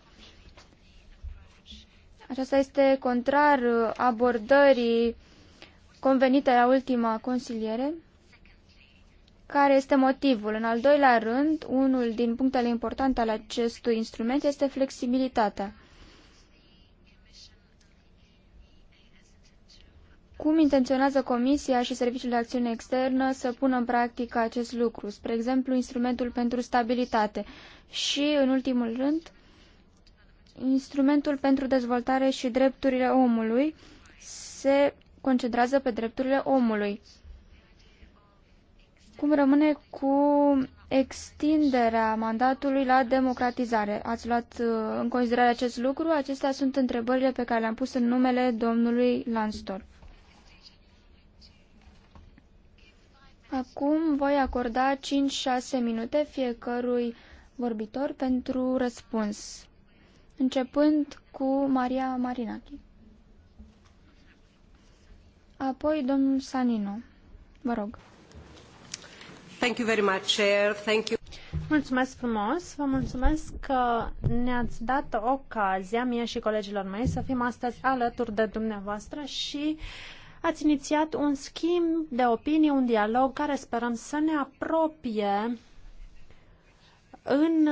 Aceasta este contrar uh, abordării convenite la ultima consiliere. Care este motivul? În al doilea rând, unul din punctele importante ale acestui instrument este flexibilitatea. Cum intenționează Comisia și Serviciul de Acțiune Externă să pună în practică acest lucru, spre exemplu instrumentul pentru stabilitate și, în ultimul rând, instrumentul pentru dezvoltare și drepturile omului se concentrează pe drepturile omului. Cum rămâne cu extinderea mandatului la democratizare? Ați luat uh, în considerare acest lucru? Acestea sunt întrebările pe care le-am pus în numele domnului Lansdorf. Acum voi acorda 5-6 minute fiecărui vorbitor pentru răspuns, începând cu Maria Marinachi. Apoi domnul Sanino. Vă rog. Thank you very much, Chair. Thank you. Mulțumesc frumos, vă mulțumesc că ne-ați dat ocazia, mie și colegilor mei, să fim astăzi alături de dumneavoastră și ați inițiat un schimb de opinii, un dialog care sperăm să ne apropie în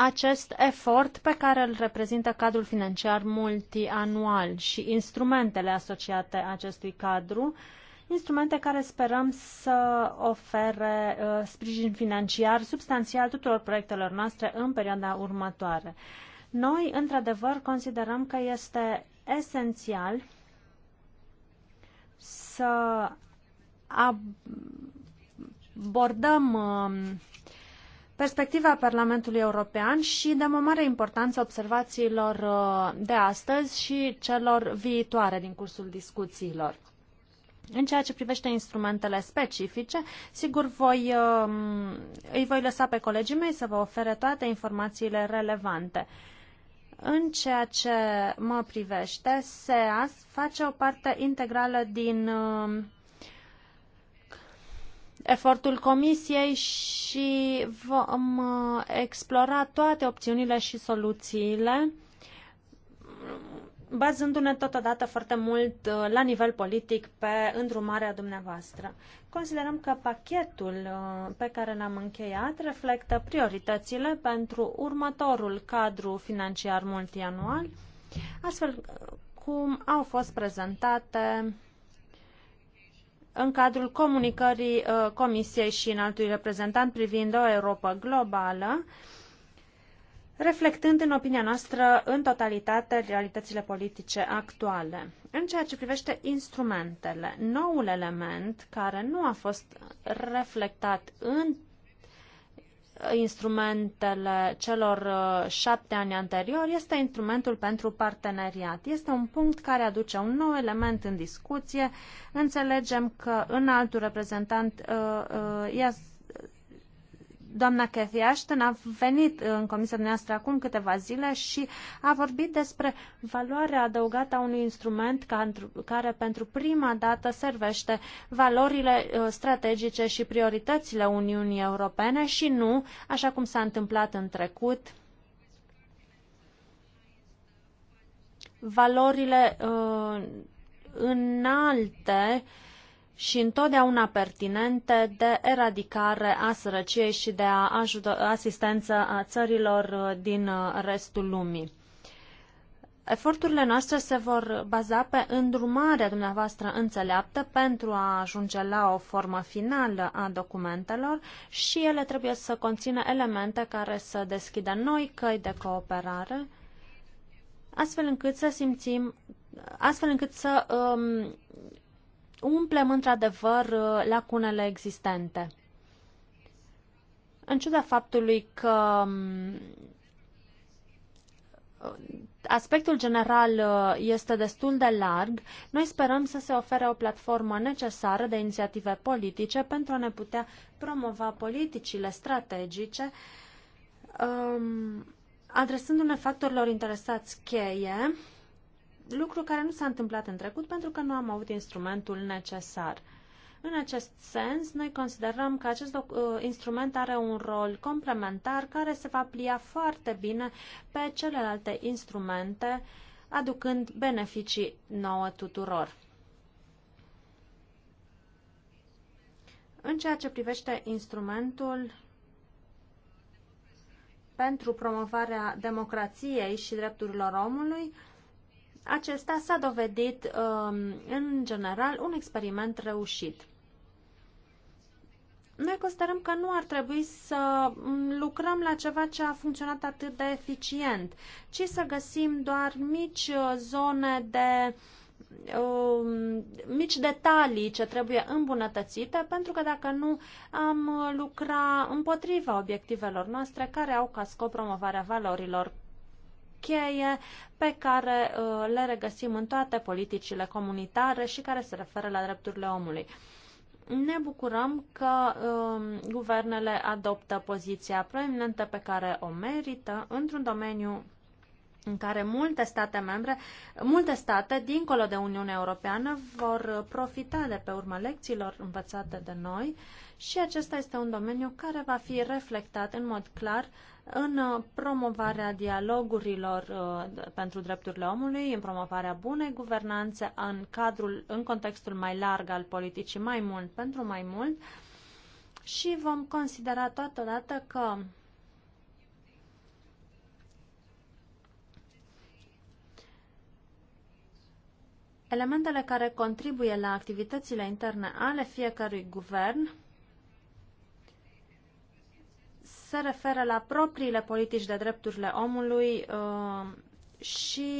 acest efort pe care îl reprezintă cadrul financiar multianual și instrumentele asociate acestui cadru, instrumente care sperăm să ofere uh, sprijin financiar substanțial tuturor proiectelor noastre în perioada următoare. Noi, într-adevăr, considerăm că este esențial să abordăm uh, perspectiva Parlamentului European și dăm o mare importanță observațiilor uh, de astăzi și celor viitoare din cursul discuțiilor. În ceea ce privește instrumentele specifice, sigur voi, um, îi voi lăsa pe colegii mei să vă ofere toate informațiile relevante. În ceea ce mă privește, SEAS face o parte integrală din um, efortul comisiei și vom uh, explora toate opțiunile și soluțiile, bazându-ne totodată foarte mult uh, la nivel politic pe îndrumarea dumneavoastră. Considerăm că pachetul uh, pe care l-am încheiat reflectă prioritățile pentru următorul cadru financiar multianual, astfel cum au fost prezentate în cadrul comunicării uh, Comisiei și înaltului reprezentant privind o Europa globală, reflectând în opinia noastră în totalitate realitățile politice actuale. În ceea ce privește instrumentele, noul element care nu a fost reflectat în instrumentele celor uh, șapte ani anterior este instrumentul pentru parteneriat. Este un punct care aduce un nou element în discuție. Înțelegem că în altul reprezentant uh, uh, doamna Cathy Ashton a venit în comisia noastră acum câteva zile și a vorbit despre valoarea adăugată a unui instrument care pentru prima dată servește valorile uh, strategice și prioritățile Uniunii Europene și nu, așa cum s-a întâmplat în trecut, valorile uh, înalte uh, și întotdeauna pertinente de eradicare a sărăciei și de a asistență a țărilor uh, din uh, restul lumii. Eforturile noastre se vor baza pe îndrumarea dumneavoastră înțeleaptă pentru a ajunge la o formă finală a documentelor și ele trebuie să conțină elemente care să deschidă noi căi de cooperare, astfel încât să simțim, astfel încât să um, umplem într-adevăr uh, lacunele existente. În ciuda faptului că um, aspectul general uh, este destul de larg, noi sperăm să se ofere o platformă necesară de inițiative politice pentru a ne putea promova politicile strategice, um, adresându-ne factorilor interesați cheie, lucru care nu s-a întâmplat în trecut pentru că nu am avut instrumentul necesar. În acest sens, noi considerăm că acest uh, instrument are un rol complementar care se va plia foarte bine pe celelalte instrumente, aducând beneficii nouă tuturor. În ceea ce privește instrumentul pentru promovarea democrației și drepturilor omului, acesta s-a dovedit um, în general un experiment reușit. Noi considerăm că nu ar trebui să um, lucrăm la ceva ce a funcționat atât de eficient, ci să găsim doar mici uh, zone de um, mici detalii ce trebuie îmbunătățite, pentru că dacă nu am lucra împotriva obiectivelor noastre care au ca scop promovarea valorilor cheie pe care uh, le regăsim în toate politicile comunitare și care se referă la drepturile omului. Ne bucurăm că uh, guvernele adoptă poziția proeminentă pe care o merită într-un domeniu în care multe state membre, multe state dincolo de Uniunea Europeană vor profita de pe urma lecțiilor învățate de noi și acesta este un domeniu care va fi reflectat în mod clar uh, în uh, promovarea dialogurilor uh, pentru drepturile omului, în promovarea bunei guvernanțe, în, cadrul, în contextul mai larg al politicii mai mult pentru mai mult și vom considera totodată că elementele care contribuie la activitățile interne ale fiecărui guvern se referă la propriile politici de drepturile omului uh, și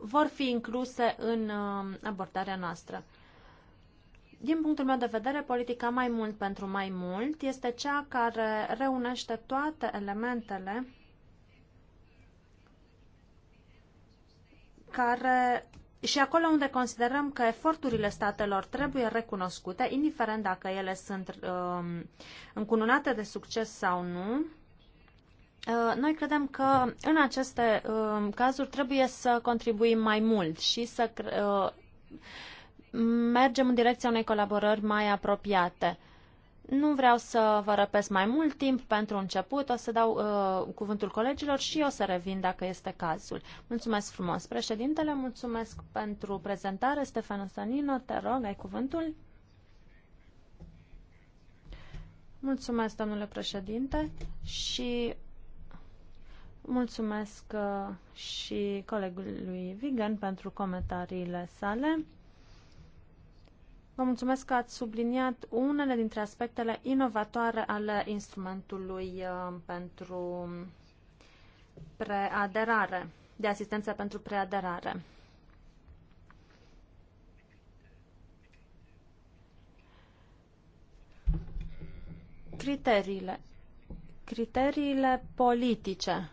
vor fi incluse în uh, abordarea noastră. Din punctul meu de vedere, politica mai mult pentru mai mult este cea care reunește toate elementele care și acolo unde considerăm că eforturile statelor trebuie recunoscute, indiferent dacă ele sunt um, încununate de succes sau nu, uh, noi credem că în aceste uh, cazuri trebuie să contribuim mai mult și să uh, mergem în direcția unei colaborări mai apropiate. Uh, nu vreau să vă răpesc mai mult timp pentru început, o să dau uh, cuvântul colegilor și o să revin dacă este cazul. Mulțumesc frumos, președintele, mulțumesc pentru prezentare. Stefano Sanino, te rog, ai cuvântul. Mulțumesc, domnule președinte, și mulțumesc uh, și colegului Vigan pentru comentariile sale. Vă mulțumesc că ați subliniat unele dintre aspectele inovatoare ale instrumentului uh, pentru preaderare, de asistență pentru preaderare. Criteriile. Criteriile politice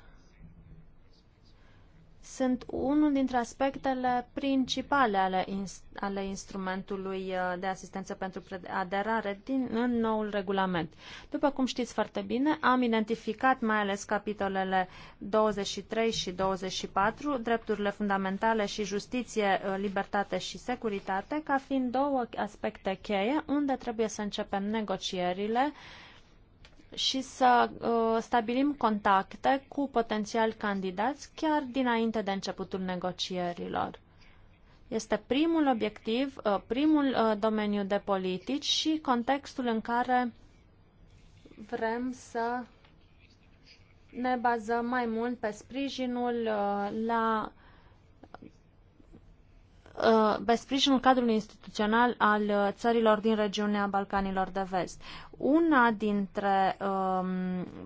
sunt unul dintre aspectele principale ale, inst- ale instrumentului uh, de asistență pentru aderare din în noul regulament. După cum știți foarte bine, am identificat mai ales capitolele 23 și 24, drepturile fundamentale și justiție, uh, libertate și securitate, ca fiind două aspecte cheie unde trebuie să începem negocierile uh, și să uh, stabilim contacte cu potențiali candidați chiar dinainte de începutul negocierilor. Este primul obiectiv, uh, primul uh, domeniu de politici și contextul în care vrem să ne bazăm mai mult pe sprijinul uh, la Uh, pe sprijinul cadrului instituțional al uh, țărilor din regiunea Balcanilor de Vest. Una dintre um,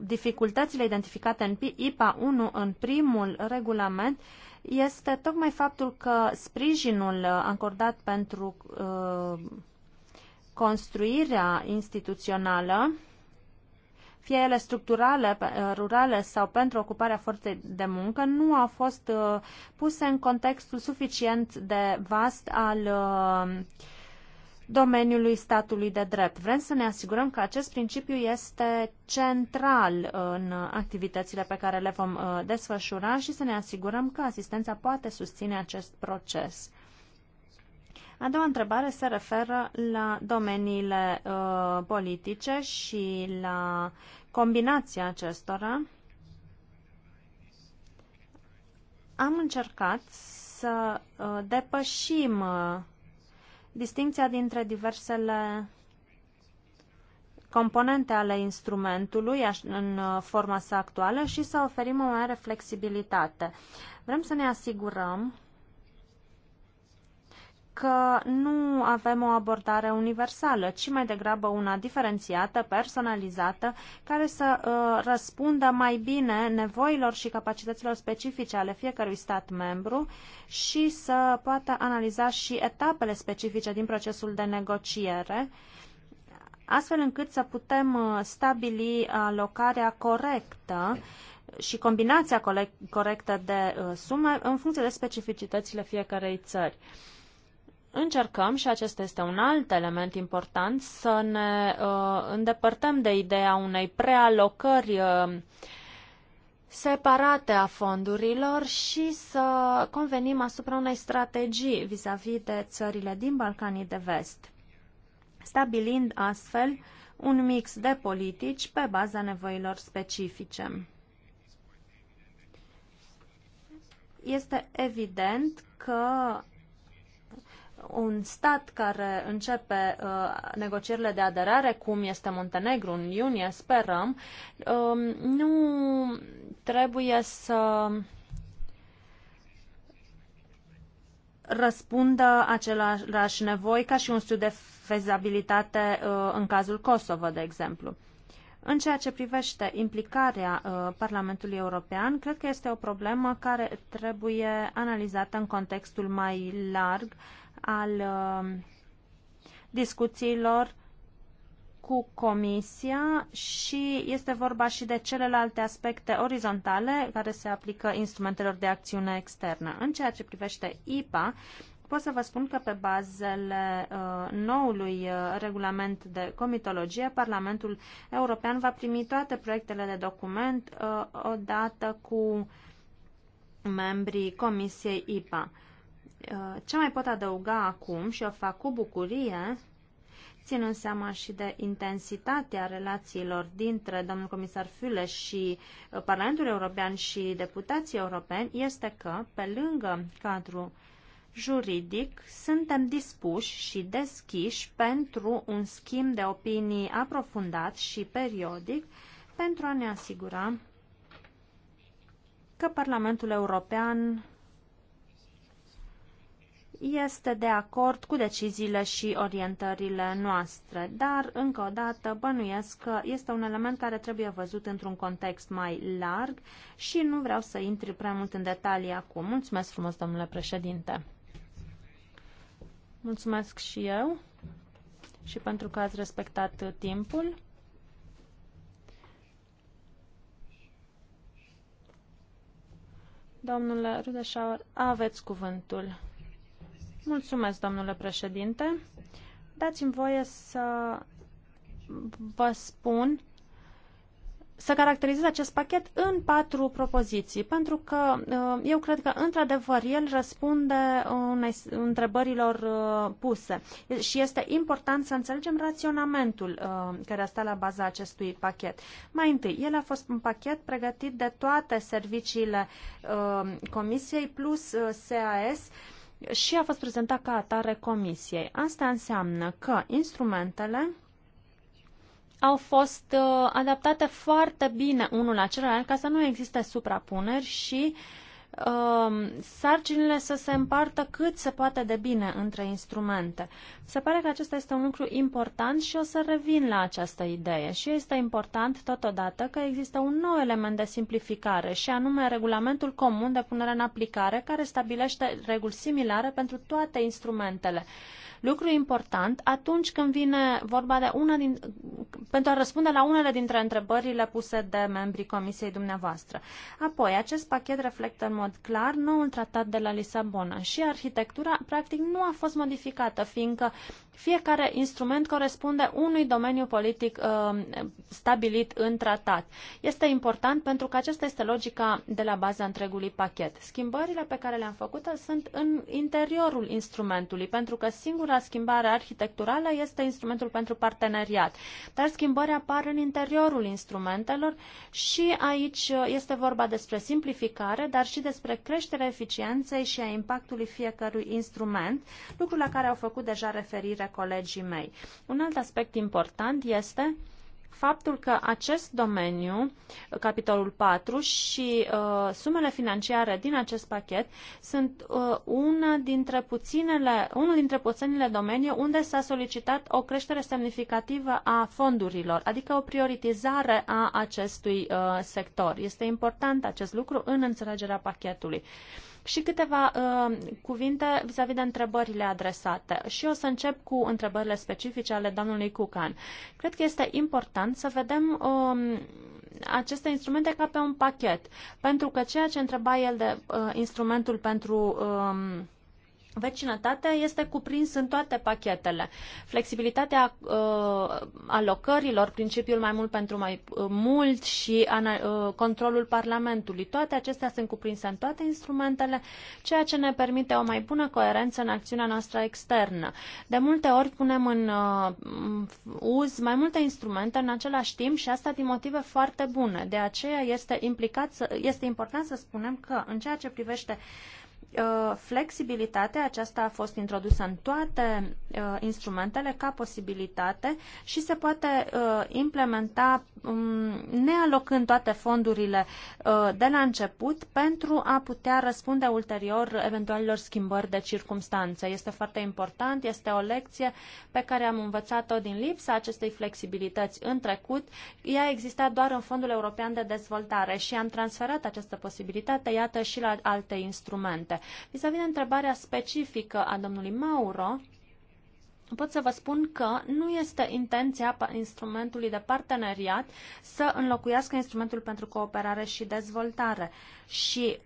dificultățile identificate în IPA 1, în primul regulament, este tocmai faptul că sprijinul uh, acordat pentru uh, construirea instituțională uh, fie ele structurale, eh, rurale sau pentru ocuparea forței de muncă, nu au fost eh, puse în contextul suficient de vast al eh, domeniului statului de drept. Vrem să ne asigurăm că acest principiu este central în activitățile pe care le vom desfășura și să ne asigurăm că asistența poate susține acest proces. A doua întrebare se referă la domeniile uh, politice și la combinația acestora. Am încercat să uh, depășim uh, distinția dintre diversele componente ale instrumentului în uh, forma sa actuală și să oferim o mai mare flexibilitate. Vrem să ne asigurăm că nu avem o abordare universală, ci mai degrabă una diferențiată, personalizată, care să uh, răspundă mai bine nevoilor și capacităților specifice ale fiecărui stat membru și să poată analiza și etapele specifice din procesul de negociere, astfel încât să putem uh, stabili alocarea corectă și combinația corectă de uh, sume în funcție de specificitățile fiecarei țări. Uh, încercăm, și acesta este un alt element important, să ne uh, îndepărtăm de ideea unei prealocări uh, separate a fondurilor și să convenim asupra unei strategii vis-a-vis -vis de țările din Balcanii de Vest, stabilind astfel un mix de politici pe baza nevoilor specifice. Este evident că un stat care începe uh, negocierile de aderare, cum este Montenegru în iunie, sperăm, uh, nu trebuie să răspundă același nevoi ca și un studiu de fezabilitate uh, în cazul Kosovo, de exemplu. În ceea ce privește implicarea uh, Parlamentului European, cred că este o problemă care trebuie analizată în contextul mai larg uh, al um, discuțiilor cu Comisia și este vorba și de celelalte aspecte orizontale care se aplică instrumentelor de acțiune externă. În ceea ce privește IPA, pot să vă spun că pe bazele uh, noului uh, regulament de comitologie, Parlamentul European va primi toate proiectele de document uh, odată cu membrii Comisiei IPA. Uh, ce mai pot adăuga acum, și o fac cu bucurie, ținând seama și de intensitatea relațiilor dintre domnul comisar Füle și uh, Parlamentul European și deputații europeni, este că, pe lângă cadrul juridic, suntem dispuși și deschiși pentru un schimb de opinii aprofundat și periodic pentru a ne asigura că Parlamentul European este de acord cu deciziile și orientările noastre, dar, încă o dată, bănuiesc că este un element care trebuie văzut într-un context mai larg și nu vreau să intri prea mult în detalii acum. Mulțumesc frumos, domnule președinte! Mulțumesc și eu și pentru că ați respectat timpul. Domnule Rudeșaur, aveți cuvântul. Mulțumesc, domnule președinte. Dați-mi voie să vă spun să caracterizez acest pachet în patru propoziții, pentru că uh, eu cred că, într-adevăr, el răspunde unei întrebărilor uh, puse și este important să înțelegem raționamentul uh, care a stat la baza acestui pachet. Mai întâi, el a fost un pachet pregătit de toate serviciile Comisiei plus SAS și a fost prezentat ca atare comisiei. Asta înseamnă că instrumentele au fost uh, adaptate foarte bine unul la celălalt ca să nu existe suprapuneri și uh, Um, sarcinile să se împartă cât se poate de bine între instrumente. Se pare că acesta este un lucru important și o să revin la această idee. Și este important totodată că există un nou element de simplificare și anume regulamentul comun de punere în aplicare care stabilește reguli similare pentru toate instrumentele. Uh, Lucru important atunci când vine vorba de una din, pentru a răspunde la unele dintre întrebările puse de membrii Comisiei dumneavoastră. Apoi, acest pachet reflectă în mod clar noul tratat de la Lisabona și arhitectura practic nu a fost modificată, fiindcă fiecare instrument corespunde unui domeniu politic uh, stabilit în tratat. Este important pentru că aceasta este logica de la baza întregului pachet. Schimbările pe care le-am făcut sunt în interiorul instrumentului, pentru că singur singura schimbare arhitecturală este instrumentul pentru parteneriat. Dar schimbări apar în interiorul instrumentelor și aici uh, este vorba despre simplificare, dar și despre creșterea eficienței și a impactului fiecărui instrument, lucru la care au făcut deja referire colegii mei. Un alt aspect important este faptul că acest domeniu, capitolul 4 și uh, sumele financiare din acest pachet sunt uh, una dintre puținele, unul dintre puținele domenii unde s-a solicitat o creștere semnificativă a fondurilor, adică o prioritizare a acestui uh, sector. Este important acest lucru în înțelegerea pachetului. Uh, și câteva uh, cuvinte vis-a-vis -vis de întrebările adresate. Și o să încep cu întrebările specifice ale domnului Cucan. Cred că este important să vedem um, aceste instrumente ca pe un pachet, pentru că ceea ce întreba el de uh, instrumentul pentru uh, Vecinătatea este cuprins în toate pachetele. Flexibilitatea uh, alocărilor, principiul mai mult pentru mai uh, mult și uh, controlul Parlamentului, toate acestea sunt cuprinse în toate instrumentele, ceea ce ne permite o mai bună coerență în acțiunea noastră externă. De multe ori punem în uh, uz mai multe instrumente în același timp și asta din motive foarte bune. De aceea este, implicat să, este important să spunem că în ceea ce privește Uh, flexibilitatea aceasta a fost introdusă în toate uh, instrumentele ca posibilitate și se poate uh, implementa um, nealocând toate fondurile uh, de la început pentru a putea răspunde ulterior eventualilor schimbări de circumstanță. Este foarte important, este o lecție pe care am învățat-o din lipsa acestei flexibilități în trecut. Ea exista doar în Fondul European de Dezvoltare și am transferat această posibilitate, iată, și la alte instrumente. Vis-a-vis de întrebarea specifică a domnului Mauro, pot să vă spun că nu este intenția instrumentului de parteneriat să înlocuiască instrumentul pentru cooperare și dezvoltare și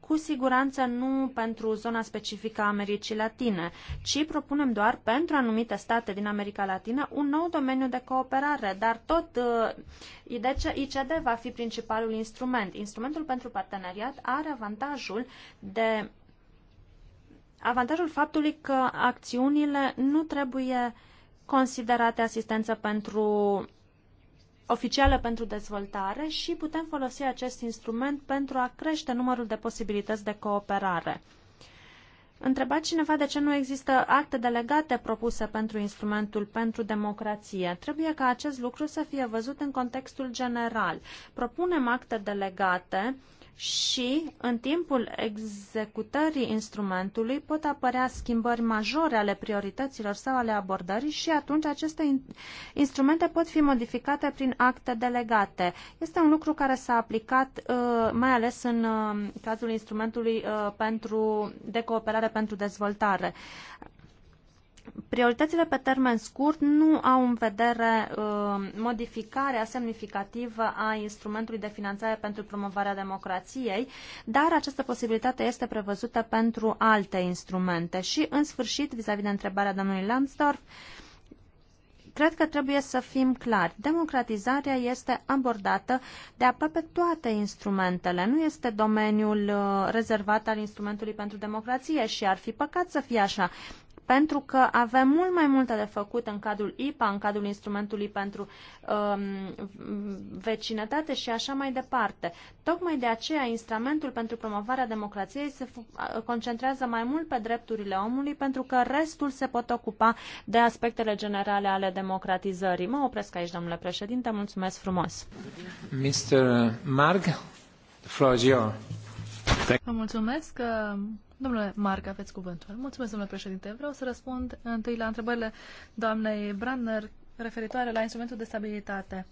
cu siguranță nu pentru zona specifică a Americii Latine, ci propunem doar pentru anumite state din America Latină un nou domeniu de cooperare, dar tot uh, ICD va fi principalul instrument. Instrumentul pentru parteneriat are avantajul de avantajul faptului că acțiunile nu trebuie considerate asistență pentru oficială pentru dezvoltare și putem folosi acest instrument pentru a crește numărul de posibilități de cooperare. Întreba cineva de ce nu există acte delegate propuse pentru instrumentul pentru democrație. Trebuie ca acest lucru să fie văzut în contextul general. Propunem acte delegate uh, și, în timpul executării instrumentului, pot apărea schimbări majore ale priorităților sau ale abordării și atunci aceste instrumente pot fi modificate prin acte delegate. Este un lucru care s-a aplicat uh, mai ales în uh, cazul instrumentului uh, pentru, de cooperare pentru dezvoltare. Prioritățile pe termen scurt nu au în vedere uh, modificarea semnificativă a instrumentului de finanțare pentru promovarea democrației, dar această posibilitate este prevăzută pentru alte instrumente. Și, în sfârșit, vis-a-vis -vis de întrebarea domnului Lansdorf, cred că trebuie să fim clari. Democratizarea este abordată de aproape toate instrumentele. Nu este domeniul uh, rezervat al instrumentului pentru democrație și ar fi păcat să fie așa pentru că avem mult mai multe de făcut în cadrul IPA, în cadrul instrumentului pentru um, vecinătate și așa mai departe. Tocmai de aceea, instrumentul pentru promovarea democrației se concentrează mai mult pe drepturile omului, pentru că restul se pot ocupa de aspectele generale ale democratizării. Mă opresc aici, domnule președinte, mulțumesc frumos. Mr. Marg, the floor is yours. Vă mulțumesc. Domnule Marc, aveți cuvântul. Mulțumesc, domnule președinte. Vreau să răspund întâi la întrebările doamnei Brandner referitoare la instrumentul de stabilitate.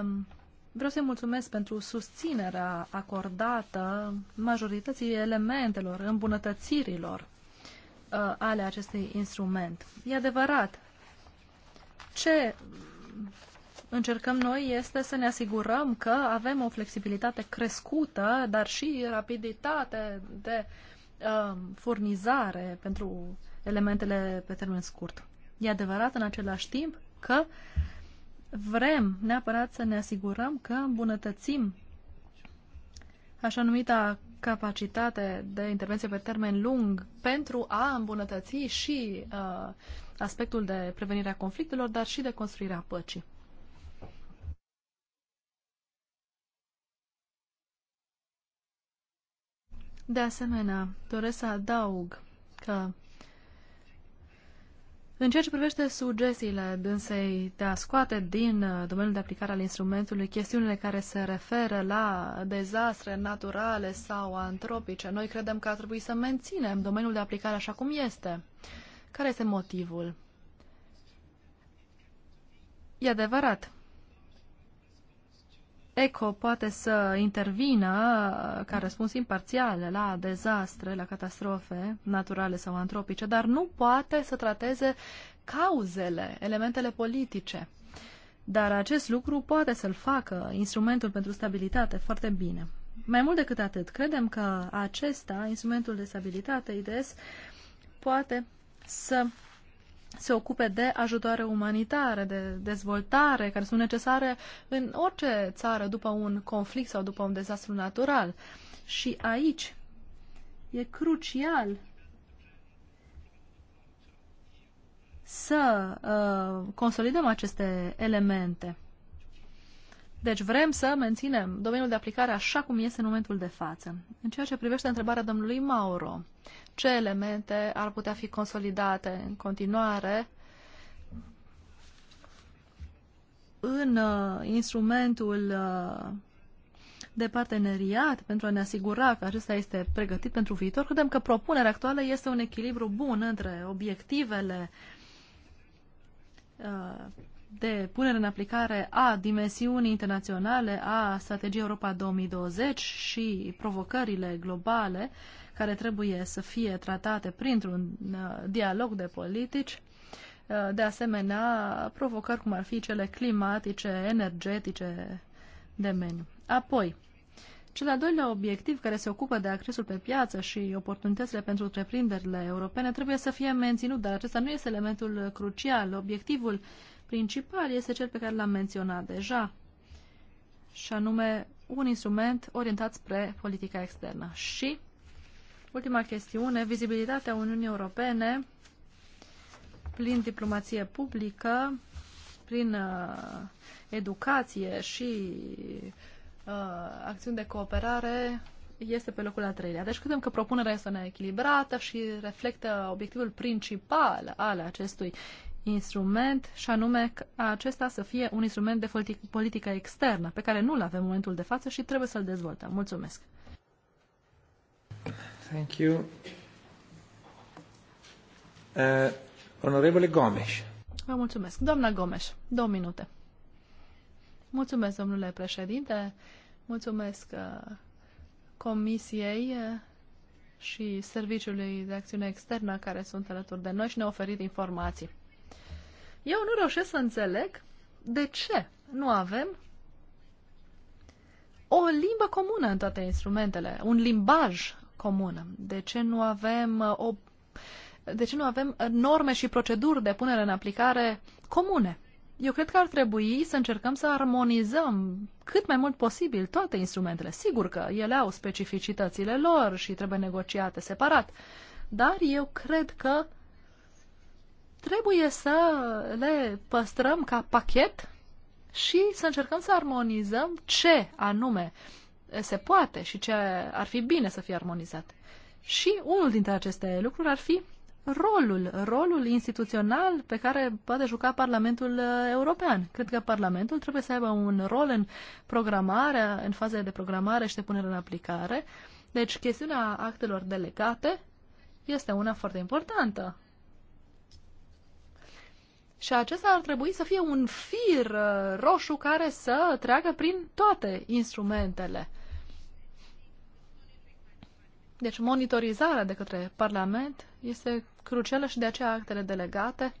Um, vreau să-i mulțumesc pentru susținerea acordată majorității elementelor, îmbunătățirilor uh, ale acestui instrument. E adevărat. Ce încercăm noi este să ne asigurăm că avem o flexibilitate crescută, dar și rapiditate de uh, furnizare pentru elementele pe termen scurt. E adevărat în același timp că vrem neapărat să ne asigurăm că îmbunătățim așa numita capacitate de intervenție pe termen lung pentru a îmbunătăți și uh, aspectul de prevenire a conflictelor, dar și de construirea păcii. De asemenea, doresc să adaug că în ceea ce privește sugestiile dânsei de a scoate din domeniul de aplicare al instrumentului chestiunile care se referă la dezastre naturale sau antropice, noi credem că ar trebui să menținem domeniul de aplicare așa cum este. Care este motivul? E adevărat, ECO poate să intervină uh, ca răspuns imparțial la dezastre, la catastrofe naturale sau antropice, dar nu poate să trateze cauzele, elementele politice. Dar acest lucru poate să-l facă instrumentul pentru stabilitate foarte bine. Mai mult decât atât, credem că acesta, instrumentul de stabilitate, IDS, poate să se ocupe de ajutoare umanitare, de dezvoltare, care sunt necesare în orice țară după un conflict sau după un dezastru natural. Și aici e crucial să uh, consolidăm aceste elemente. Deci vrem să menținem domeniul de aplicare așa cum este în momentul de față. În ceea ce privește întrebarea domnului Mauro, ce elemente ar putea fi consolidate în continuare în uh, instrumentul uh, de parteneriat pentru a ne asigura că acesta este pregătit pentru viitor, credem că propunerea actuală este un echilibru bun între obiectivele uh, de punere în aplicare a dimensiunii internaționale a strategiei Europa 2020 și provocările globale care trebuie să fie tratate printr-un uh, dialog de politici, uh, de asemenea provocări cum ar fi cele climatice, energetice, de meniu. Apoi, cel al doilea obiectiv care se ocupă de accesul pe piață și oportunitățile pentru întreprinderile europene trebuie să fie menținut, dar acesta nu este elementul crucial. Obiectivul principal este cel pe care l-am menționat deja, și anume un instrument orientat spre politica externă. Și, ultima chestiune, vizibilitatea Uniunii Europene prin diplomație publică, prin uh, educație și uh, acțiuni de cooperare este pe locul al treilea. Deci credem că propunerea este neechilibrată și reflectă obiectivul principal al acestui instrument și anume ca acesta să fie un instrument de politică externă pe care nu-l avem în momentul de față și trebuie să-l dezvoltăm. Mulțumesc! Thank you. Uh, onorevole Gomes. Vă mulțumesc. Doamna Gomes, două minute. Mulțumesc, domnule președinte. Mulțumesc uh, Comisiei uh, și Serviciului de Acțiune Externă care sunt alături de noi și ne-au oferit informații. Eu nu reușesc să înțeleg de ce nu avem o limbă comună în toate instrumentele, un limbaj comun. De ce nu avem uh, o de ce nu avem norme și proceduri de punere în aplicare comune? Eu cred că ar trebui să încercăm să armonizăm cât mai mult posibil toate instrumentele. Sigur că ele au specificitățile lor și trebuie negociate separat, dar eu cred că trebuie să le păstrăm ca pachet și să încercăm să armonizăm ce anume se poate și ce ar fi bine să fie armonizat. Și unul dintre aceste lucruri ar fi rolul, rolul instituțional pe care poate juca Parlamentul uh, European. Cred că Parlamentul trebuie să aibă un rol în programarea, în faza de programare și de punere în aplicare. Deci chestiunea actelor delegate este una foarte importantă și acesta ar trebui să fie un fir uh, roșu care să treacă prin toate instrumentele. Deci monitorizarea de către Parlament este crucială și de aceea actele delegate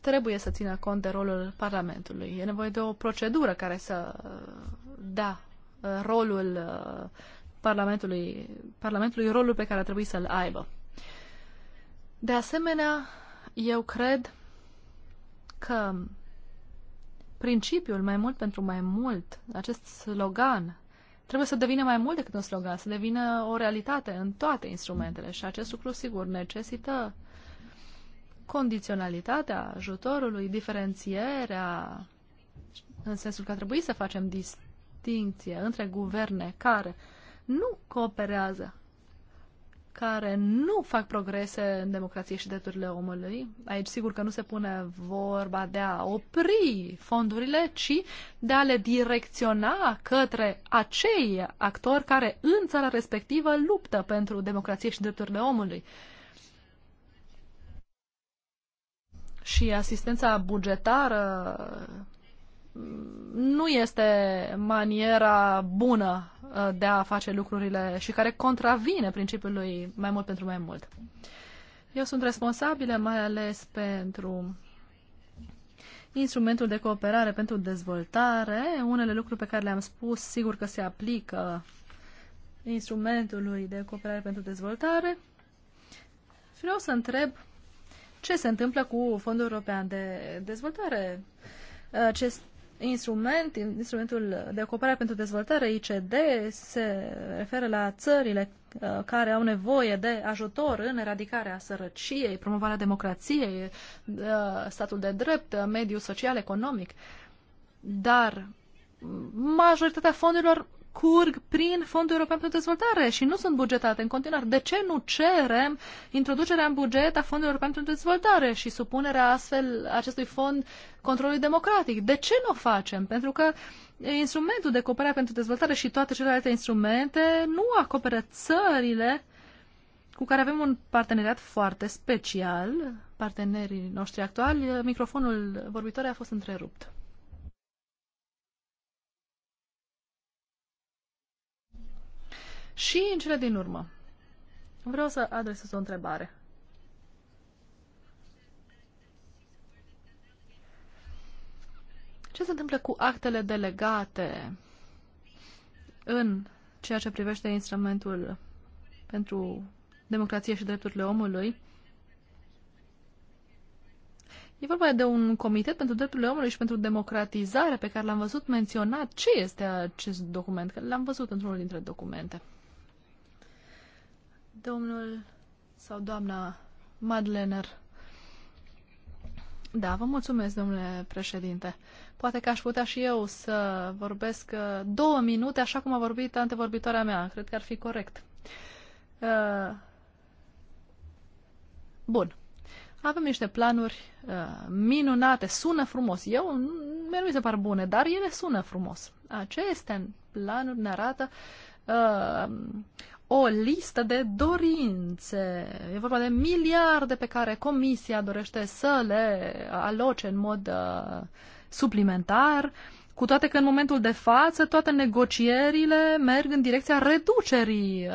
trebuie să țină cont de rolul Parlamentului. E nevoie de o procedură care să uh, dea uh, rolul Parlamentului, Parlamentului rolul pe care ar trebui să-l aibă. De asemenea, eu cred că principiul mai mult pentru mai mult, acest slogan, trebuie să devină mai mult decât un slogan, să devină o realitate în toate instrumentele și acest lucru, sigur, necesită condiționalitatea ajutorului, diferențierea, în sensul că trebuie să facem distinție între guverne care nu cooperează care nu fac progrese în democrație și drepturile omului. Aici sigur că nu se pune vorba de a opri fondurile, ci de a le direcționa către acei actori care în țara respectivă luptă pentru democrație și drepturile omului. Și asistența bugetară nu este maniera bună uh, de a face lucrurile și care contravine principiului mai mult pentru mai mult. Eu sunt responsabilă mai ales pentru instrumentul de cooperare pentru dezvoltare. Unele lucruri pe care le-am spus, sigur că se aplică instrumentului de cooperare pentru dezvoltare. vreau să întreb ce se întâmplă cu Fondul European de Dezvoltare. Acest uh, instrument, instrumentul de acoperare pentru dezvoltare, ICD, se referă la țările uh, care au nevoie de ajutor în eradicarea sărăciei, promovarea democrației, uh, statul de drept, mediul social, economic. Dar majoritatea fondurilor curg prin Fondul European pentru Dezvoltare și nu sunt bugetate în continuare. De ce nu cerem introducerea în buget a Fondului European pentru Dezvoltare și supunerea astfel acestui fond controlului democratic? De ce nu o facem? Pentru că instrumentul de cooperare pentru dezvoltare și toate celelalte instrumente nu acoperă țările cu care avem un parteneriat foarte special, partenerii noștri actuali. Microfonul vorbitorului a fost întrerupt. Și, în cele din urmă, vreau să adresez o întrebare. Ce se întâmplă cu actele delegate în ceea ce privește instrumentul pentru democrație și drepturile omului? E vorba de un comitet pentru drepturile omului și pentru democratizare pe care l-am văzut menționat. Ce este acest document? Că l-am văzut într-unul dintre documente. Domnul sau doamna Madlener. Da, vă mulțumesc, domnule președinte. Poate că aș putea și eu să vorbesc uh, două minute, așa cum a vorbit antevorbitoarea mea. Cred că ar fi corect. Uh, bun. Avem niște planuri uh, minunate, sună frumos. Eu nu mi se par bune, dar ele sună frumos. Acestea planuri ne arată o listă de dorințe. E vorba de miliarde pe care Comisia dorește să le aloce în mod uh, suplimentar. Uh, cu toate că în momentul de față toate negocierile merg în direcția reducerii, uh,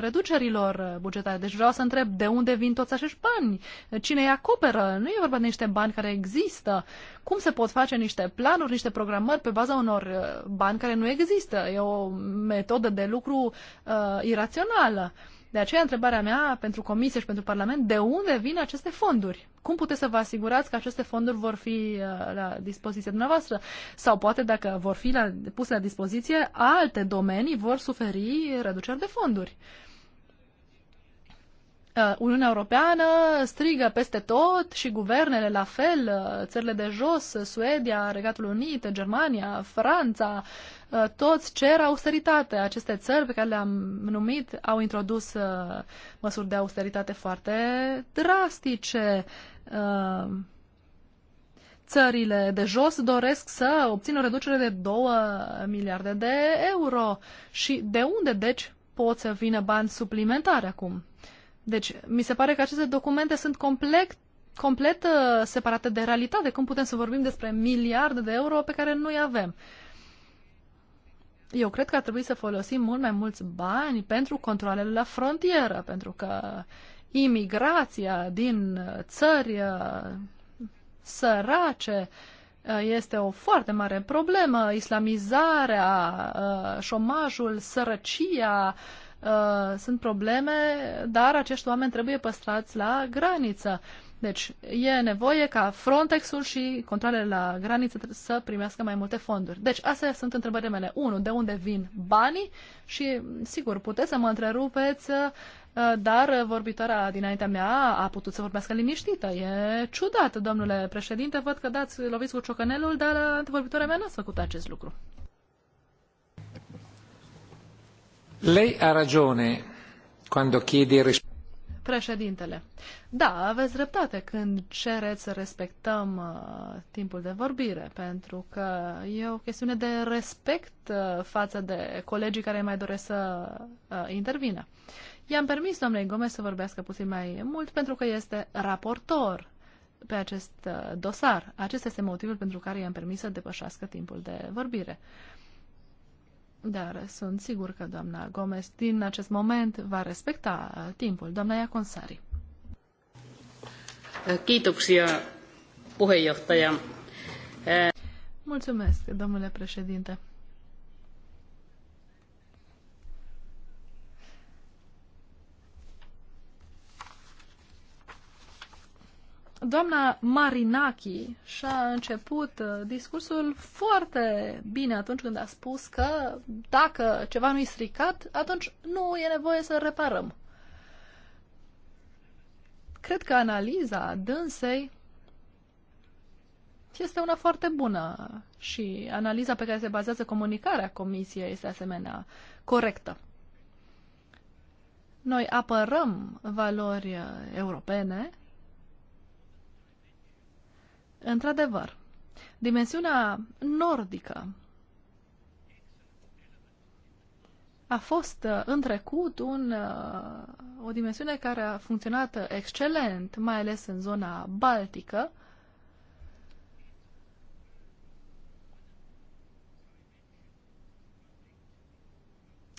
reducerilor bugetare. Deci vreau să întreb de unde vin toți acești bani, cine îi acoperă. Nu e vorba de niște bani care există. Cum se pot face niște planuri, niște programări pe baza unor uh, bani care nu există? E o metodă de lucru uh, irațională. Uh, de aceea, întrebarea mea pentru Comisie și pentru Parlament, de unde vin aceste fonduri? Cum puteți să vă asigurați că aceste fonduri vor fi uh, la dispoziția dumneavoastră? Sau poate, dacă vor fi la, puse la dispoziție, alte domenii vor suferi reduceri de fonduri. Uh, Uniunea Europeană strigă peste tot și guvernele la fel, uh, țările de jos, Suedia, Regatul Unit, Germania, Franța, uh, toți cer austeritate. Aceste țări pe care le-am numit au introdus măsuri de austeritate foarte drastice. Țările de jos doresc să obțină o reducere de 2 miliarde de euro. Și de unde, deci, pot să vină bani suplimentari acum? Deci, mi se pare că aceste documente sunt complet, complet uh, separate de realitate. Cum putem să vorbim despre miliarde de euro pe care nu-i avem? Eu cred că ar trebui să folosim mult mai mulți bani pentru controlele la frontieră, pentru că imigrația din uh, țări uh, sărace este o foarte mare problemă. Islamizarea, șomajul, sărăcia, Uh, sunt probleme, dar acești oameni trebuie păstrați la graniță. Deci e nevoie ca Frontex-ul și controlele la graniță să primească mai multe fonduri. Deci astea sunt întrebările mele. Unu, de unde vin banii? Și sigur, puteți să mă întrerupeți, uh, dar vorbitoarea dinaintea mea a putut să vorbească liniștită. E ciudat, domnule președinte, văd că dați loviți cu ciocanelul, dar uh, vorbitoarea mea n-a făcut acest lucru. Lei a ragione quando chiede... Președintele, da, aveți dreptate când cereți să respectăm uh, timpul de vorbire, pentru că e o chestiune de respect uh, față de colegii care mai doresc să uh, intervină. I-am permis doamnei Gomez să vorbească puțin mai mult pentru că este raportor pe acest uh, dosar. Acesta este motivul pentru care i-am permis să depășească timpul de vorbire. Uh, dar sunt sigur că doamna Gomez din acest moment va respecta uh, timpul. Doamna Iaconsari. Eh, kiitoksia, puheenjohtaja. Eh, Mulțumesc, domnule președinte. Doamna Marinaki și-a început uh, discursul foarte bine atunci când a spus că dacă ceva nu-i stricat, atunci nu e nevoie să reparăm. Cred că analiza dânsei este una foarte bună și analiza pe care se bazează comunicarea comisiei este asemenea corectă. Noi apărăm valori uh, europene, Într-adevăr, dimensiunea nordică a fost uh, în trecut un, uh, o dimensiune care a funcționat excelent, mai ales în zona baltică.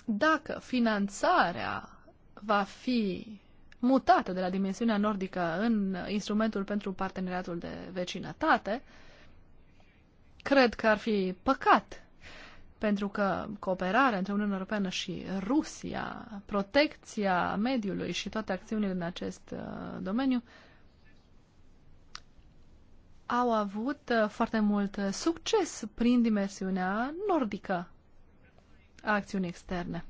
Dacă finanțarea va fi mutată de la dimensiunea nordică în instrumentul pentru parteneriatul de vecinătate, cred că ar fi păcat pentru că cooperarea între Uniunea Europeană și Rusia, protecția mediului și toate acțiunile în acest uh, domeniu au avut uh, foarte mult uh, succes prin dimensiunea nordică a acțiunii externe.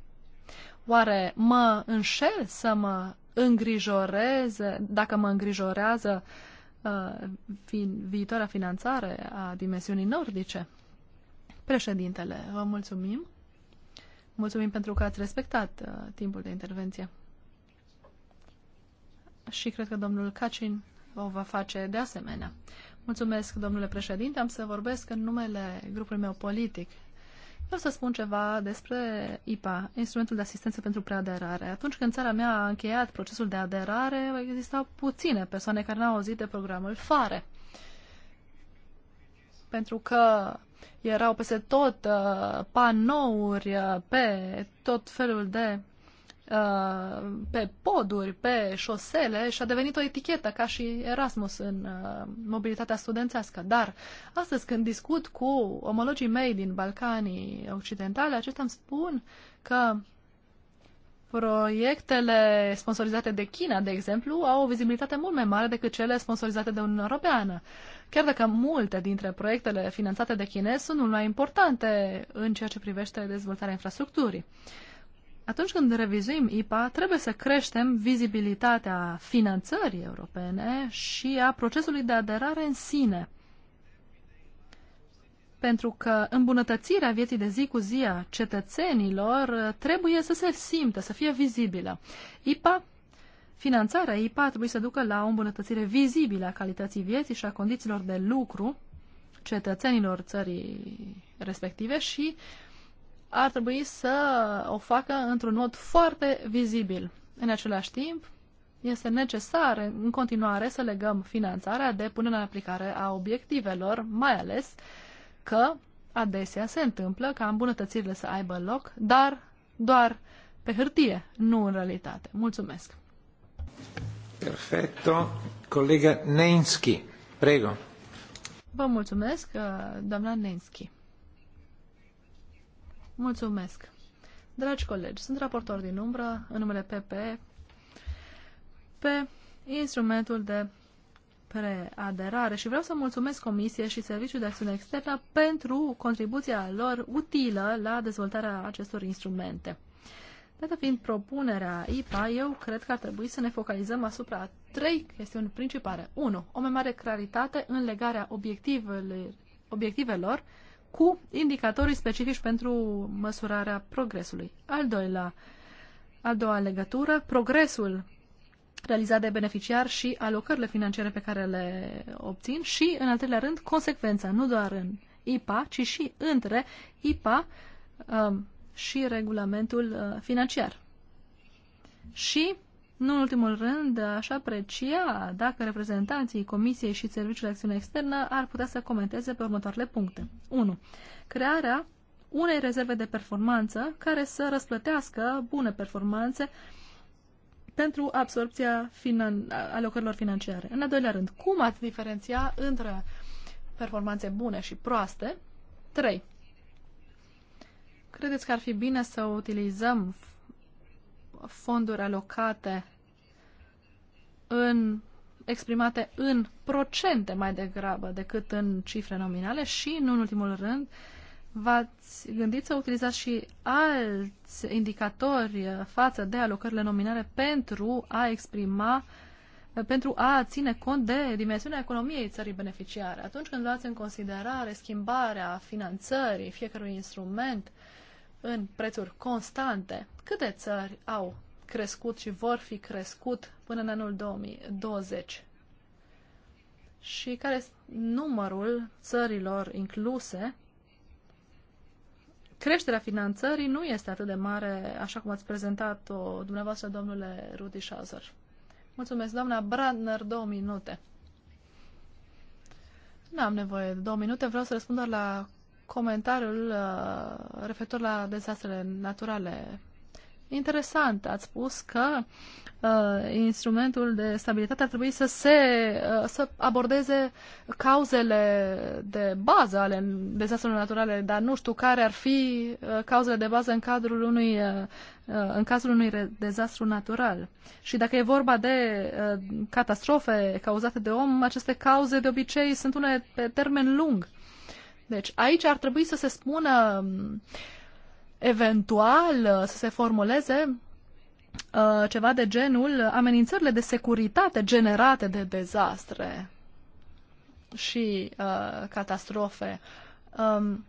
Oare mă înșel să mă îngrijoreze, dacă mă îngrijorează uh, fi, viitoarea finanțare a dimensiunii nordice. Președintele, vă mulțumim. Mulțumim pentru că ați respectat uh, timpul de intervenție. Și cred că domnul Cacin o va face de asemenea. Mulțumesc, domnule președinte. Am să vorbesc în numele grupului meu politic Vreau să spun ceva despre IPA, Instrumentul de Asistență pentru Preaderare. Atunci când țara mea a încheiat procesul de aderare, existau puține persoane care n-au auzit de programul FARE. Pentru că erau peste tot uh, panouri uh, pe tot felul de Uh, pe poduri, pe șosele și a devenit o etichetă ca și Erasmus în uh, mobilitatea studențească. Dar astăzi când discut cu omologii mei din Balcanii Occidentale, acestea îmi spun că proiectele sponsorizate de China, de exemplu, au o vizibilitate mult mai mare decât cele sponsorizate de Uniunea Europeană. Chiar dacă multe dintre proiectele finanțate de chinezi sunt mult mai importante în ceea ce privește dezvoltarea infrastructurii. Uh, atunci când revizuim IPA, trebuie să creștem vizibilitatea finanțării europene și a procesului de aderare în sine. Pentru că îmbunătățirea vieții de zi cu zi a cetățenilor trebuie să se simtă, să fie vizibilă. IPA, finanțarea IPA trebuie să ducă la o îmbunătățire vizibilă a calității vieții și a condițiilor de lucru cetățenilor țării respective și uh, ar trebui să o facă într-un mod foarte vizibil. În același timp, este necesar în continuare să legăm finanțarea de punerea în aplicare a obiectivelor, mai ales că adesea se întâmplă ca îmbunătățirile să aibă loc, dar doar pe hârtie, nu în realitate. Mulțumesc! Perfecto. Colega Neinski, prego. Vă mulțumesc, uh, doamna Neinski. Mulțumesc! Dragi colegi, sunt raportor din umbră, în numele PPE. pe instrumentul de preaderare și vreau să mulțumesc Comisiei și Serviciul de Acțiune Externă pentru contribuția lor utilă la dezvoltarea acestor instrumente. Dată fiind propunerea IPA, eu cred că ar trebui să ne focalizăm asupra trei chestiuni principale. 1. O mai mare claritate în legarea obiectivelor cu indicatorii specifici pentru măsurarea progresului. Al doilea, a doua legătură, progresul realizat de beneficiar și alocările financiare pe care le obțin și, în al treilea rând, consecvența, nu doar în IPA, ci și între IPA um, și regulamentul uh, financiar. Și nu în ultimul rând, aș aprecia dacă reprezentanții Comisiei și Serviciul de Acțiune Externă ar putea să comenteze pe următoarele puncte. 1. Crearea unei rezerve de performanță care să răsplătească bune performanțe pentru absorpția finan- alocărilor financiare. În al doilea rând, cum ați diferenția între performanțe bune și proaste? 3. Credeți că ar fi bine să utilizăm fonduri alocate în, exprimate în procente mai degrabă decât în cifre nominale și, în ultimul rând, v-ați gândit să utilizați și alți indicatori uh, față de alocările nominale pentru a exprima uh, pentru a ține cont de dimensiunea economiei țării beneficiare. Atunci când luați în considerare schimbarea finanțării fiecărui instrument în prețuri constante, câte țări au crescut și vor fi crescut până în anul 2020 și care este numărul țărilor incluse, creșterea finanțării nu este atât de mare, așa cum ați prezentat-o dumneavoastră, domnule Rudy Schauser. Mulțumesc, doamna Bradner, două minute. Nu am nevoie de două minute, vreau să răspund doar la comentariul uh, referitor la dezastrele naturale interesant. Ați spus că uh, instrumentul de stabilitate ar trebui să se uh, să abordeze cauzele de bază ale dezastrelor naturale, dar nu știu care ar fi uh, cauzele de bază în cadrul unui uh, uh în cazul unui dezastru natural. Și dacă e vorba de uh, catastrofe cauzate de om, aceste cauze de obicei sunt unele pe termen lung. Deci aici ar trebui să se spună uh, eventual uh, să se formuleze uh, ceva de genul amenințările de securitate generate de dezastre și uh, catastrofe. Um,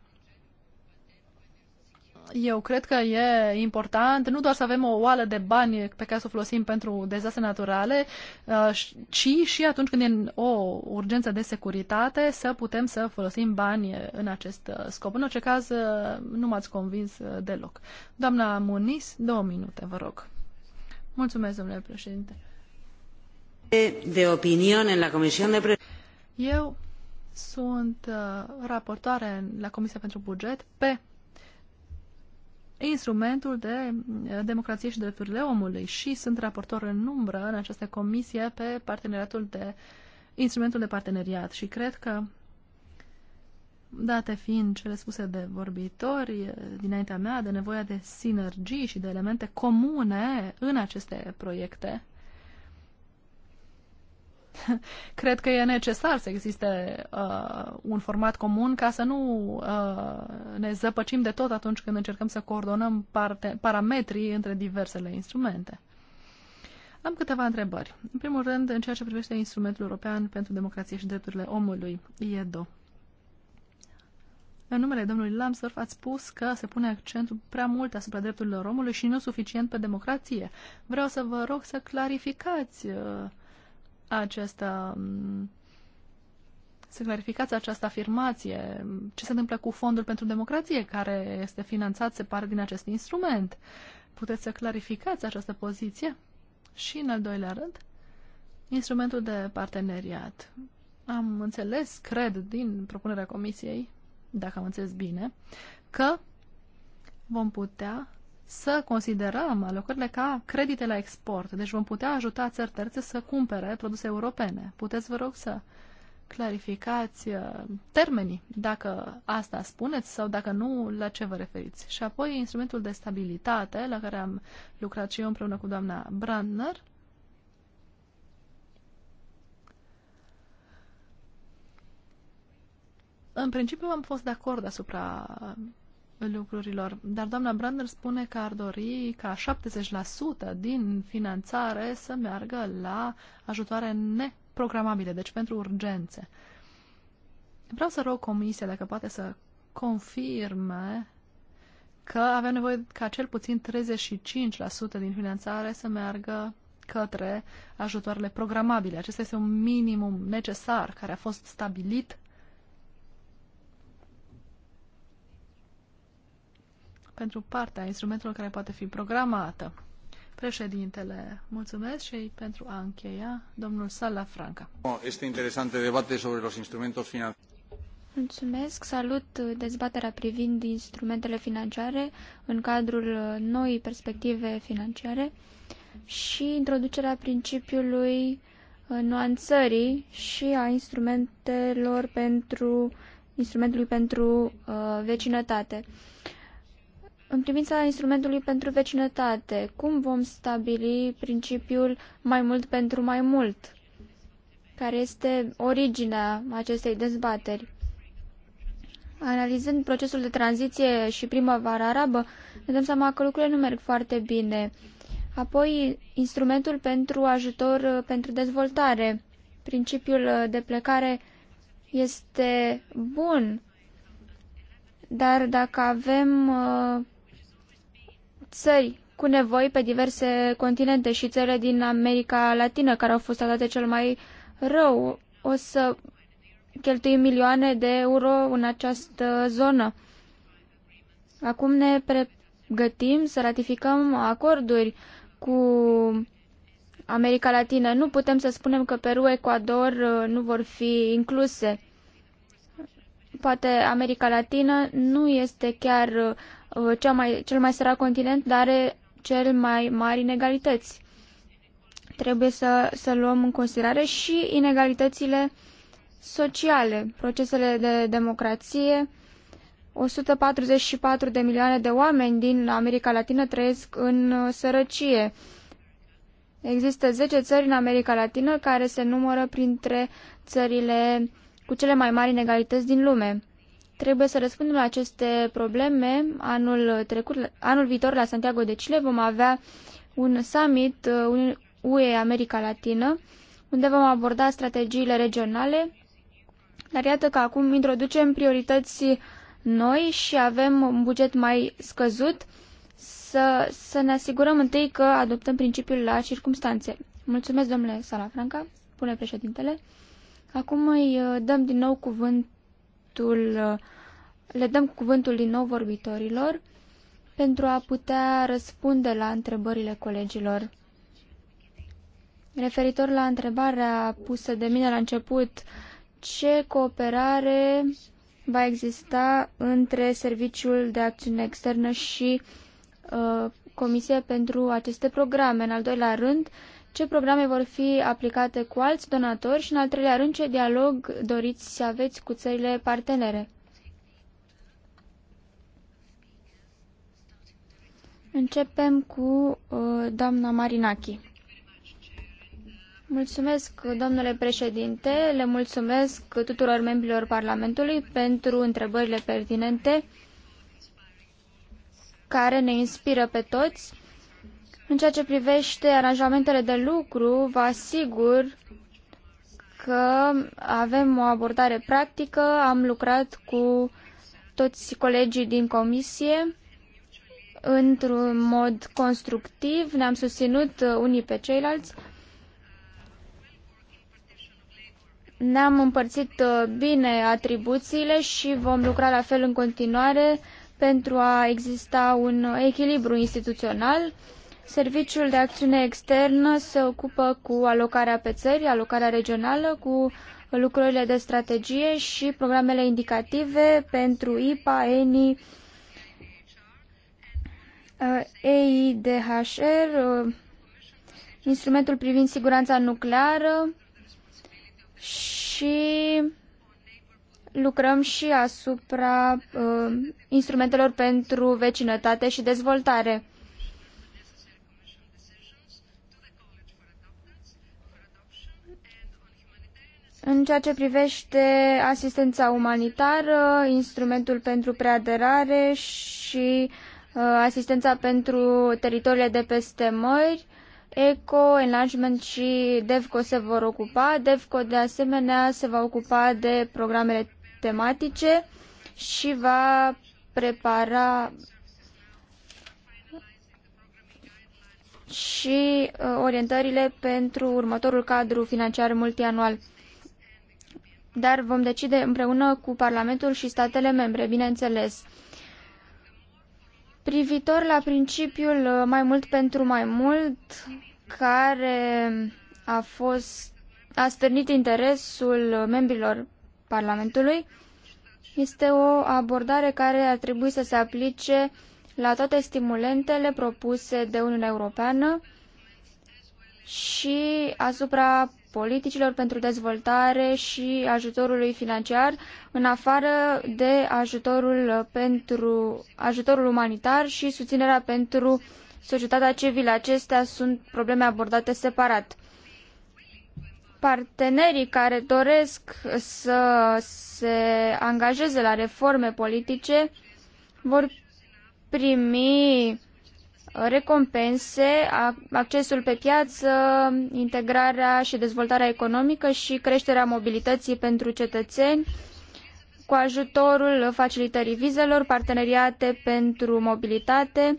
eu cred că e important nu doar să avem o oală de bani pe care să o folosim pentru dezastre naturale, uh, ci și atunci când e o urgență de securitate să putem să folosim bani în acest uh, scop. În orice caz, uh, nu m-ați convins deloc. Doamna Munis, două minute, vă rog. Mulțumesc, domnule președinte. De, opinion în la Comisia de Eu sunt raportoare la Comisia pentru Buget pe instrumentul de eh, democrație și drepturile omului și sunt raportor în numbră în această comisie pe parteneriatul de instrumentul de parteneriat și cred că date fiind cele spuse de vorbitori eh, dinaintea mea, de nevoia de sinergii și de elemente comune în aceste proiecte, cred că e necesar să existe uh, un format comun ca să nu uh, ne zăpăcim de tot atunci când încercăm să coordonăm parte, parametrii între diversele instrumente. Am câteva întrebări. În primul rând, în ceea ce privește instrumentul european pentru democrație și drepturile omului, IEDO. În numele domnului Lambsdorff ați spus că se pune accentul prea mult asupra drepturilor omului și nu suficient pe democrație. Vreau să vă rog să clarificați uh, această să clarificați această afirmație. Ce se întâmplă cu Fondul pentru Democrație, care este finanțat, se pare, din acest instrument? Puteți să clarificați această poziție? Și, în al doilea rând, instrumentul de parteneriat. Am înțeles, cred, din propunerea Comisiei, dacă am înțeles bine, că vom putea să considerăm alocările ca credite la export. Deci vom putea ajuta țări terțe să cumpere produse europene. Puteți, vă rog, să clarificați uh, termenii, dacă asta spuneți sau dacă nu, la ce vă referiți. Și apoi instrumentul de stabilitate, la care am lucrat și eu împreună cu doamna Brandner, în principiu am fost de acord asupra lucrurilor. Dar doamna Brander spune că ar dori ca 70% din finanțare să meargă la ajutoare neprogramabile, deci pentru urgențe. Vreau să rog comisia dacă poate să confirme că avem nevoie ca cel puțin 35% din finanțare să meargă către ajutoarele programabile. Acesta este un minimum necesar care a fost stabilit pentru partea instrumentelor care poate fi programată. Președintele, mulțumesc și pentru a încheia, domnul Sala Franca. Este interesant debate sobre los instrumentos financiare. Mulțumesc, salut dezbaterea privind instrumentele financiare în cadrul noii perspective financiare și introducerea principiului nuanțării și a instrumentelor pentru instrumentului pentru uh, vecinătate. În privința instrumentului pentru vecinătate, cum vom stabili principiul mai mult pentru mai mult, care este originea acestei dezbateri? Analizând procesul de tranziție și primăvara arabă, ne dăm seama că lucrurile nu merg foarte bine. Apoi, instrumentul pentru ajutor uh, pentru dezvoltare. Principiul uh, de plecare este bun, dar dacă avem uh, țări cu nevoi pe diverse continente și țările din America Latină care au fost tratate cel mai rău. O să cheltuim milioane de euro în această zonă. Acum ne pregătim să ratificăm acorduri cu America Latină. Nu putem să spunem că Peru, Ecuador uh, nu vor fi incluse. Poate America Latină nu este chiar uh, Uh, cea mai, cel mai sărac continent, dar are cel mai mari inegalități. Trebuie să, să luăm în considerare și inegalitățile sociale, procesele de democrație. 144 de milioane de oameni din America Latină trăiesc în uh, sărăcie. Există 10 țări în America Latină care se numără printre țările cu cele mai mari inegalități din lume. Trebuie să răspundem la aceste probleme. Anul, trecut, anul viitor la Santiago de Chile vom avea un summit UE uh, America Latină, unde vom aborda strategiile regionale. Dar iată că acum introducem priorități noi și avem un buget mai scăzut să, să ne asigurăm întâi că adoptăm principiul la circumstanțe. Mulțumesc, domnule Salafranca, pune președintele. Acum îi uh, dăm din nou cuvânt cuvântul, le dăm cuvântul din nou vorbitorilor pentru a putea răspunde la întrebările colegilor. Referitor la întrebarea pusă de mine la început, ce cooperare va exista între Serviciul de Acțiune Externă și uh, Comisia pentru aceste programe? În al doilea rând, ce programe vor fi aplicate cu alți donatori și, în al treilea rând, ce dialog doriți să aveți cu țările partenere. Începem cu uh, doamna Marinachi. Mulțumesc, domnule președinte, le mulțumesc tuturor membrilor Parlamentului pentru întrebările pertinente care ne inspiră pe toți în ceea ce privește aranjamentele de lucru, vă asigur că avem o abordare practică, am lucrat cu toți colegii din comisie într-un mod constructiv, ne-am susținut unii pe ceilalți, ne-am împărțit uh, bine atribuțiile și vom lucra la fel în continuare pentru a exista un echilibru instituțional Serviciul de acțiune externă se ocupă cu alocarea pe țări, alocarea regională, cu lucrurile de strategie și programele indicative pentru IPA, ENI, uh, EIDHR, uh, instrumentul privind siguranța nucleară și lucrăm și asupra uh, instrumentelor pentru vecinătate și dezvoltare. În ceea ce privește asistența umanitară, instrumentul pentru preaderare și uh, asistența pentru teritoriile de peste mări, ECO, Enlargement și DEVCO se vor ocupa. DEVCO, de asemenea, se va ocupa de programele tematice și va prepara și uh, orientările pentru următorul cadru financiar multianual dar vom decide împreună cu Parlamentul și statele membre, bineînțeles. Privitor la principiul uh, mai mult pentru mai mult, care a fost a stârnit interesul membrilor Parlamentului, este o abordare care ar trebui să se aplice la toate stimulentele propuse de Uniunea Europeană și asupra politicilor pentru dezvoltare și ajutorului financiar, în afară de ajutorul, uh, pentru, ajutorul umanitar și susținerea pentru societatea civilă. Acestea sunt probleme abordate separat. Partenerii care doresc să se angajeze la reforme politice vor primi recompense, accesul pe piață, integrarea și dezvoltarea economică și creșterea mobilității pentru cetățeni cu ajutorul facilitării vizelor, parteneriate pentru mobilitate,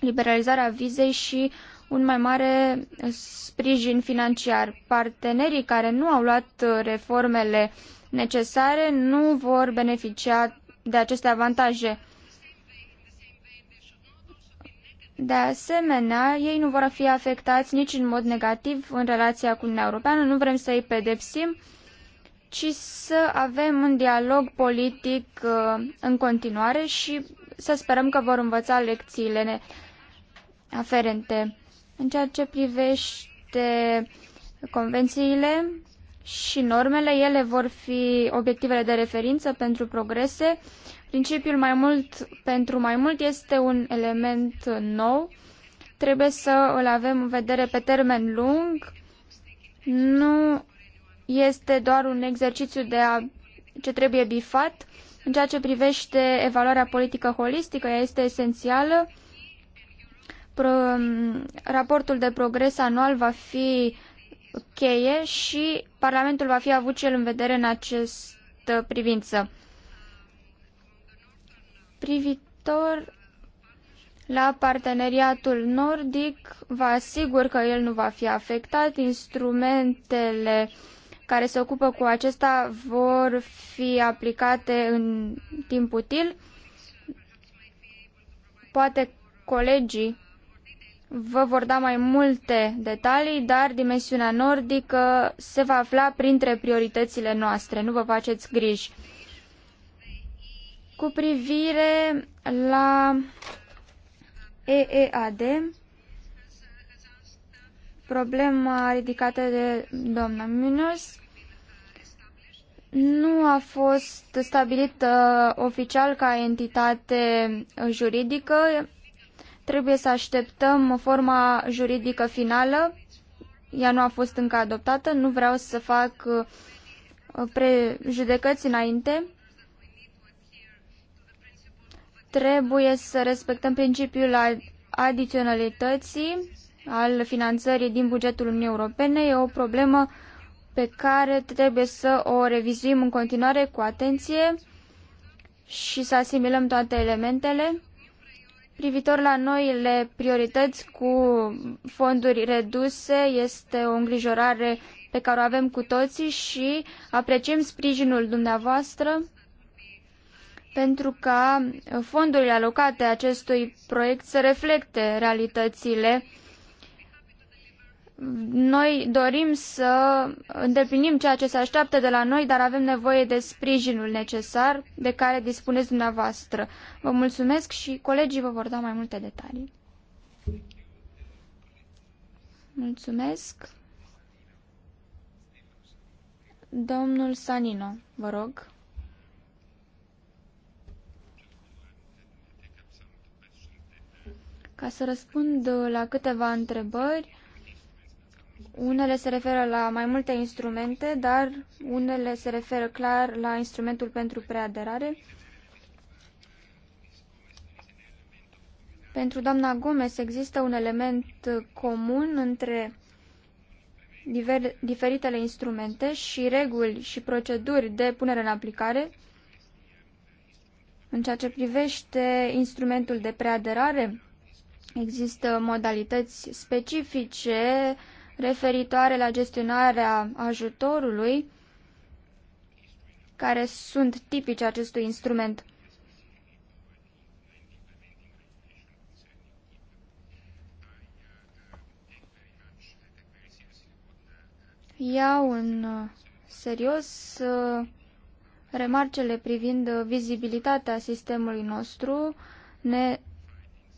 liberalizarea vizei și un mai mare sprijin financiar. Partenerii care nu au luat reformele necesare nu vor beneficia de aceste avantaje. De asemenea, ei nu vor fi afectați nici în mod negativ în relația cu Uniunea Europeană, nu vrem să îi pedepsim, ci să avem un dialog politic uh, în continuare și să sperăm că vor învăța lecțiile aferente. În ceea ce privește convențiile și normele, ele vor fi obiectivele de referință pentru progrese. Principiul mai mult pentru mai mult este un element nou. Trebuie să îl avem în vedere pe termen lung. Nu este doar un exercițiu de a, ce trebuie bifat. În ceea ce privește evaluarea politică holistică, ea este esențială. Pro, um, raportul de progres anual va fi cheie și Parlamentul va fi avut cel în vedere în această privință. Privitor la parteneriatul nordic, vă asigur că el nu va fi afectat. Instrumentele care se ocupă cu acesta vor fi aplicate în timp util. Poate colegii vă vor da mai multe detalii, dar dimensiunea nordică se va afla printre prioritățile noastre. Nu vă faceți griji cu privire la EEAD, problema ridicată de doamna Miners, nu a fost stabilită uh, oficial ca entitate uh, juridică. Trebuie să așteptăm forma juridică finală. Ea nu a fost încă adoptată. Nu vreau să fac uh, prejudecăți înainte. Trebuie să respectăm principiul adiționalității al finanțării din bugetul Uniunii Europene. E o problemă pe care trebuie să o revizuim în continuare cu atenție și să asimilăm toate elementele. Privitor la noile priorități cu fonduri reduse, este o îngrijorare pe care o avem cu toții și apreciem sprijinul dumneavoastră pentru ca fondurile alocate acestui proiect să reflecte realitățile. Noi dorim să îndeplinim ceea ce se așteaptă de la noi, dar avem nevoie de sprijinul necesar de care dispuneți dumneavoastră. Vă mulțumesc și colegii vă vor da mai multe detalii. Mulțumesc. Domnul Sanino, vă rog. Ca să răspund uh, la câteva întrebări, unele se referă la mai multe instrumente, dar unele se referă clar la instrumentul pentru preaderare. Pentru doamna Gomes există un element uh, comun între diver, diferitele instrumente și reguli și proceduri de punere în aplicare. În ceea ce privește instrumentul de preaderare, Există modalități specifice referitoare la gestionarea ajutorului care sunt tipice acestui instrument. Iau în serios uh, remarcele privind vizibilitatea sistemului nostru. Ne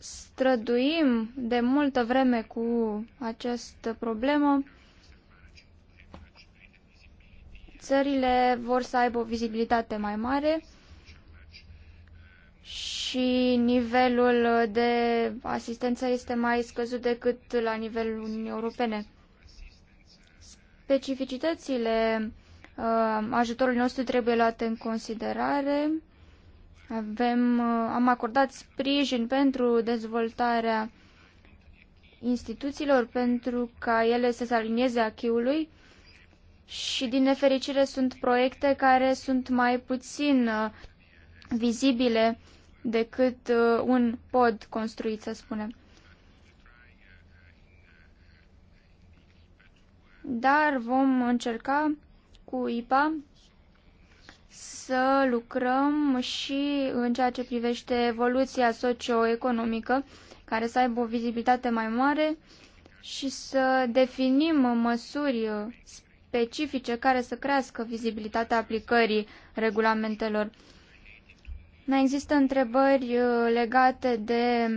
străduim de multă vreme cu această problemă, țările vor să aibă o vizibilitate mai mare și nivelul de asistență este mai scăzut decât la nivelul Uniunii Europene. Specificitățile uh, ajutorului nostru trebuie luate în considerare avem, uh, am acordat sprijin pentru dezvoltarea instituțiilor pentru ca ele să se alinieze achiului și din nefericire sunt proiecte care sunt mai puțin uh, vizibile decât uh, un pod construit, să spunem. Dar vom încerca cu IPA să lucrăm și în ceea ce privește evoluția socioeconomică, care să aibă o vizibilitate mai mare și să definim măsuri specifice care să crească vizibilitatea aplicării regulamentelor. Mai există întrebări uh, legate de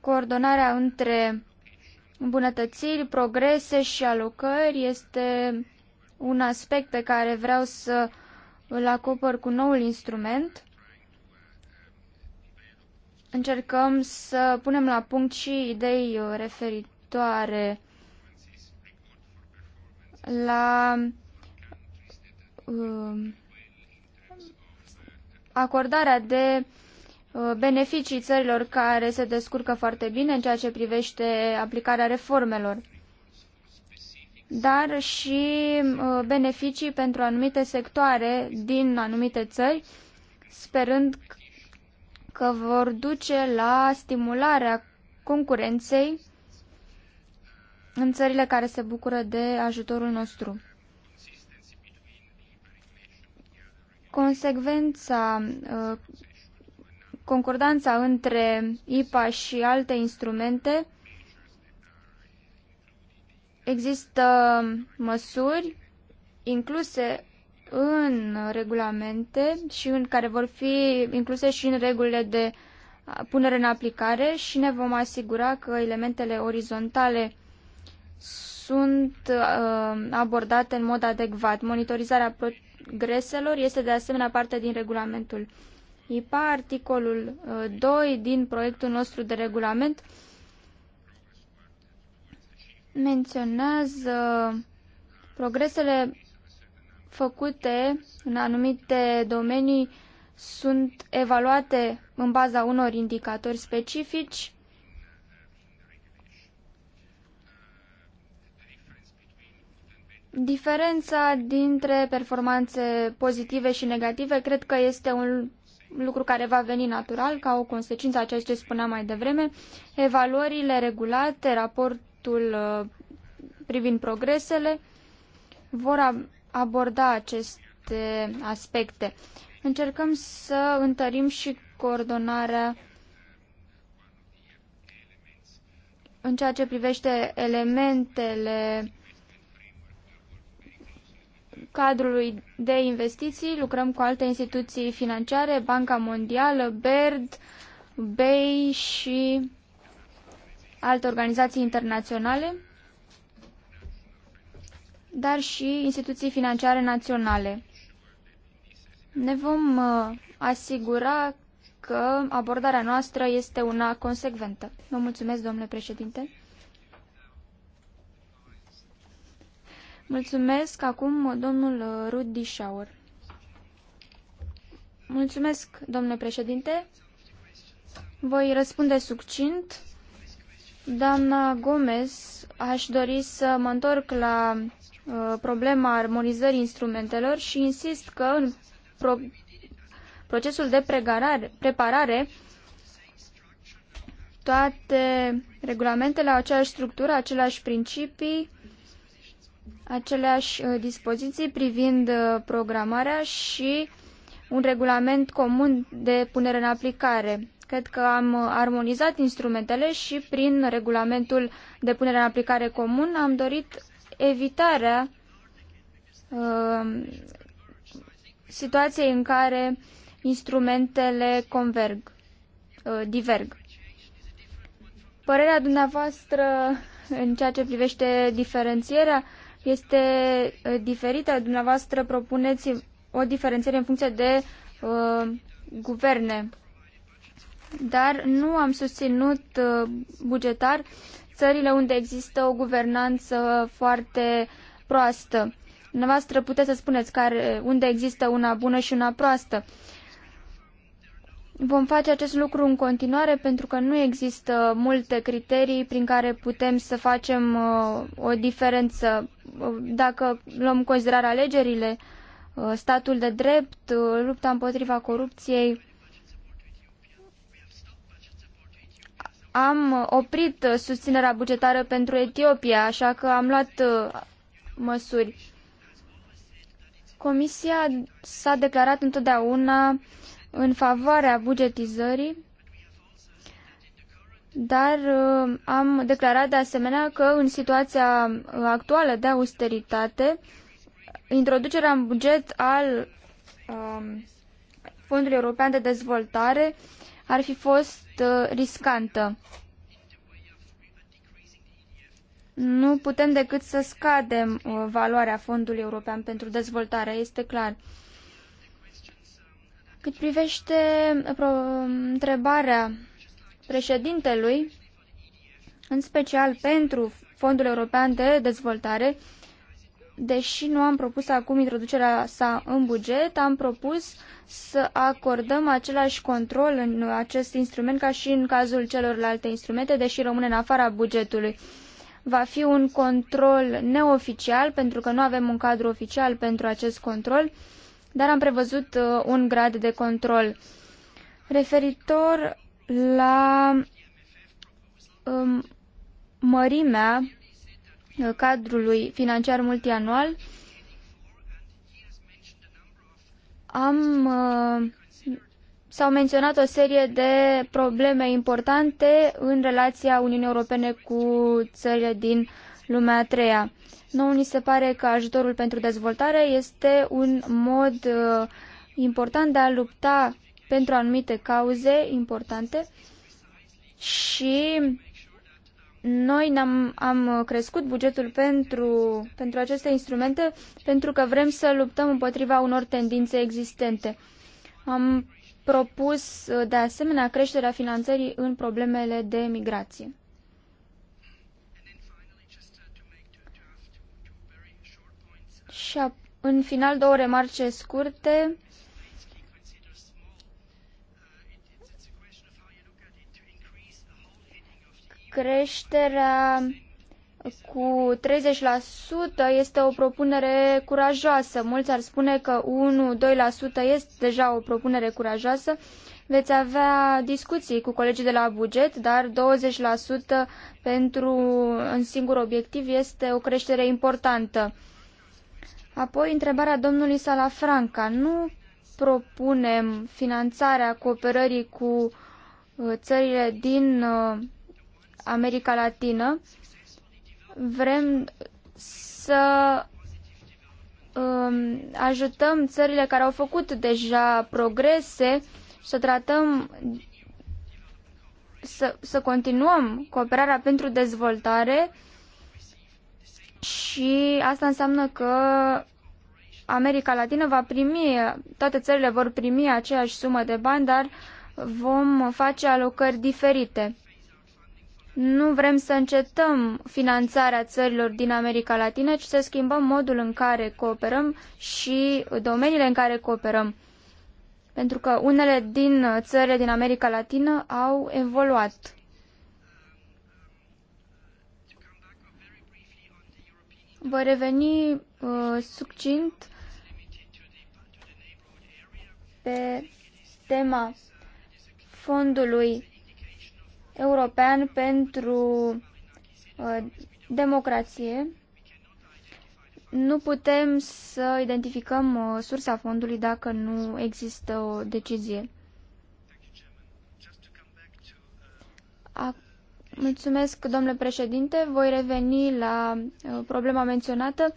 coordonarea între îmbunătățiri, progrese și alocări. Este un aspect pe care vreau să îl acopăr cu noul instrument. Încercăm să punem la punct și idei uh, referitoare la uh, acordarea de uh, beneficii țărilor care se descurcă foarte bine în ceea ce privește aplicarea reformelor dar și uh, beneficii pentru anumite sectoare din anumite țări, sperând că vor duce la stimularea concurenței în țările care se bucură de ajutorul nostru. Consecvența, uh, concordanța între IPA și alte instrumente Există măsuri incluse în regulamente și în care vor fi incluse și în regulile de punere în aplicare și ne vom asigura că elementele orizontale sunt uh, abordate în mod adecvat. Monitorizarea progreselor este de asemenea parte din regulamentul IPA, articolul uh, 2 din proiectul nostru de regulament menționează uh, progresele făcute în anumite domenii sunt evaluate în baza unor indicatori specifici Diferența dintre performanțe pozitive și negative cred că este un lucru care va veni natural ca o consecință a ceea ce spuneam mai devreme. Evaluările regulate, raport raportul uh, privind progresele vor aborda aceste aspecte. Încercăm să întărim și coordonarea în ceea ce privește elementele cadrului de investiții, lucrăm cu alte instituții financiare, Banca Mondială, BERD, BEI și alte organizații internaționale, dar și instituții financiare naționale. Ne vom uh, asigura că abordarea noastră este una consecventă. Vă mulțumesc, domnule președinte. Mulțumesc acum domnul Rudi Schauer. Mulțumesc, domnule președinte. Voi răspunde succint Doamna Gomez, aș dori să mă întorc la uh, problema armonizării instrumentelor și insist că în pro procesul de preparare toate regulamentele au aceeași structură, aceleași principii, aceleași uh, dispoziții privind uh, programarea și un regulament comun de punere în aplicare. Cred că am armonizat instrumentele și prin regulamentul de punere în aplicare comun am dorit evitarea uh, situației în care instrumentele converg, uh, diverg. Părerea dumneavoastră în ceea ce privește diferențierea este uh, diferită. Dumneavoastră propuneți o diferențiere în funcție de uh, guverne dar nu am susținut uh, bugetar țările unde există o guvernanță foarte proastă. Dumneavoastră puteți să spuneți care, unde există una bună și una proastă. Vom face acest lucru în continuare pentru că nu există multe criterii prin care putem să facem uh, o diferență. Uh, dacă luăm în considerare alegerile, statul de drept, lupta împotriva corupției, am oprit susținerea bugetară pentru Etiopia, așa că am luat uh, măsuri. Comisia s-a declarat întotdeauna în favoarea bugetizării, dar uh, am declarat de asemenea că în situația uh, actuală de austeritate, introducerea în buget al um, Fondului European de Dezvoltare uh, ar fi fost uh, riscantă. Nu putem decât să scadem uh, valoarea Fondului European pentru Dezvoltare, este clar. Cât privește uh, întrebarea președintelui, în special pentru Fondul European de Dezvoltare, deși nu am propus acum introducerea sa în buget, am propus să acordăm același control în acest instrument ca și în cazul celorlalte instrumente, deși rămâne în afara bugetului. Va fi un control neoficial, pentru că nu avem un cadru oficial pentru acest control, dar am prevăzut uh, un grad de control. Referitor la um, mărimea Uh, cadrului financiar multianual, am uh, s-au menționat o serie de probleme importante în relația Uniunii Europene cu țările din lumea a treia. Nu ni se pare că ajutorul pentru dezvoltare este un mod uh, important de a lupta pentru anumite cauze importante și noi -am, am crescut bugetul pentru, pentru aceste instrumente pentru că vrem să luptăm împotriva unor tendințe existente. Am propus uh, de asemenea creșterea finanțării în problemele de migrație. Și în final două remarce scurte Creșterea cu 30% este o propunere curajoasă. Mulți ar spune că 1-2% este deja o propunere curajoasă. Veți avea discuții cu colegii de la buget, dar 20% pentru un singur obiectiv este o creștere importantă. Apoi, întrebarea domnului Salafranca. Nu propunem finanțarea cooperării cu uh, țările din uh, America Latină. Vrem să um, ajutăm țările care au făcut deja progrese să tratăm să, să continuăm cooperarea pentru dezvoltare și asta înseamnă că America Latină va primi, toate țările vor primi aceeași sumă de bani, dar vom face alocări diferite. Nu vrem să încetăm finanțarea țărilor din America Latină, ci să schimbăm modul în care cooperăm și domeniile în care cooperăm. Pentru că unele din țările din America Latină au evoluat. Voi reveni uh, succint pe tema fondului european pentru uh, democrație. Nu putem să identificăm uh, sursa fondului dacă nu există o decizie. A, mulțumesc, domnule președinte. Voi reveni la uh, problema menționată.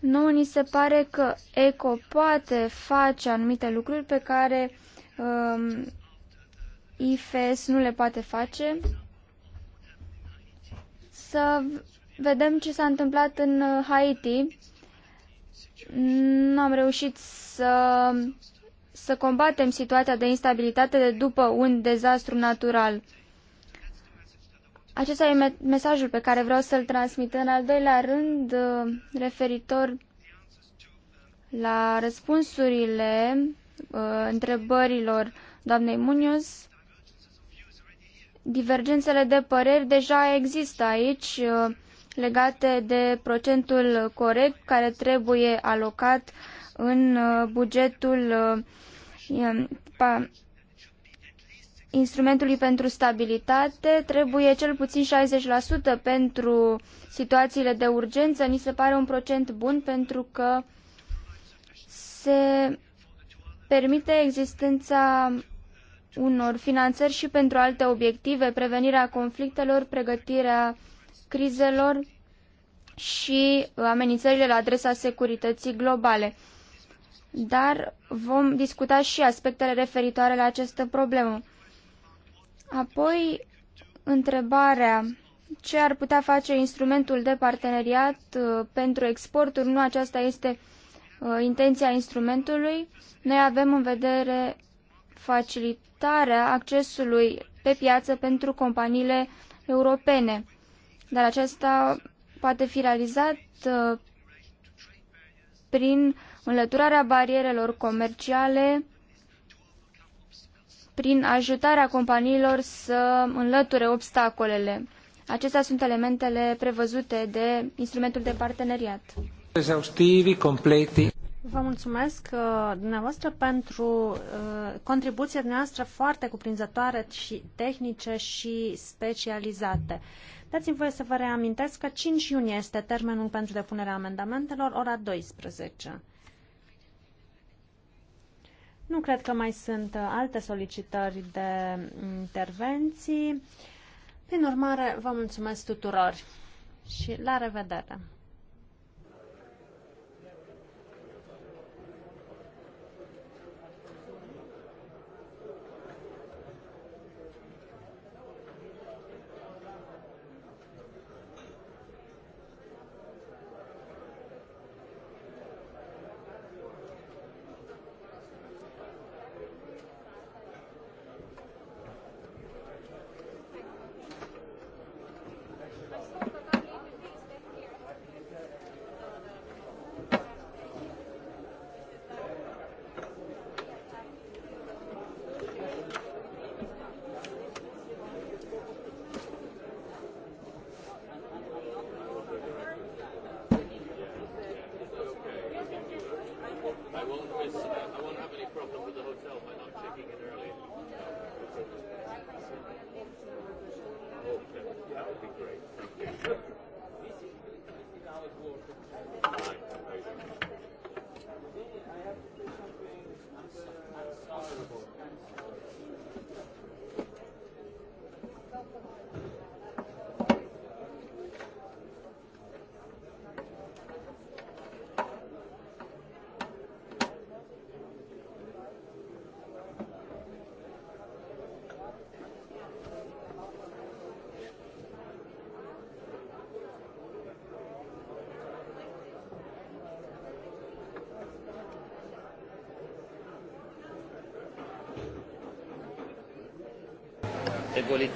Nu, ni se pare că ECO poate face anumite lucruri pe care uh, IFS nu le poate face, să vedem ce s-a întâmplat în uh, Haiti. Nu am reușit să, să combatem situația de instabilitate de după un dezastru natural. Acesta e mesajul pe care vreau să-l transmit. În al doilea rând, uh, referitor la răspunsurile uh, întrebărilor doamnei Munius, divergențele de păreri deja există aici uh, legate de procentul corect care trebuie alocat în uh, bugetul uh, instrumentului pentru stabilitate trebuie cel puțin 60% pentru situațiile de urgență. Ni se pare un procent bun pentru că se permite existența unor finanțări și pentru alte obiective, prevenirea conflictelor, pregătirea crizelor și amenințările la adresa securității globale. Dar vom discuta și aspectele referitoare la această problemă. Apoi, întrebarea ce ar putea face instrumentul de parteneriat uh, pentru exporturi. Nu aceasta este uh, intenția instrumentului. Noi avem în vedere facilitarea accesului pe piață pentru companiile europene. Dar aceasta poate fi realizat uh, prin înlăturarea barierelor comerciale, prin ajutarea companiilor să înlăture obstacolele. Acestea sunt elementele prevăzute de instrumentul de parteneriat. Vă mulțumesc uh, dumneavoastră pentru uh, contribuția dumneavoastră foarte cuprinzătoare și tehnice și specializate. Dați-mi voie să vă reamintesc că 5 iunie este termenul pentru depunerea amendamentelor, ora 12. Nu cred că mai sunt uh, alte solicitări de intervenții. Prin urmare, vă mulțumesc tuturor și la revedere!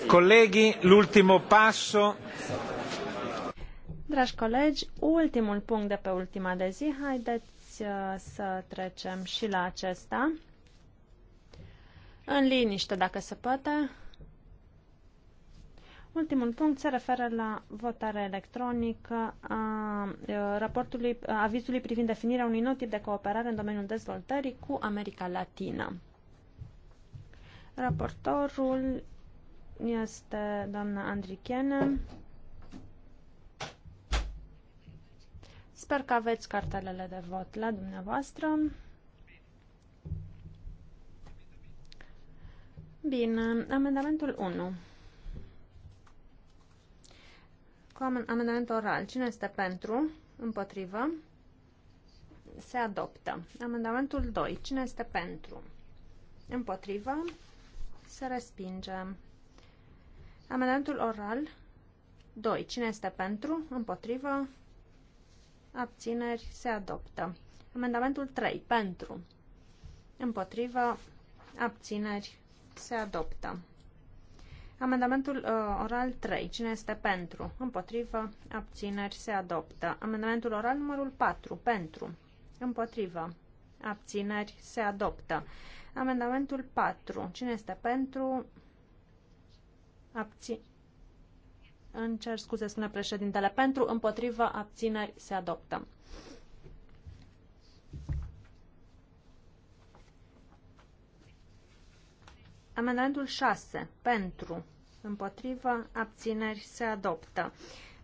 Colleghi, l'ultimo passo. Dragi colegi, ultimul punct de pe ultima de zi. Haideți uh, să trecem și la acesta. În liniște, dacă se poate. Ultimul punct se referă la votarea electronică a uh, raportului, a uh, avizului privind definirea unui nou tip de cooperare în domeniul dezvoltării cu America Latină. Raportorul este doamna Andrichene. Sper că aveți cartelele de vot la dumneavoastră. Bine, amendamentul 1. Cu amendamentul oral. Cine este pentru? Împotrivă? Se adoptă. Amendamentul 2. Cine este pentru? Împotrivă? Se respinge. Amendamentul oral 2. Cine este pentru? Împotrivă? Abțineri? Se adoptă. Amendamentul 3. Pentru? Împotrivă? Abțineri? Se adoptă. Amendamentul uh, oral 3. Cine este pentru? Împotrivă? Abțineri? Se adoptă. Amendamentul oral numărul 4. Pentru? Împotrivă? Abțineri? Se adoptă. Amendamentul 4. Cine este pentru? Abțin... Îmi cer scuze, spune președintele. Pentru, împotrivă, abțineri, se adoptă. Amendamentul 6. Pentru. Împotrivă. Abțineri. Se adoptă.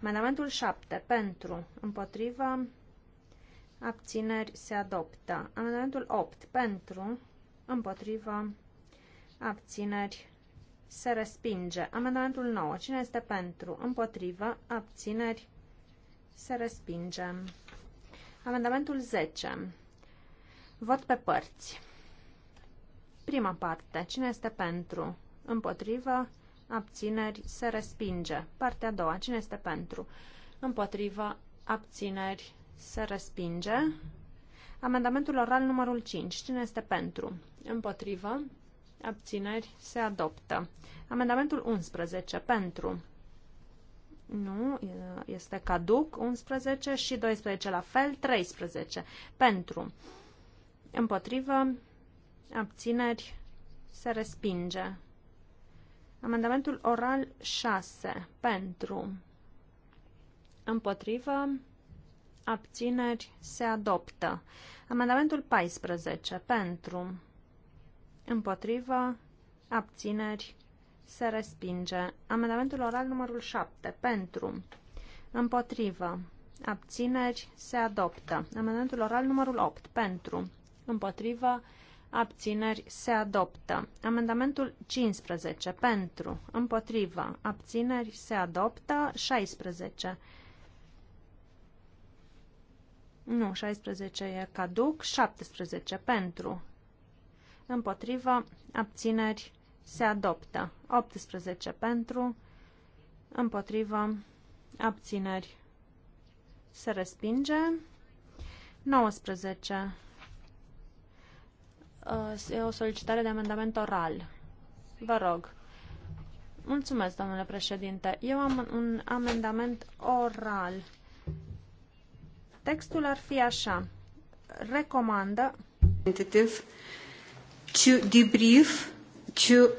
Amendamentul 7. Pentru. Împotrivă. Abțineri. Se adoptă. Amendamentul 8. Pentru. Împotrivă. Abțineri se respinge. Amendamentul 9. Cine este pentru? Împotrivă. Abțineri. Se respinge. Amendamentul 10. Vot pe părți. Prima parte. Cine este pentru? Împotrivă. Abțineri. Se respinge. Partea a doua. Cine este pentru? Împotrivă. Abțineri. Se respinge. Amendamentul oral numărul 5. Cine este pentru? Împotrivă. Abțineri se adoptă. Amendamentul 11 pentru. Nu, este caduc 11 și 12 la fel, 13 pentru. Împotrivă, abțineri, se respinge. Amendamentul oral 6 pentru. Împotrivă, abțineri, se adoptă. Amendamentul 14 pentru împotrivă, abțineri, se respinge. Amendamentul oral numărul 7, pentru, împotrivă, abțineri, se adoptă. Amendamentul oral numărul 8, pentru, împotrivă, abțineri, se adoptă. Amendamentul 15, pentru, împotrivă, abțineri, se adoptă. 16, nu, 16 e caduc, 17 pentru, împotrivă, abțineri, se adoptă. 18 pentru, împotrivă, abțineri, se respinge. 19. Uh, e o solicitare de amendament oral. Vă rog. Mulțumesc, domnule președinte. Eu am un amendament oral. Textul ar fi așa. Recomandă to debrief, to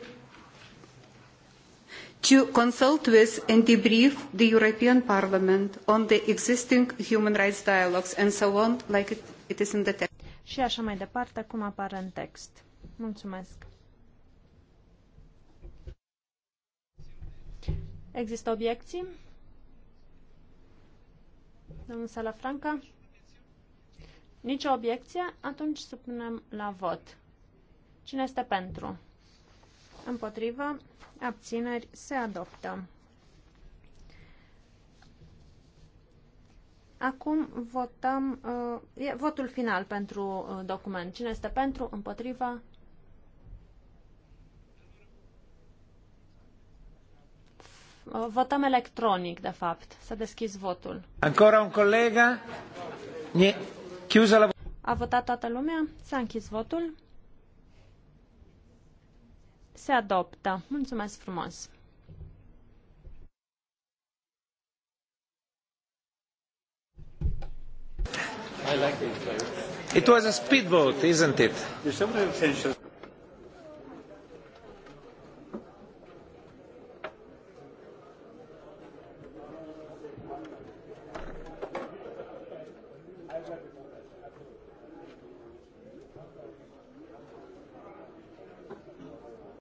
to consult with and debrief the European Parliament on the existing human rights dialogues and so on, like it, it is in the text. Și așa mai departe, cum apare în text. Mulțumesc. Există obiecții? Domnul Salafranca? Nicio obiecție? Atunci supunem la vot. Cine este pentru? Împotrivă. Abțineri. Se adoptă. Acum votăm uh, e votul final pentru uh, document. Cine este pentru? Împotriva? Uh, votăm electronic, de fapt. S-a deschis votul. Ancora un colega? Ne... Chiusa la... A votat toată lumea? S-a închis votul. Se adoptă. Mulțumesc frumos! It was a speed vote, isn't it?